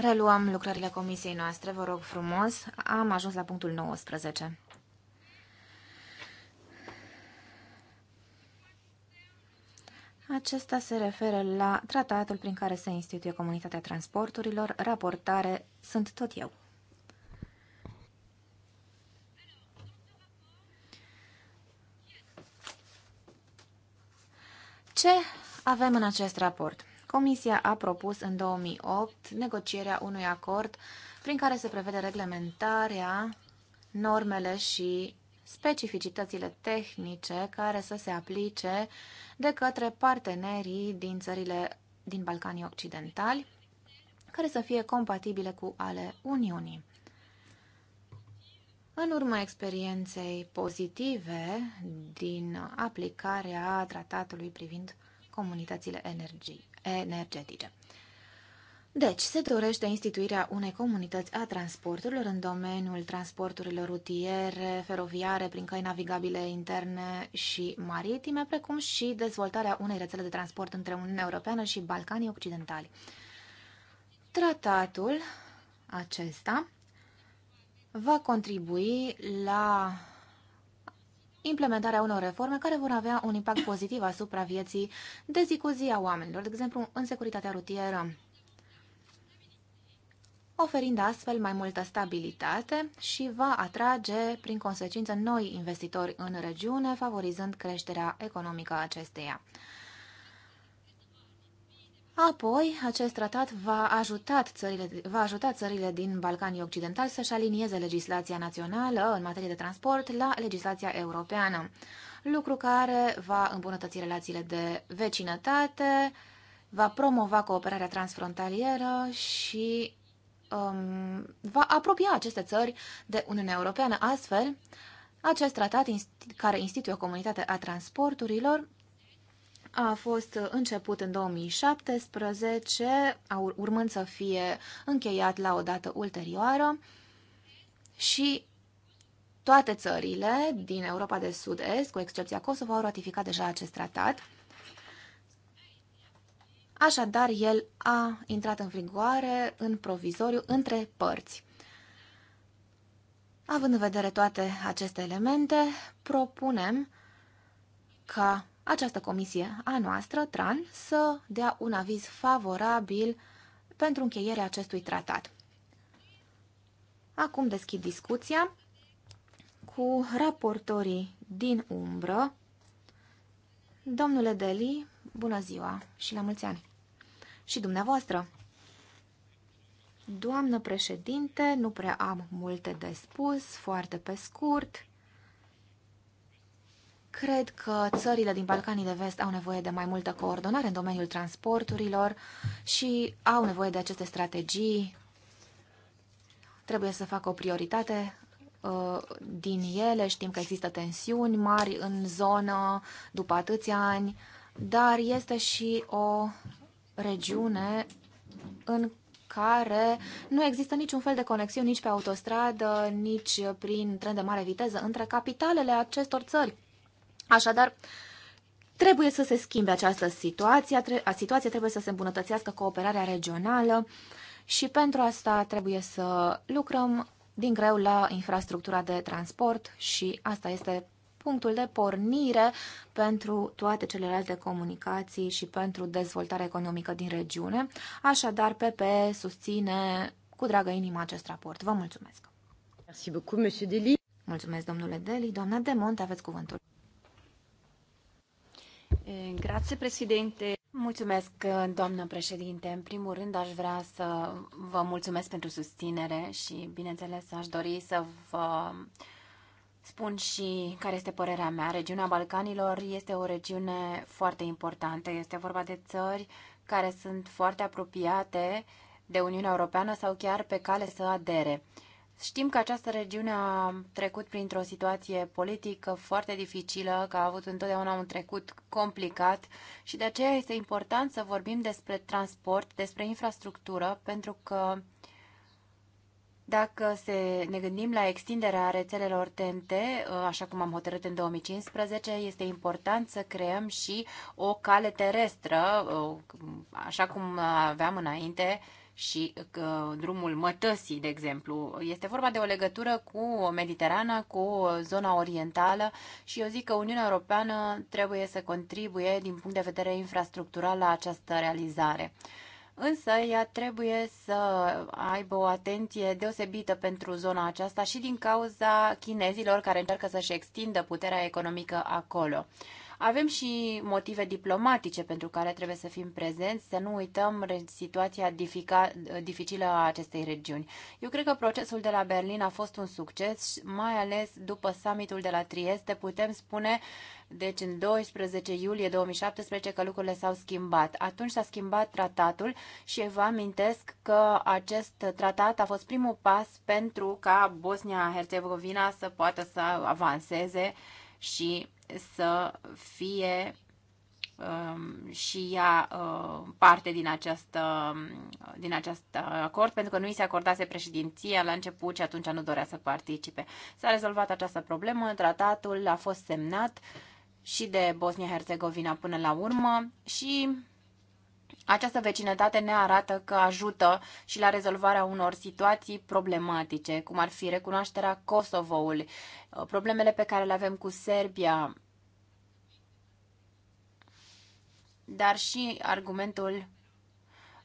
Reluăm lucrările comisiei noastre, vă rog frumos. Am ajuns la punctul 19. Acesta se referă la tratatul prin care se instituie Comunitatea Transporturilor. Raportare sunt tot eu. Ce avem în acest raport? Comisia a propus în 2008 negocierea unui acord prin care se prevede reglementarea, normele și specificitățile tehnice care să se aplice de către partenerii din țările din Balcanii Occidentali, care să fie compatibile cu ale Uniunii. În urma experienței pozitive din aplicarea tratatului privind comunitățile energiei energetice. Deci, se dorește instituirea unei comunități a transporturilor în domeniul transporturilor rutiere, feroviare, prin căi navigabile interne și maritime, precum și dezvoltarea unei rețele de transport între Uniunea Europeană și Balcanii Occidentali. Tratatul acesta va contribui la implementarea unor reforme care vor avea un impact pozitiv asupra vieții de zi cu zi a oamenilor, de exemplu în securitatea rutieră, oferind astfel mai multă stabilitate și va atrage prin consecință noi investitori în regiune, favorizând creșterea economică a acesteia. Apoi, acest tratat va ajuta țările, va ajuta țările din Balcanii Occidentali să-și alinieze legislația națională în materie de transport la legislația europeană, lucru care va îmbunătăți relațiile de vecinătate, va promova cooperarea transfrontalieră și um, va apropia aceste țări de Uniunea Europeană. Astfel, acest tratat care instituie o comunitate a transporturilor a fost început în 2017, urmând să fie încheiat la o dată ulterioară și toate țările din Europa de Sud-Est, cu excepția Kosovo, au ratificat deja acest tratat. Așadar, el a intrat în vigoare în provizoriu între părți. Având în vedere toate aceste elemente, propunem ca această comisie a noastră, TRAN, să dea un aviz favorabil pentru încheierea acestui tratat. Acum deschid discuția cu raportorii din umbră. Domnule Deli, bună ziua și la mulți ani! Și dumneavoastră! Doamnă președinte, nu prea am multe de spus, foarte pe scurt. Cred că țările din Balcanii de Vest au nevoie de mai multă coordonare în domeniul transporturilor și au nevoie de aceste strategii. Trebuie să facă o prioritate uh, din ele. Știm că există tensiuni mari în zonă după atâția ani, dar este și o regiune în care nu există niciun fel de conexiuni nici pe autostradă, nici prin tren de mare viteză între capitalele acestor țări. Așadar, trebuie să se schimbe această situație, a situație trebuie să se îmbunătățească cooperarea regională și pentru asta trebuie să lucrăm din greu la infrastructura de transport și asta este punctul de pornire pentru toate celelalte comunicații și pentru dezvoltarea economică din regiune. Așadar, PP susține cu dragă inimă acest raport. Vă mulțumesc! Merci Mulțumesc, domnule Deli. Doamna Demont, aveți cuvântul. Grazie, președinte. Mulțumesc, doamnă președinte. În primul rând, aș vrea să vă mulțumesc pentru susținere și, bineînțeles, aș dori să vă spun și care este părerea mea. Regiunea Balcanilor este o regiune foarte importantă. Este vorba de țări care sunt foarte apropiate de Uniunea Europeană sau chiar pe cale să adere. Știm că această regiune a trecut printr-o situație politică foarte dificilă, că a avut întotdeauna un trecut complicat și de aceea este important să vorbim despre transport, despre infrastructură, pentru că dacă se, ne gândim la extinderea rețelelor TNT, ă, așa cum am hotărât în 2015, este important să creăm și o cale terestră, ă, așa cum aveam înainte, și drumul Mătăsii, de exemplu. Este vorba de o legătură cu Mediterana, cu zona orientală și eu zic că Uniunea Europeană trebuie să contribuie din punct de vedere infrastructural la această realizare. Însă ea trebuie să aibă o atenție deosebită pentru zona aceasta și din cauza chinezilor care încearcă să-și extindă puterea economică acolo. Avem și motive diplomatice pentru care trebuie să fim prezenți, să nu uităm situația dificilă a acestei regiuni. Eu cred că procesul de la Berlin a fost un succes, mai ales după summitul de la Trieste, putem spune deci în 12 iulie 2017 că lucrurile s-au schimbat. Atunci s-a schimbat tratatul și vă amintesc că acest tratat a fost primul pas pentru ca Bosnia-Herzegovina să poată să avanseze și să fie um, și ea uh, parte din, această, din acest acord, pentru că nu i se acordase președinția la început și atunci nu dorea să participe. S-a rezolvat această problemă, tratatul a fost semnat și de Bosnia-Herzegovina până la urmă și această vecinătate ne arată că ajută și la rezolvarea unor situații problematice, cum ar fi recunoașterea Kosovoului, problemele pe care le avem cu Serbia, dar și argumentul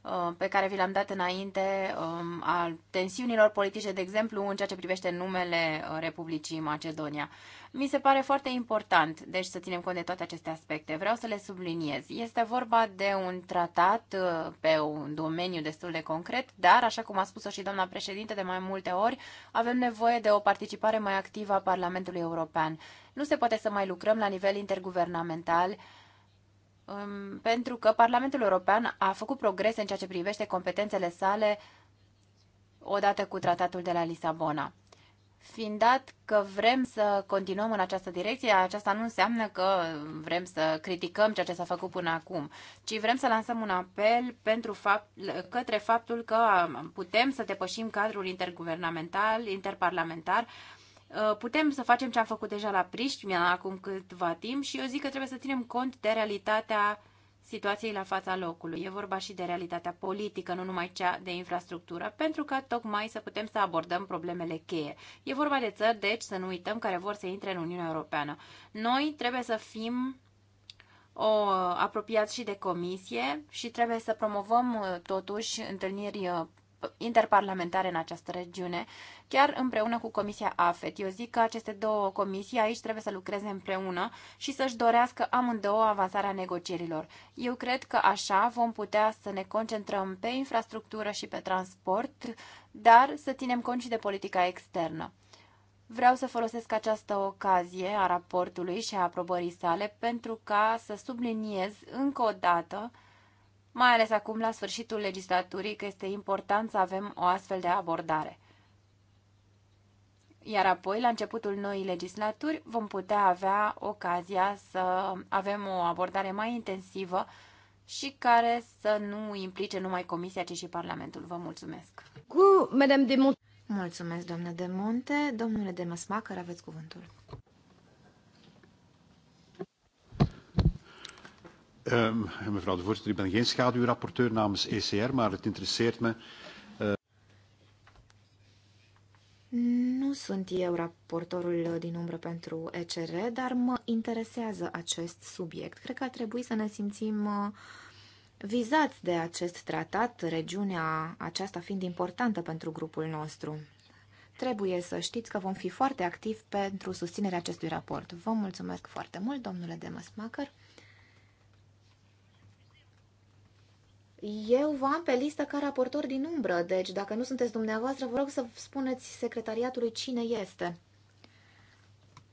uh, pe care vi l-am dat înainte um, al tensiunilor politice, de exemplu, în ceea ce privește numele uh, Republicii Macedonia. Mi se pare foarte important, deci, să ținem cont de toate aceste aspecte. Vreau să le subliniez. Este vorba de un tratat uh, pe un domeniu destul de concret, dar, așa cum a spus-o și doamna președinte de mai multe ori, avem nevoie de o participare mai activă a Parlamentului European. Nu se poate să mai lucrăm la nivel interguvernamental Um, pentru că Parlamentul European a făcut progrese în ceea ce privește competențele sale odată cu tratatul de la Lisabona. Fiind dat că vrem să continuăm în această direcție, aceasta nu înseamnă că vrem să criticăm ceea ce s-a făcut până acum, ci vrem să lansăm un apel pentru fapt, către faptul că putem să depășim cadrul interguvernamental, interparlamentar Uh, putem să facem ce am făcut deja la Priștina acum câtva timp și eu zic că trebuie să ținem cont de realitatea situației la fața locului. E vorba și de realitatea politică, nu numai cea de infrastructură, pentru că tocmai să putem să abordăm problemele cheie. E vorba de țări, deci să nu uităm, care vor să intre în Uniunea Europeană. Noi trebuie să fim o apropiați și de comisie și trebuie să promovăm uh, totuși întâlniri uh, interparlamentare în această regiune, chiar împreună cu Comisia AFET. Eu zic că aceste două comisii aici trebuie să lucreze împreună și să-și dorească amândouă avansarea negocierilor. Eu cred că așa vom putea să ne concentrăm pe infrastructură și pe transport, dar să ținem cont și de politica externă. Vreau să folosesc această ocazie a raportului și a aprobării sale pentru ca să subliniez încă o dată mai ales acum la sfârșitul legislaturii, că este important să avem o astfel de abordare. Iar apoi, la începutul noii legislaturi, vom putea avea ocazia să avem o abordare mai intensivă și care să nu implice numai Comisia, ci și Parlamentul. Vă mulțumesc! Cu Madame de Mulțumesc, doamnă de Monte. Domnule de Măsmacăr, aveți cuvântul. Ehm, mevrouw de voorzitter, ik ben geen schaduwrapporteur namens ECR, maar het interesseert me. Eh, nu sunt eu raportorul din umbră pentru ECR, dar mă interesează acest subiect. Cred că ar trebui să ne simțim eh, vizați de acest tratat, regiunea aceasta fiind importantă pentru grupul nostru. Trebuie să știți că vom fi foarte activi pentru susținerea acestui raport. Vă mulțumesc foarte mult, domnule Demasmacher. Eu vă am pe listă ca raportor din umbră, deci dacă nu sunteți dumneavoastră, vă rog să spuneți secretariatului cine este.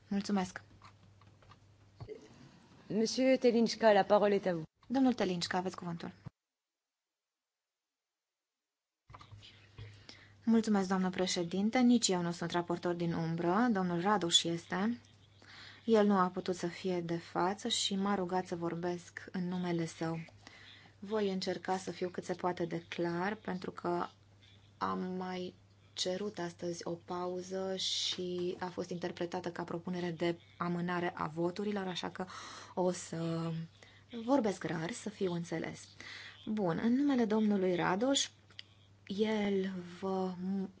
Mulțumesc. Monsieur Telinchka, la parole est à vous. Domnul Telinchka, aveți cuvântul. Mulțumesc, doamnă președinte. Nici eu nu sunt raportor din umbră. Domnul Raduș este. El nu a putut să fie de față și m-a rugat să vorbesc în numele său. Voi încerca să fiu cât se poate de clar, pentru că am mai cerut astăzi o pauză și a fost interpretată ca propunere de amânare a voturilor, așa că o să vorbesc rar, să fiu înțeles. Bun, în numele domnului Radoș, el, vă,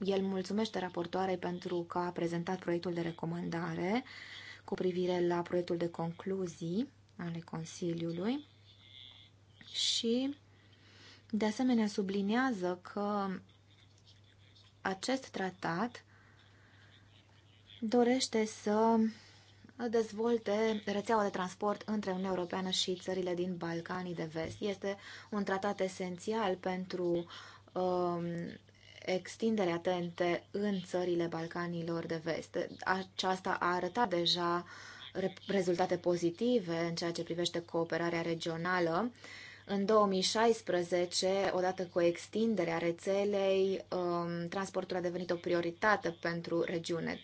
el mulțumește raportoarei pentru că a prezentat proiectul de recomandare cu privire la proiectul de concluzii ale Consiliului și de asemenea sublinează că acest tratat dorește să dezvolte rețeaua de transport între Uniunea Europeană și țările din Balcanii de Vest. Este un tratat esențial pentru um, extinderea TNT în țările Balcanilor de Vest. Aceasta a arătat deja rezultate pozitive în ceea ce privește cooperarea regională în 2016, odată cu extinderea rețelei, um, transportul a devenit o prioritate pentru regiune.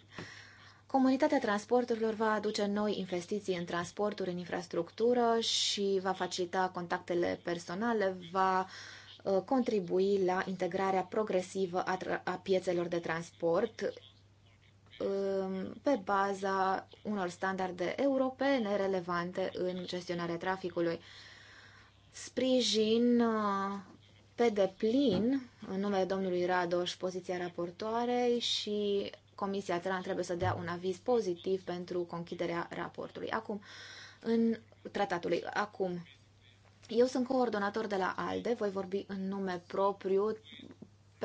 Comunitatea transporturilor va aduce noi investiții în transporturi, în infrastructură și va facilita contactele personale, va uh, contribui la integrarea progresivă a, a piețelor de transport um, pe baza unor standarde europene relevante în gestionarea traficului. Sprijin uh, pe deplin, în numele domnului Radoș, poziția raportoarei și Comisia Tran trebuie să dea un aviz pozitiv pentru conchiderea raportului. Acum, în tratatului, acum, eu sunt coordonator de la ALDE, voi vorbi în nume propriu,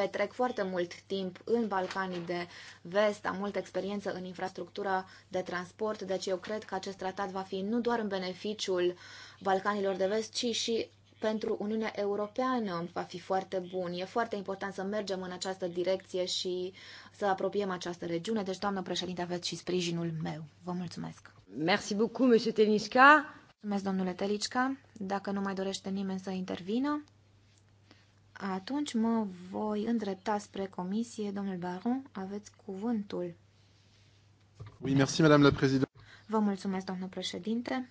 petrec foarte mult timp în Balcanii de Vest, am multă experiență în infrastructura de transport, deci eu cred că acest tratat va fi nu doar în beneficiul Balcanilor de Vest, ci și pentru Uniunea Europeană va fi foarte bun. E foarte important să mergem în această direcție și să apropiem această regiune. Deci, doamnă președinte, aveți și sprijinul meu. Vă mulțumesc. Merci beaucoup, monsieur Tenisca. Mulțumesc, domnule Telicca. Dacă nu mai dorește nimeni să intervină, atunci mă voi îndrepta spre comisie. Domnul Baron, aveți cuvântul. Oui, merci, madame la Vă mulțumesc, domnul președinte.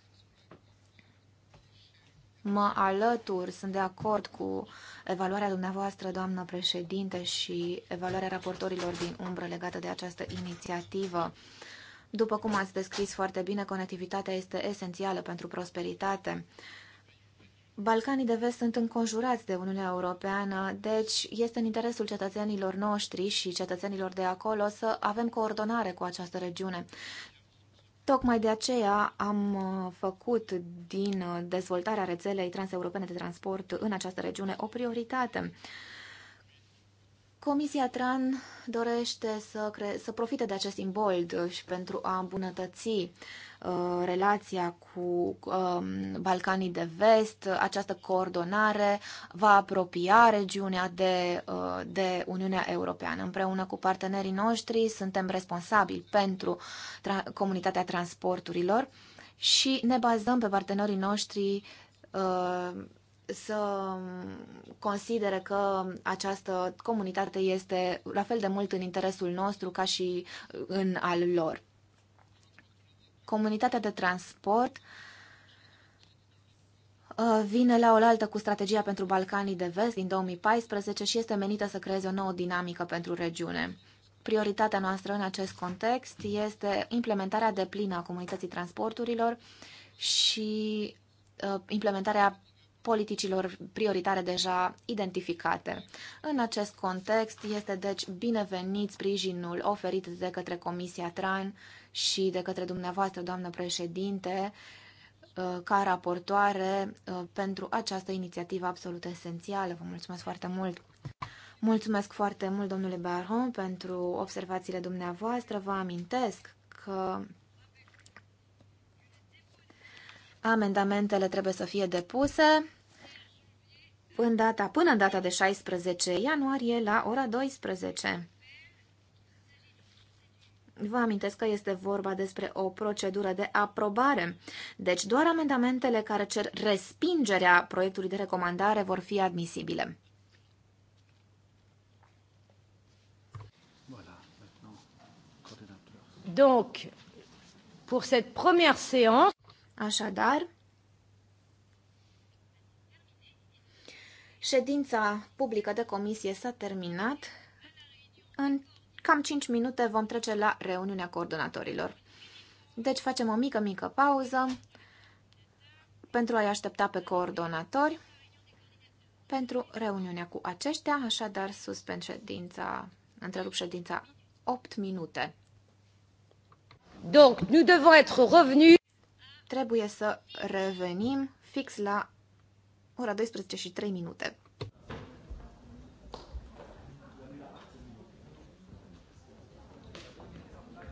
Mă alătur, sunt de acord cu evaluarea dumneavoastră, doamnă președinte, și evaluarea raportorilor din umbră legată de această inițiativă. După cum ați descris foarte bine, conectivitatea este esențială pentru prosperitate. Balcanii de vest sunt înconjurați de Uniunea Europeană, deci este în interesul cetățenilor noștri și cetățenilor de acolo să avem coordonare cu această regiune. Tocmai de aceea am uh, făcut din uh, dezvoltarea rețelei transeuropene de transport în această regiune o prioritate. Comisia TRAN dorește să, cre- să profite de acest imbold și pentru a îmbunătăți uh, relația cu um, Balcanii de Vest. Această coordonare va apropia regiunea de, uh, de Uniunea Europeană. Împreună cu partenerii noștri suntem responsabili pentru tra- comunitatea transporturilor și ne bazăm pe partenerii noștri uh, să considere că această comunitate este la fel de mult în interesul nostru ca și în al lor. Comunitatea de transport uh, vine la oaltă cu strategia pentru Balcanii de Vest din 2014 și este menită să creeze o nouă dinamică pentru regiune. Prioritatea noastră în acest context este implementarea deplină a comunității transporturilor și uh, implementarea politicilor prioritare deja identificate. În acest context este deci binevenit sprijinul oferit de către Comisia TRAN și de către dumneavoastră, doamnă președinte, uh, ca raportoare uh, pentru această inițiativă absolut esențială. Vă mulțumesc foarte mult! Mulțumesc foarte mult, domnule Baron, pentru observațiile dumneavoastră. Vă amintesc că amendamentele trebuie să fie depuse în data, până în data de 16 ianuarie la ora 12. Vă amintesc că este vorba despre o procedură de aprobare, deci doar amendamentele care cer respingerea proiectului de recomandare vor fi admisibile. Donc, pour cette première séance... Așadar, Ședința publică de comisie s-a terminat. În cam 5 minute vom trece la reuniunea coordonatorilor. Deci facem o mică, mică pauză pentru a-i aștepta pe coordonatori pentru reuniunea cu aceștia, așadar suspend ședința, întrerup ședința 8 minute. Donc, nous devons être revenus. Trebuie să revenim fix la ora 12 și 3 minute.